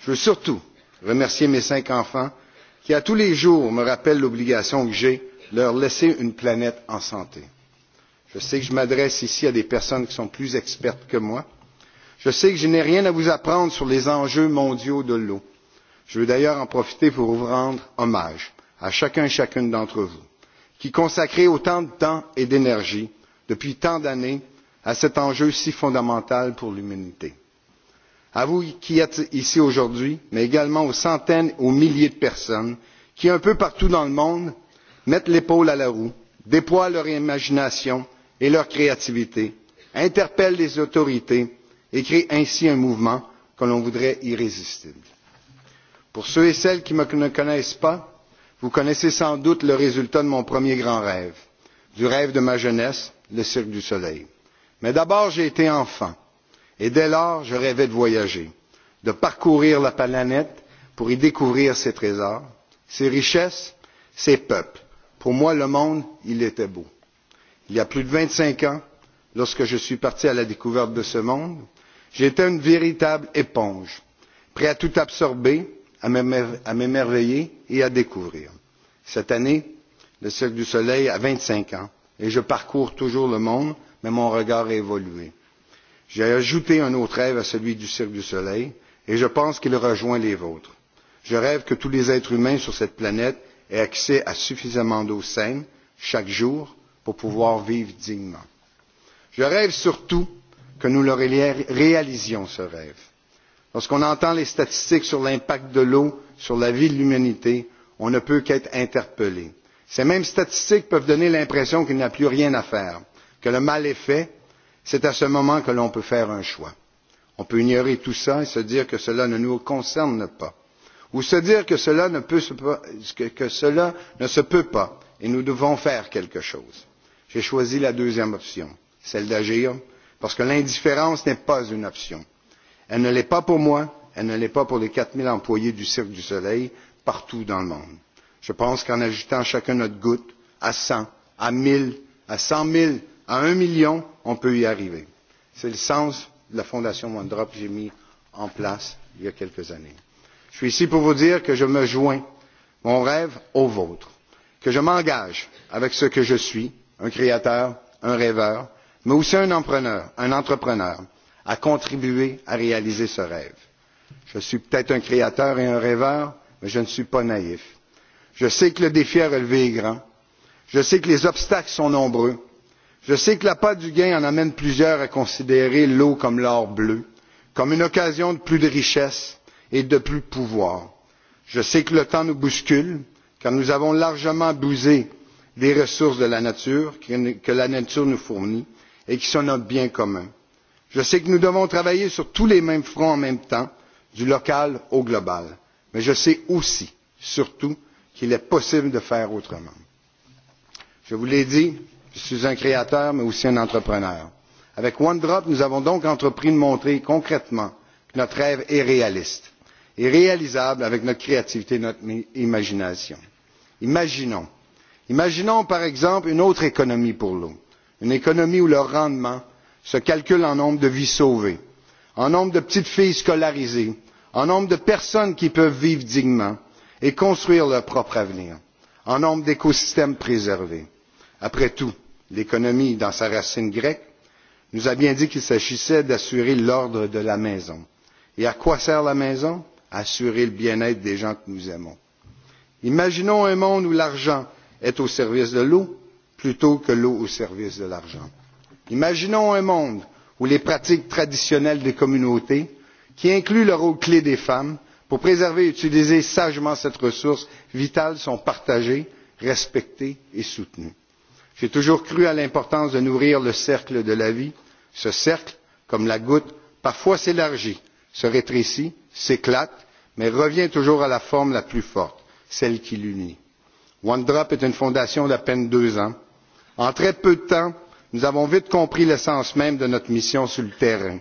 [SPEAKER 9] je veux surtout remercier mes cinq enfants qui à tous les jours me rappellent l'obligation que j'ai de leur laisser une planète en santé. je sais que je m'adresse ici à des personnes qui sont plus expertes que moi. je sais que je n'ai rien à vous apprendre sur les enjeux mondiaux de l'eau je veux d'ailleurs en profiter pour vous rendre hommage à chacun et chacune d'entre vous qui consacrez autant de temps et d'énergie depuis tant d'années à cet enjeu si fondamental pour l'humanité à vous qui êtes ici aujourd'hui mais également aux centaines et aux milliers de personnes qui un peu partout dans le monde mettent l'épaule à la roue déploient leur imagination et leur créativité interpellent les autorités et créent ainsi un mouvement que l'on voudrait irrésistible. Pour ceux et celles qui ne me connaissent pas, vous connaissez sans doute le résultat de mon premier grand rêve, du rêve de ma jeunesse, le Cirque du Soleil. Mais d'abord, j'ai été enfant, et dès lors, je rêvais de voyager, de parcourir la planète pour y découvrir ses trésors, ses richesses, ses peuples. Pour moi, le monde, il était beau. Il y a plus de vingt cinq ans, lorsque je suis parti à la découverte de ce monde, j'étais une véritable éponge, prêt à tout absorber à m'émerveiller et à découvrir. Cette année, le Cirque du Soleil a 25 ans et je parcours toujours le monde, mais mon regard a évolué. J'ai ajouté un autre rêve à celui du Cirque du Soleil et je pense qu'il rejoint les vôtres. Je rêve que tous les êtres humains sur cette planète aient accès à suffisamment d'eau saine chaque jour pour pouvoir vivre dignement. Je rêve surtout que nous leur réalisions ce rêve lorsqu'on entend les statistiques sur l'impact de l'eau sur la vie de l'humanité on ne peut qu'être interpellé. ces mêmes statistiques peuvent donner l'impression qu'il n'y a plus rien à faire que le mal est fait c'est à ce moment que l'on peut faire un choix. on peut ignorer tout ça et se dire que cela ne nous concerne pas ou se dire que cela ne se peut pas et nous devons faire quelque chose. j'ai choisi la deuxième option celle d'agir parce que l'indifférence n'est pas une option elle ne l'est pas pour moi elle ne l'est pas pour les quatre employés du cirque du soleil partout dans le monde. je pense qu'en ajoutant chacun notre goutte à cent à mille à cent mille à un million on peut y arriver. c'est le sens de la fondation one que j'ai mise en place il y a quelques années. je suis ici pour vous dire que je me joins mon rêve au vôtre que je m'engage avec ce que je suis un créateur un rêveur mais aussi un un entrepreneur à contribuer à réaliser ce rêve. Je suis peut-être un créateur et un rêveur, mais je ne suis pas naïf. Je sais que le défi à relever est grand. Je sais que les obstacles sont nombreux. Je sais que la l'appât du gain en amène plusieurs à considérer l'eau comme l'or bleu, comme une occasion de plus de richesse et de plus de pouvoir. Je sais que le temps nous bouscule, car nous avons largement abusé des ressources de la nature que la nature nous fournit et qui sont notre bien commun je sais que nous devons travailler sur tous les mêmes fronts en même temps du local au global mais je sais aussi surtout qu'il est possible de faire autrement. je vous l'ai dit je suis un créateur mais aussi un entrepreneur. avec one nous avons donc entrepris de montrer concrètement que notre rêve est réaliste et réalisable avec notre créativité et notre imagination. imaginons imaginons par exemple une autre économie pour l'eau une économie où le rendement se calcule en nombre de vies sauvées en nombre de petites filles scolarisées en nombre de personnes qui peuvent vivre dignement et construire leur propre avenir en nombre d'écosystèmes préservés. après tout l'économie dans sa racine grecque nous a bien dit qu'il s'agissait d'assurer l'ordre de la maison. et à quoi sert la maison? à assurer le bien être des gens que nous aimons. imaginons un monde où l'argent est au service de l'eau plutôt que l'eau au service de l'argent imaginons un monde où les pratiques traditionnelles des communautés qui incluent le rôle clé des femmes pour préserver et utiliser sagement cette ressource vitale sont partagées respectées et soutenues. j'ai toujours cru à l'importance de nourrir le cercle de la vie. ce cercle comme la goutte parfois s'élargit se rétrécit s'éclate mais revient toujours à la forme la plus forte celle qui l'unit. one drop est une fondation d'à peine deux ans. en très peu de temps nous avons vite compris l'essence même de notre mission sur le terrain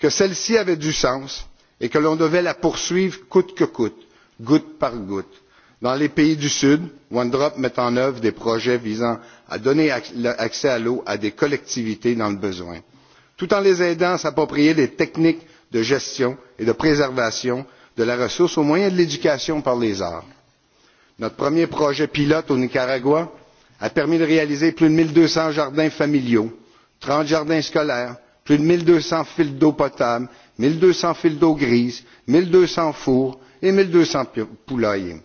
[SPEAKER 9] que celle ci avait du sens et que l'on devait la poursuivre coûte que coûte goutte par goutte. dans les pays du sud onedrop met en œuvre des projets visant à donner accès à l'eau à des collectivités dans le besoin tout en les aidant à s'approprier des techniques de gestion et de préservation de la ressource au moyen de l'éducation par les arts. notre premier projet pilote au nicaragua a permis de réaliser plus de un deux cents jardins familiaux trente jardins scolaires plus de un deux cents fils d'eau potable un deux cents fils d'eau grise un deux cents fours et un deux cents poulaillers.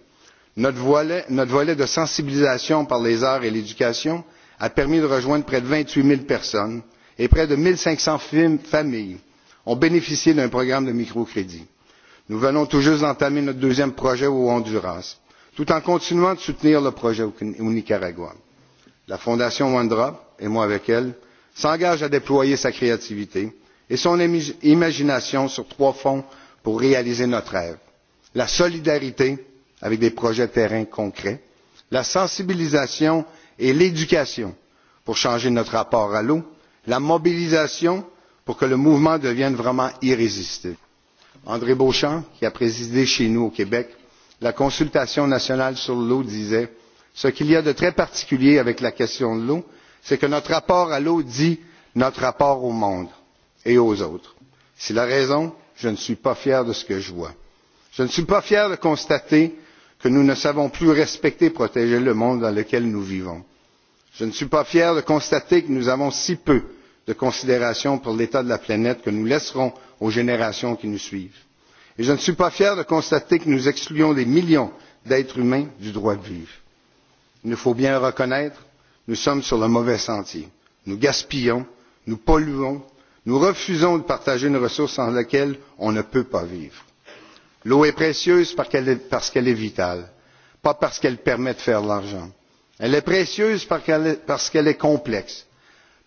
[SPEAKER 9] notre volet de sensibilisation par les arts et l'éducation a permis de rejoindre près de vingt huit zéro personnes et près de un cinq cents familles ont bénéficié d'un programme de microcrédit. nous venons tout juste d'entamer notre deuxième projet au honduras tout en continuant de soutenir le projet au nicaragua. la fondation wandra et moi avec elle s'engage à déployer sa créativité et son imagination sur trois fronts pour réaliser notre rêve la solidarité avec des projets terrain concrets la sensibilisation et l'éducation pour changer notre rapport à l'eau la mobilisation pour que le mouvement devienne vraiment irrésistible. andré beauchamp qui a présidé chez nous au québec la consultation nationale sur l'eau disait ce qu'il y a de très particulier avec la question de l'eau c'est que notre rapport à l'eau dit notre rapport au monde et aux autres. c'est la raison je ne suis pas fier de ce que je vois. je ne suis pas fier de constater que nous ne savons plus respecter et protéger le monde dans lequel nous vivons. je ne suis pas fier de constater que nous avons si peu de considération pour l'état de la planète que nous laisserons aux générations qui nous suivent et je ne suis pas fier de constater que nous excluons des millions d'êtres humains du droit de vivre. il nous faut bien le reconnaître nous sommes sur le mauvais sentier. nous gaspillons nous polluons nous refusons de partager une ressource sans laquelle on ne peut pas vivre. l'eau est précieuse parce qu'elle est vitale pas parce qu'elle permet de faire de l'argent. elle est précieuse parce qu'elle est complexe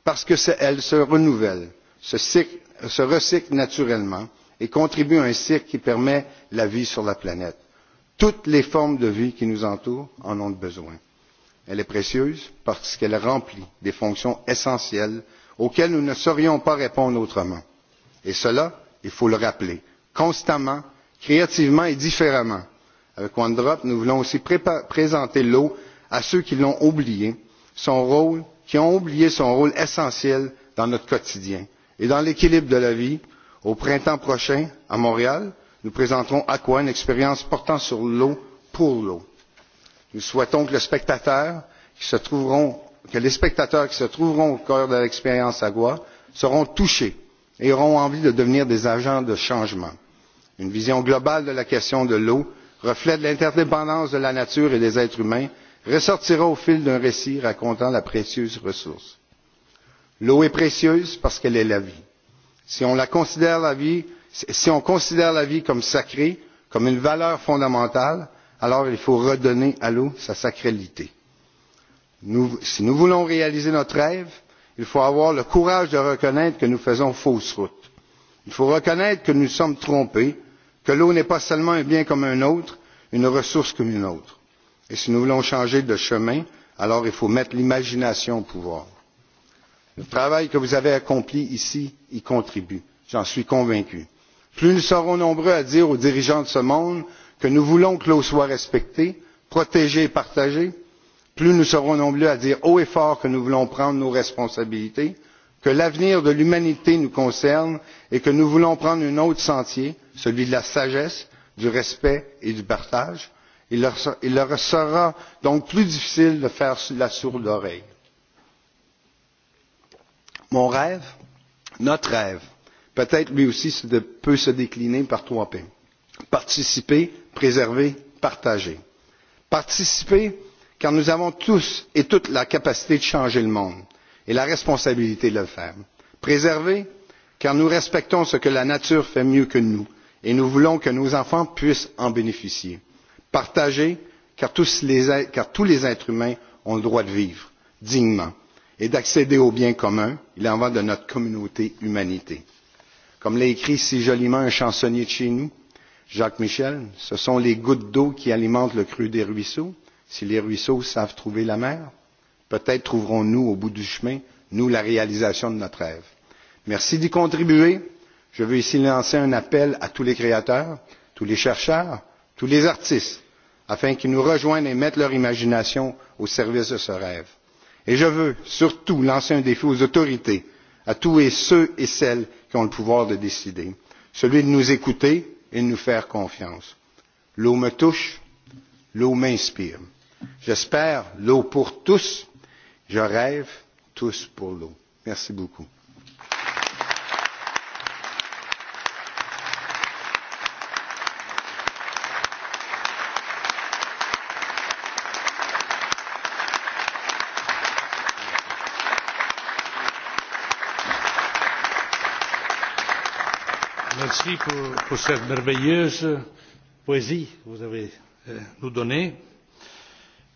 [SPEAKER 9] parce qu'elle se renouvelle se recycle naturellement et contribue à un cycle qui permet la vie sur la planète. Toutes les formes de vie qui nous entourent en ont besoin. Elle est précieuse parce qu'elle remplit des fonctions essentielles auxquelles nous ne saurions pas répondre autrement. Et cela, il faut le rappeler, constamment, créativement et différemment. Avec OneDrop, nous voulons aussi présenter l'eau à ceux qui l'ont oublié, son rôle, qui ont oublié son rôle essentiel dans notre quotidien et dans l'équilibre de la vie au printemps prochain à montréal nous présenterons aqua une expérience portant sur l'eau pour l'eau. nous souhaitons que les spectateurs qui se trouveront au cœur de l'expérience aqua seront touchés et auront envie de devenir des agents de changement. une vision globale de la question de l'eau reflet de l'interdépendance de la nature et des êtres humains ressortira au fil d'un récit racontant la précieuse ressource. l'eau est précieuse parce qu'elle est la vie si on la considère la vie comme sacrée comme une valeur fondamentale alors il faut redonner à l'eau sa sacralité. si nous voulons réaliser notre rêve il faut avoir le courage de reconnaître que nous faisons fausse route. il faut reconnaître que nous sommes trompés que l'eau n'est pas seulement un bien comme un autre une ressource comme une autre. et si nous voulons changer de chemin alors il faut mettre l'imagination au pouvoir. Le travail que vous avez accompli ici y contribue, j'en suis convaincu. Plus nous serons nombreux à dire aux dirigeants de ce monde que nous voulons que l'eau soit respectée, protégée et partagée, plus nous serons nombreux à dire haut et fort que nous voulons prendre nos responsabilités, que l'avenir de l'humanité nous concerne et que nous voulons prendre un autre sentier, celui de la sagesse, du respect et du partage. Il leur sera donc plus difficile de faire la sourde oreille. Mon rêve, notre rêve, peut être lui aussi peut se décliner par trois P participer, préserver, partager. Participer, car nous avons tous et toutes la capacité de changer le monde et la responsabilité de le faire. Préserver, car nous respectons ce que la nature fait mieux que nous et nous voulons que nos enfants puissent en bénéficier. Partager, car tous les êtres humains ont le droit de vivre dignement et d'accéder au bien commun il en va de notre communauté humanité. comme l'a écrit si joliment un chansonnier de chez nous jacques michel ce sont les gouttes d'eau qui alimentent le cru des ruisseaux si les ruisseaux savent trouver la mer peut être trouverons nous au bout du chemin nous la réalisation de notre rêve. merci d'y contribuer. je veux ici lancer un appel à tous les créateurs tous les chercheurs tous les artistes afin qu'ils nous rejoignent et mettent leur imagination au service de ce rêve et je veux surtout lancer un défi aux autorités à tous et ceux et celles qui ont le pouvoir de décider celui de nous écouter et de nous faire confiance. l'eau me touche l'eau m'inspire j'espère l'eau pour tous je rêve tous pour l'eau. merci beaucoup.
[SPEAKER 2] Merci pour cette merveilleuse poésie que vous avez nous donnée.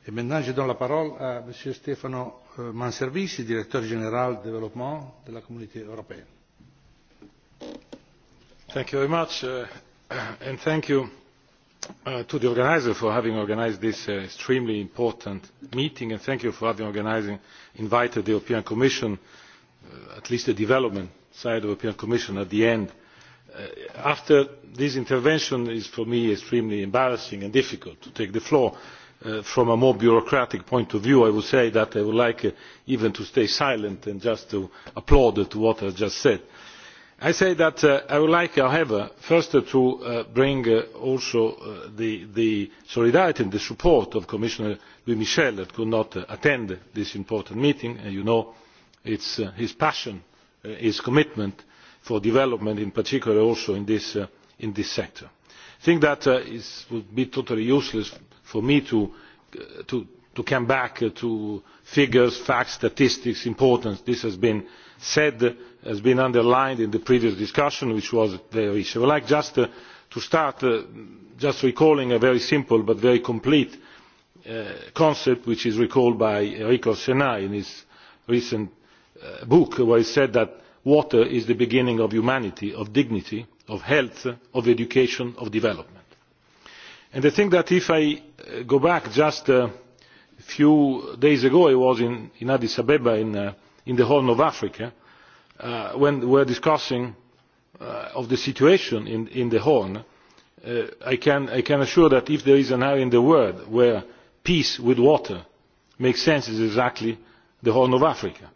[SPEAKER 2] Et maintenant, je donne la parole à M. Stefano Manservici, directeur général développement de la communauté européenne. Thank you very much,
[SPEAKER 10] and thank you to the organizer for having organised this extremely important meeting, and thank you for having organising, invited the European Commission, at least the development side of the European Commission at the end after this intervention is for me extremely embarrassing and difficult to take the floor from a more bureaucratic point of view i would say that i would like even to stay silent and just to applaud what i just said. i say that i would like however first to bring also the solidarity and the support of commissioner louis michel who could not attend this important meeting and you know it is his passion his commitment for development in particular also in this sector. i think that it would be totally useless for me to come back to figures facts statistics importance. this has been said has been underlined in the previous discussion which was very rich. i would like just to start just recalling a very simple but very complete concept which is recalled by enrico senna in his recent book where he said that water is the beginning of humanity of dignity of health of education of development. and i think that if i go back just a few days ago i was in addis ababa in the horn of africa when we were discussing the situation in the horn i can assure that if there is an area in the world where peace with water makes sense it is exactly the horn of africa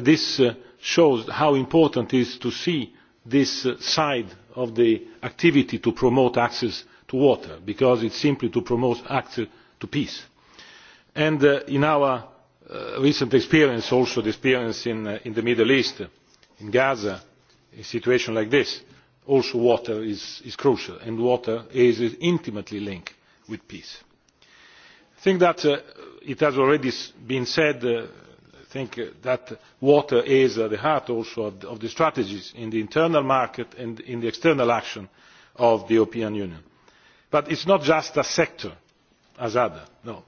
[SPEAKER 10] this shows how important it is to see this side of the activity to promote access to water because it is simply to promote access to peace. and in our recent experience also the experience in the middle east in gaza in a situation like this also water is crucial and water is intimately linked with peace. i think that it has already been said I think that water is at the heart also of the strategies in the internal market and in the external action of the European Union. But it is not just a sector as others No,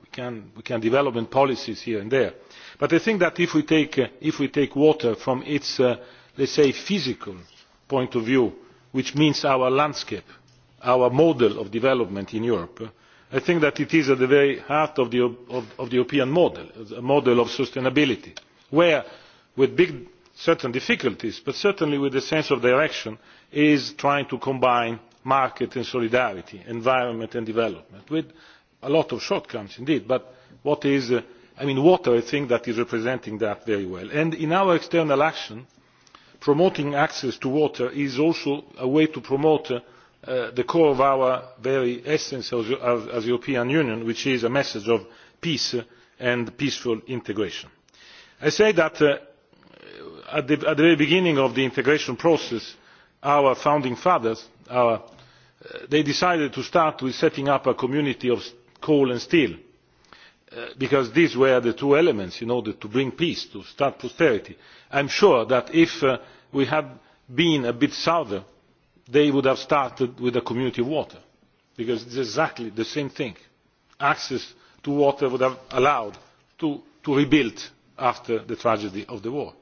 [SPEAKER 10] we can develop policies here and there. But I think that if we take water from its, let us say, physical point of view, which means our landscape, our model of development in Europe, I think that it is at the very heart of the European model, a model of sustainability, where, with big certain difficulties, but certainly with a sense of direction, is trying to combine market and solidarity, environment and development, with a lot of shortcomings indeed. But what is, I mean, water, I think that is representing that very well. And in our external action, promoting access to water is also a way to promote the core of our very essence as the European Union, which is a message of peace and peaceful integration. I say that at the very beginning of the integration process, our founding fathers decided to start with setting up a community of coal and steel, because these were the two elements in order to bring peace, to start prosperity. I am sure that if we had been a bit southern they would have started with the community water because it is exactly the same thing. Access to water would have allowed to rebuild after the tragedy of the war.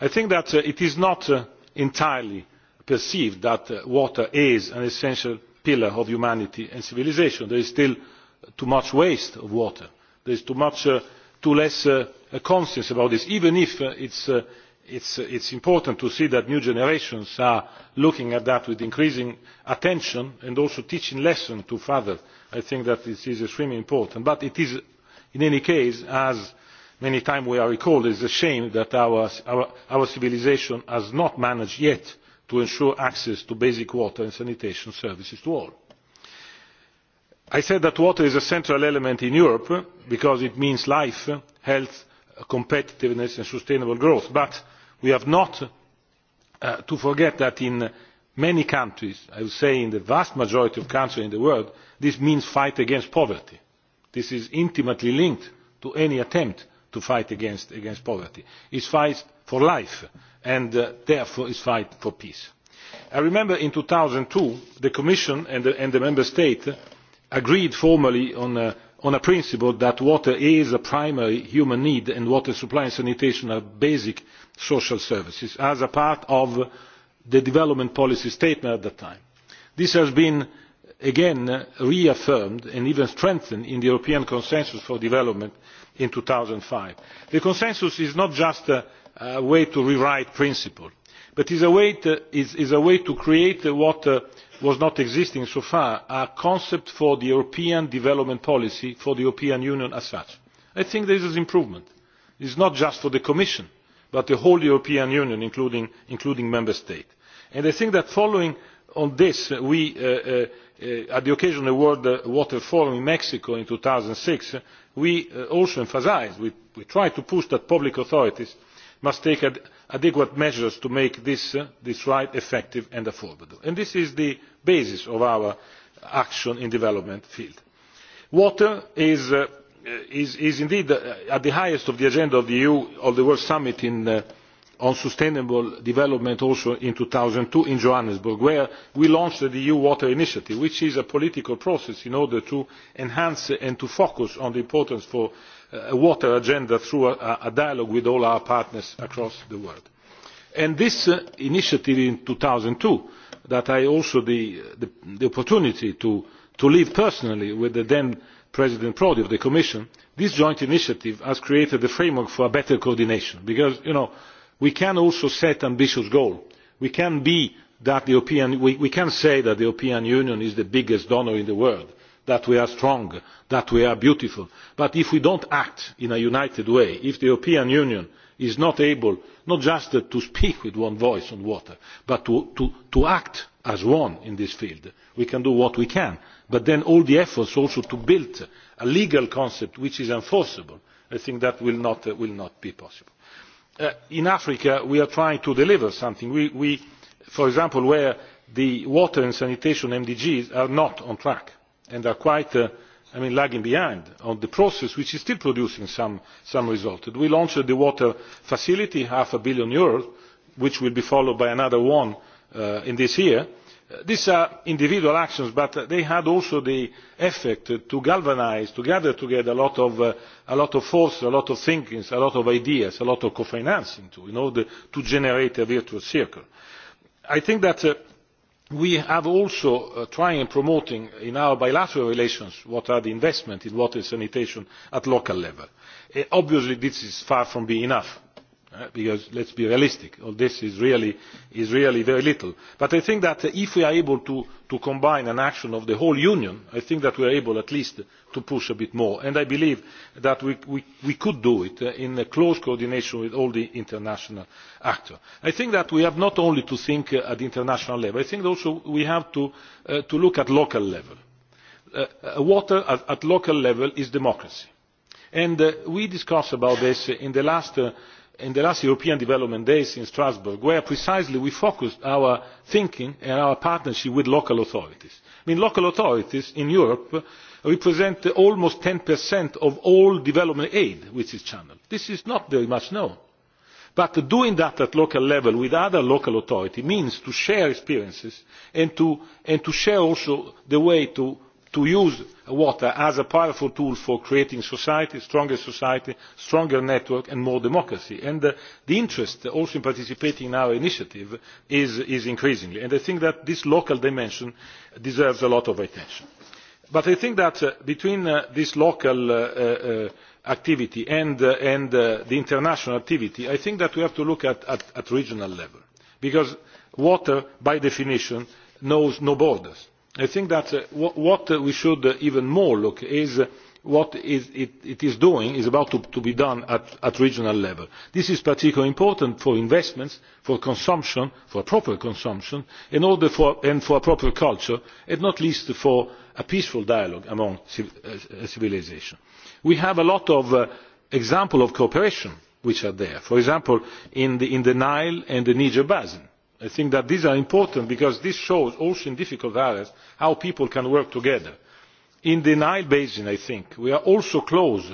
[SPEAKER 10] I think that it is not entirely perceived that water is an essential pillar of humanity and civilisation. There is still too much waste of water. There is too much, too less conscience about this, even if it's it is important to see that new generations are looking at that with increasing attention and also teaching lessons to others. i think that this is extremely important but it is in any case as many times we are recalled it is a shame that our civilisation has not managed yet to ensure access to basic water and sanitation services to all. i said that water is a central element in europe because it means life health competitiveness and sustainable growth but we have not to forget that in many countries i would say in the vast majority of countries in the world this means fight against poverty. this is intimately linked to any attempt to fight against poverty. it is fight for life and therefore it is fight for peace. i remember in 2002 the commission and the member states agreed formally on on a principle that water is a primary human need and water supply and sanitation are basic social services as a part of the development policy statement at the time. this has been again reaffirmed and even strengthened in the european consensus for development in. two thousand five the consensus is not just a way to rewrite principle, but is a way to create what was not existing so far a concept for the European development policy for the European Union as such. I think this is an improvement. It is not just for the Commission, but the whole European Union, including Member States. And I think that following on this, we, at the occasion of the World Water Forum in Mexico in 2006, we also emphasised, we tried to push that public authorities must take adequate measures to make this right effective and affordable. this is the basis of our action in the development field. water is indeed at the highest of the agenda of the eu of the world summit on sustainable development also in 2002 in Johannesburg, where we launched the EU Water Initiative, which is a political process in order to enhance and to focus on the importance for a water agenda through a dialogue with all our partners across the world. And this initiative in 2002, that I also the opportunity to live personally with the then President Prodi of the Commission, this joint initiative has created the framework for better coordination, because, you know we can also set ambitious goals. we can say that the european union is the biggest donor in the world that we are strong that we are beautiful but if we do not act in a united way if the european union is not able not just to speak with one voice on water but to act as one in this field we can do what we can but then all the efforts also to build a legal concept which is enforceable i think that will not be possible in africa we are trying to deliver something. for example where the water and sanitation mdgs are not on track and are quite lagging behind on the process which is still producing some results. we launched the water facility half a billion euros which will be followed by another one in this year These are individual actions, but they had also the effect to galvanise, to gather together a lot of force, a lot of thinking, a lot of ideas, a lot of co-financing in order to generate a virtuous circle. I think that we have also tried to promote in our bilateral relations what are the investment in water sanitation at local level. Obviously this is far from being enough because let's be realistic all this is really very little. but i think that if we are able to combine an action of the whole union i think that we are able at least to push a bit more and i believe that we could do it in close coordination with all the international actors. i think that we have not only to think at international level i think also we have to look at local level. water at local level is democracy and we discussed about this in the last in the last European Development Days in Strasbourg, where precisely we focused our thinking and our partnership with local authorities. I mean, local authorities in Europe represent almost 10% of all development aid which is channelled. This is not very much known. But doing that at local level with other local authorities means to share experiences and to share also the way to use water as a powerful tool for creating society, stronger society, stronger network and more democracy. And the interest also in participating in our initiative is increasing And I think that this local dimension deserves a lot of attention. But I think that between this local activity and the international activity, I think that we have to look at regional level. Because water, by definition, knows no borders I think that what we should even more look is what it is doing is about to be done at regional level. This is particularly important for investments, for consumption, for proper consumption, and for a proper culture, and not least for a peaceful dialogue among civilisations. We have a lot of examples of cooperation which are there, for example in the Nile and the Niger Basin I think that these are important because this shows also in difficult areas how people can work together. In the Nile Basin, I think, we are also close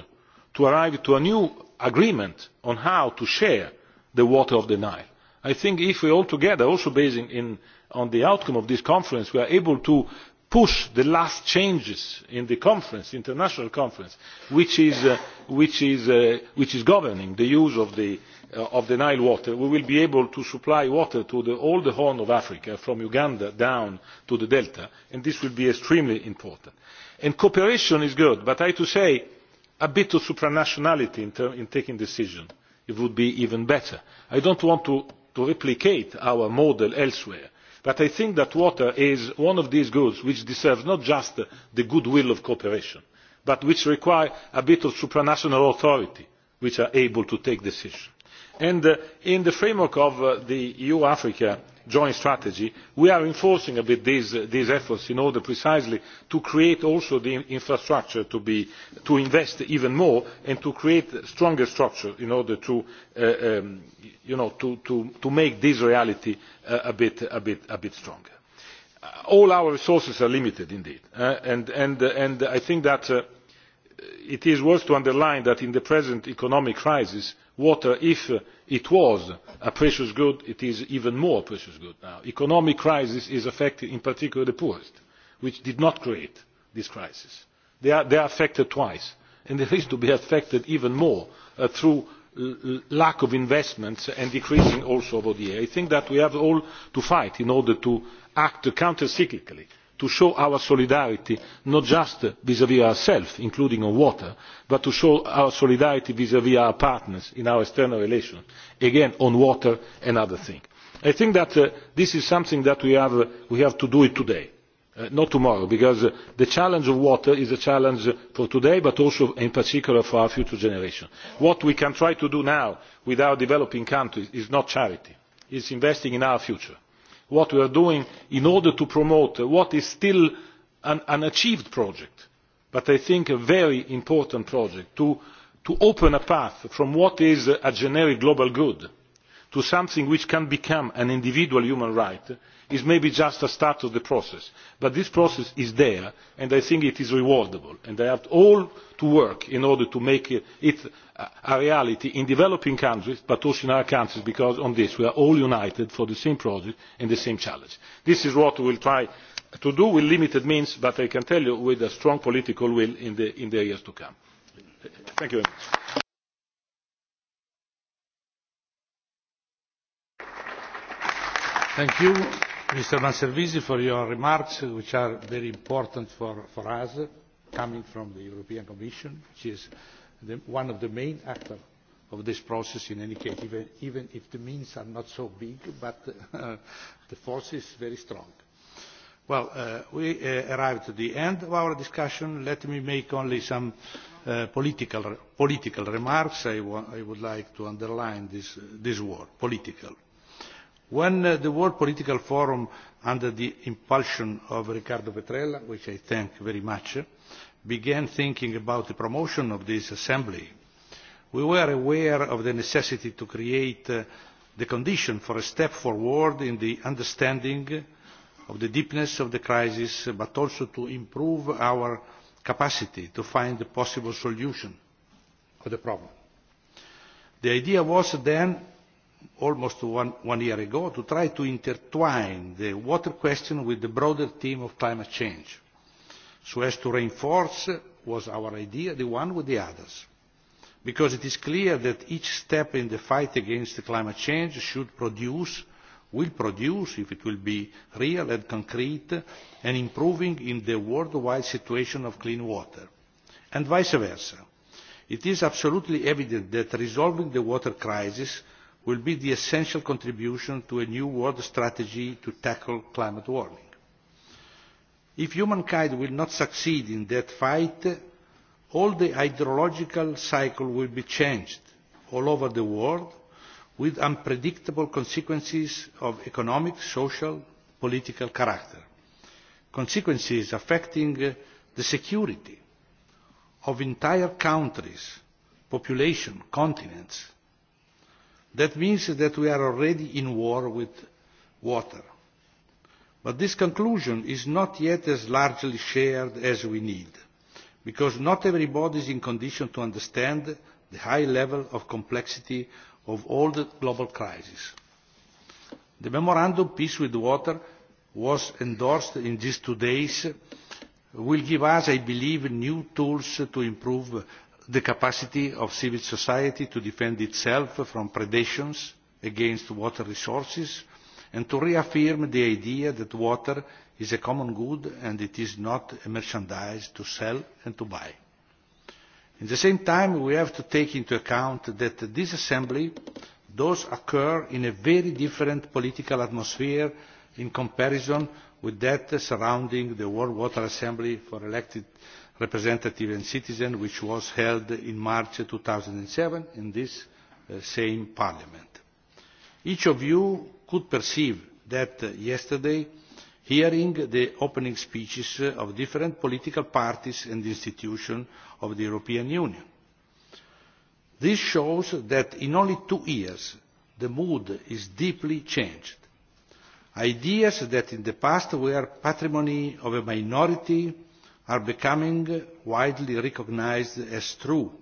[SPEAKER 10] to arriving to a new agreement on how to share the water of the Nile. I think if we all together, also based on the outcome of this conference, we are able to push the last changes in the conference, international conference, which is governing the use of the Nile water, we will be able to supply water to all the Horn of Africa, from Uganda down to the Delta, and this will be extremely important. And cooperation is good, but I have to say a bit of supranationality in taking decisions. It would be even better. I do not want to replicate our model elsewhere But I think that water is one of these goods which deserves not just the goodwill of cooperation, but which require a bit of supranational authority, which are able to take decisions. And in the framework of the EU-Africa joint strategy we are enforcing a bit these efforts in order precisely to create also the infrastructure to invest even more and to create stronger structures in order to make this reality a bit stronger. all our resources are limited indeed and i think that it is worth underlining that in the present economic crisis water if It was a precious good. It is even more precious good now. The Economic crisis is affecting in particular the poorest, which did not create this crisis. They are affected twice, and they risk to be affected even more through lack of investments and decreasing also the ODA. I think that we have all to fight in order to act counter cyclically to show our solidarity not just vis vis ourselves including on water but to show our solidarity vis vis our partners in our external relations again on water and other things. i think that this is something that we have to do today not tomorrow because the challenge of water is a challenge for today but also in particular for our future generations. what we can try to do now with our developing countries is not charity it is investing in our future what we are doing in order to promote what is still an unachieved project, but I think a very important project, to open a path from what is a generic global good to something which can become an individual human right is maybe just a start of the process but this process is there and i think it is rewardable and they have all to work in order to make it a reality in developing countries but also in our countries because on this we are all united for the same project and the same challenge. this is what we will try to do with limited means but i can tell you with a strong political will in the years to come. thank you
[SPEAKER 2] Thank you, Mr. Manservisi, for your remarks, which are very important for, for us, coming from the European Commission, which is one of the main actors of this process in any case, even, if the means are not so big, but the force is very strong. Well, we arrived at the end of our discussion. Let me make only some political remarks. I would like to underline this word, political When the World Political Forum, under the impulsion of Ricardo Petrella, which I thank very much, began thinking about the promotion of this assembly, we were aware of the necessity to create the condition for a step forward in the understanding of the deepness of the crisis, but also to improve our capacity to find a possible solution of the problem. The idea was then almost one year ago to try to intertwine the water question with the broader theme of climate change so as to reinforce was our idea the one with the others because it is clear that each step in the fight against climate change should produce will produce if it will be real and concrete an improving in the worldwide situation of clean water and vice versa. it is absolutely evident that resolving the water crisis will be the essential contribution to a new world strategy to tackle climate warming. If humankind will not succeed in that fight, all the hydrological cycle will be changed all over the world with unpredictable consequences of economic, social, and political character. Consequences affecting the security of entire countries, population, continents, That means that we are already in war with water. But this conclusion is not yet as largely shared as we need, because not everybody is in condition to understand the high level of complexity of all the global crises. The memorandum Peace with Water was endorsed in these two days will give us, I believe, new tools to improve the capacity of civil society to defend itself from predations against water resources and to reaffirm the idea that water is a common good and it is not a merchandise to sell and to buy. At the same time, we have to take into account that this assembly does occur in a very different political atmosphere in comparison with that surrounding the World Water Assembly for elected representative and citizen which was held in March 2007 in this same parliament. Each of you could perceive that yesterday hearing the opening speeches of different political parties and institutions of the European Union. This shows that in only two years the mood is deeply changed. Ideas that in the past were patrimony of a minority are becoming widely recognised as true.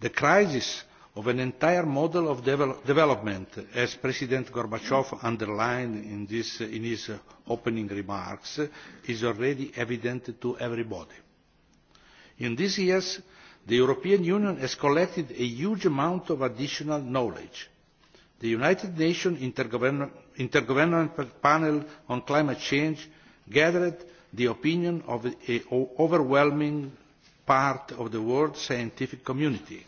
[SPEAKER 2] The crisis of an entire model of development, as President Gorbachev underlined in his opening remarks, is already evident to everybody. In these years, the European Union has collected a huge amount of additional knowledge. The United Nations Intergovernmental Panel on Climate Change gathered the opinion of an overwhelming part of the world scientific community.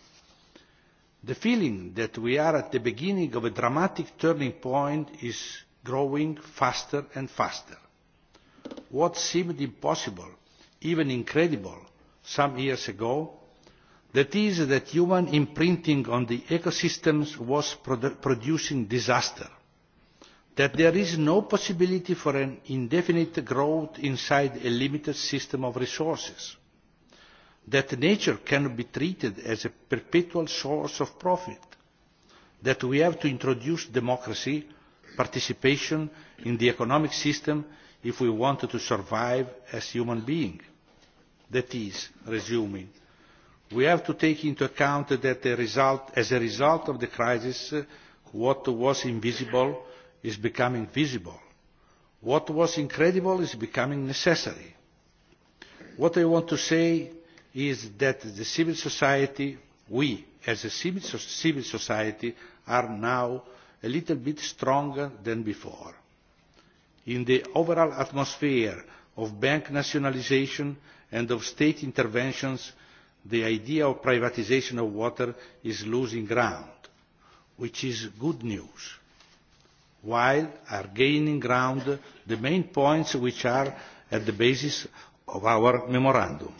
[SPEAKER 2] The feeling that we are at the beginning of a dramatic turning point is growing faster and faster. What seemed impossible, even incredible, some years ago, that is that human imprinting on the ecosystems was producing disaster that there is no possibility for an indefinite growth inside a limited system of resources, that nature cannot be treated as a perpetual source of profit, that we have to introduce democracy, participation in the economic system if we want to survive as human beings. That is, resuming, we have to take into account that as a result of the crisis, what was invisible is becoming visible. What was incredible is becoming necessary. What I want to say is that the civil society, we as a civil society, are now a little bit stronger than before. In the overall atmosphere of bank nationalisation and of state interventions, the idea of privatisation of water is losing ground, which is good news while are gaining ground the main points which are at the basis of our memorandum.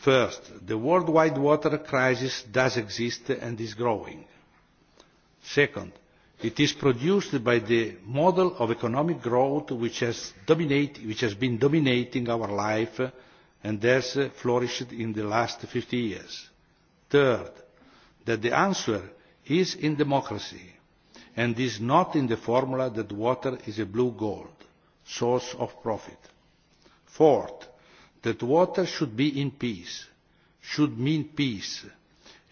[SPEAKER 2] First, the worldwide water crisis does exist and is growing. Second, it is produced by the model of economic growth which has been dominating our life and has flourished in the last 50 years. Third, that the answer is in democracy and is not in the formula that water is a blue gold source of profit. Fourth, that water should be in peace, should mean peace,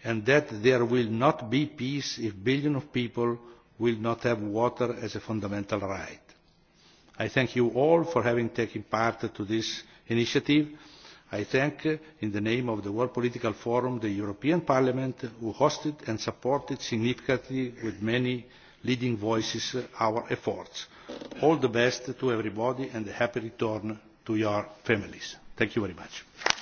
[SPEAKER 2] and that there will not be peace if billions of people will not have water as a fundamental right. I thank you all for having taken part to this initiative. I thank, in the name of the World Political Forum, the European Parliament, who hosted and supported significantly with many leading voices our efforts. All the best to everybody and a happy return to your families. Thank you very much.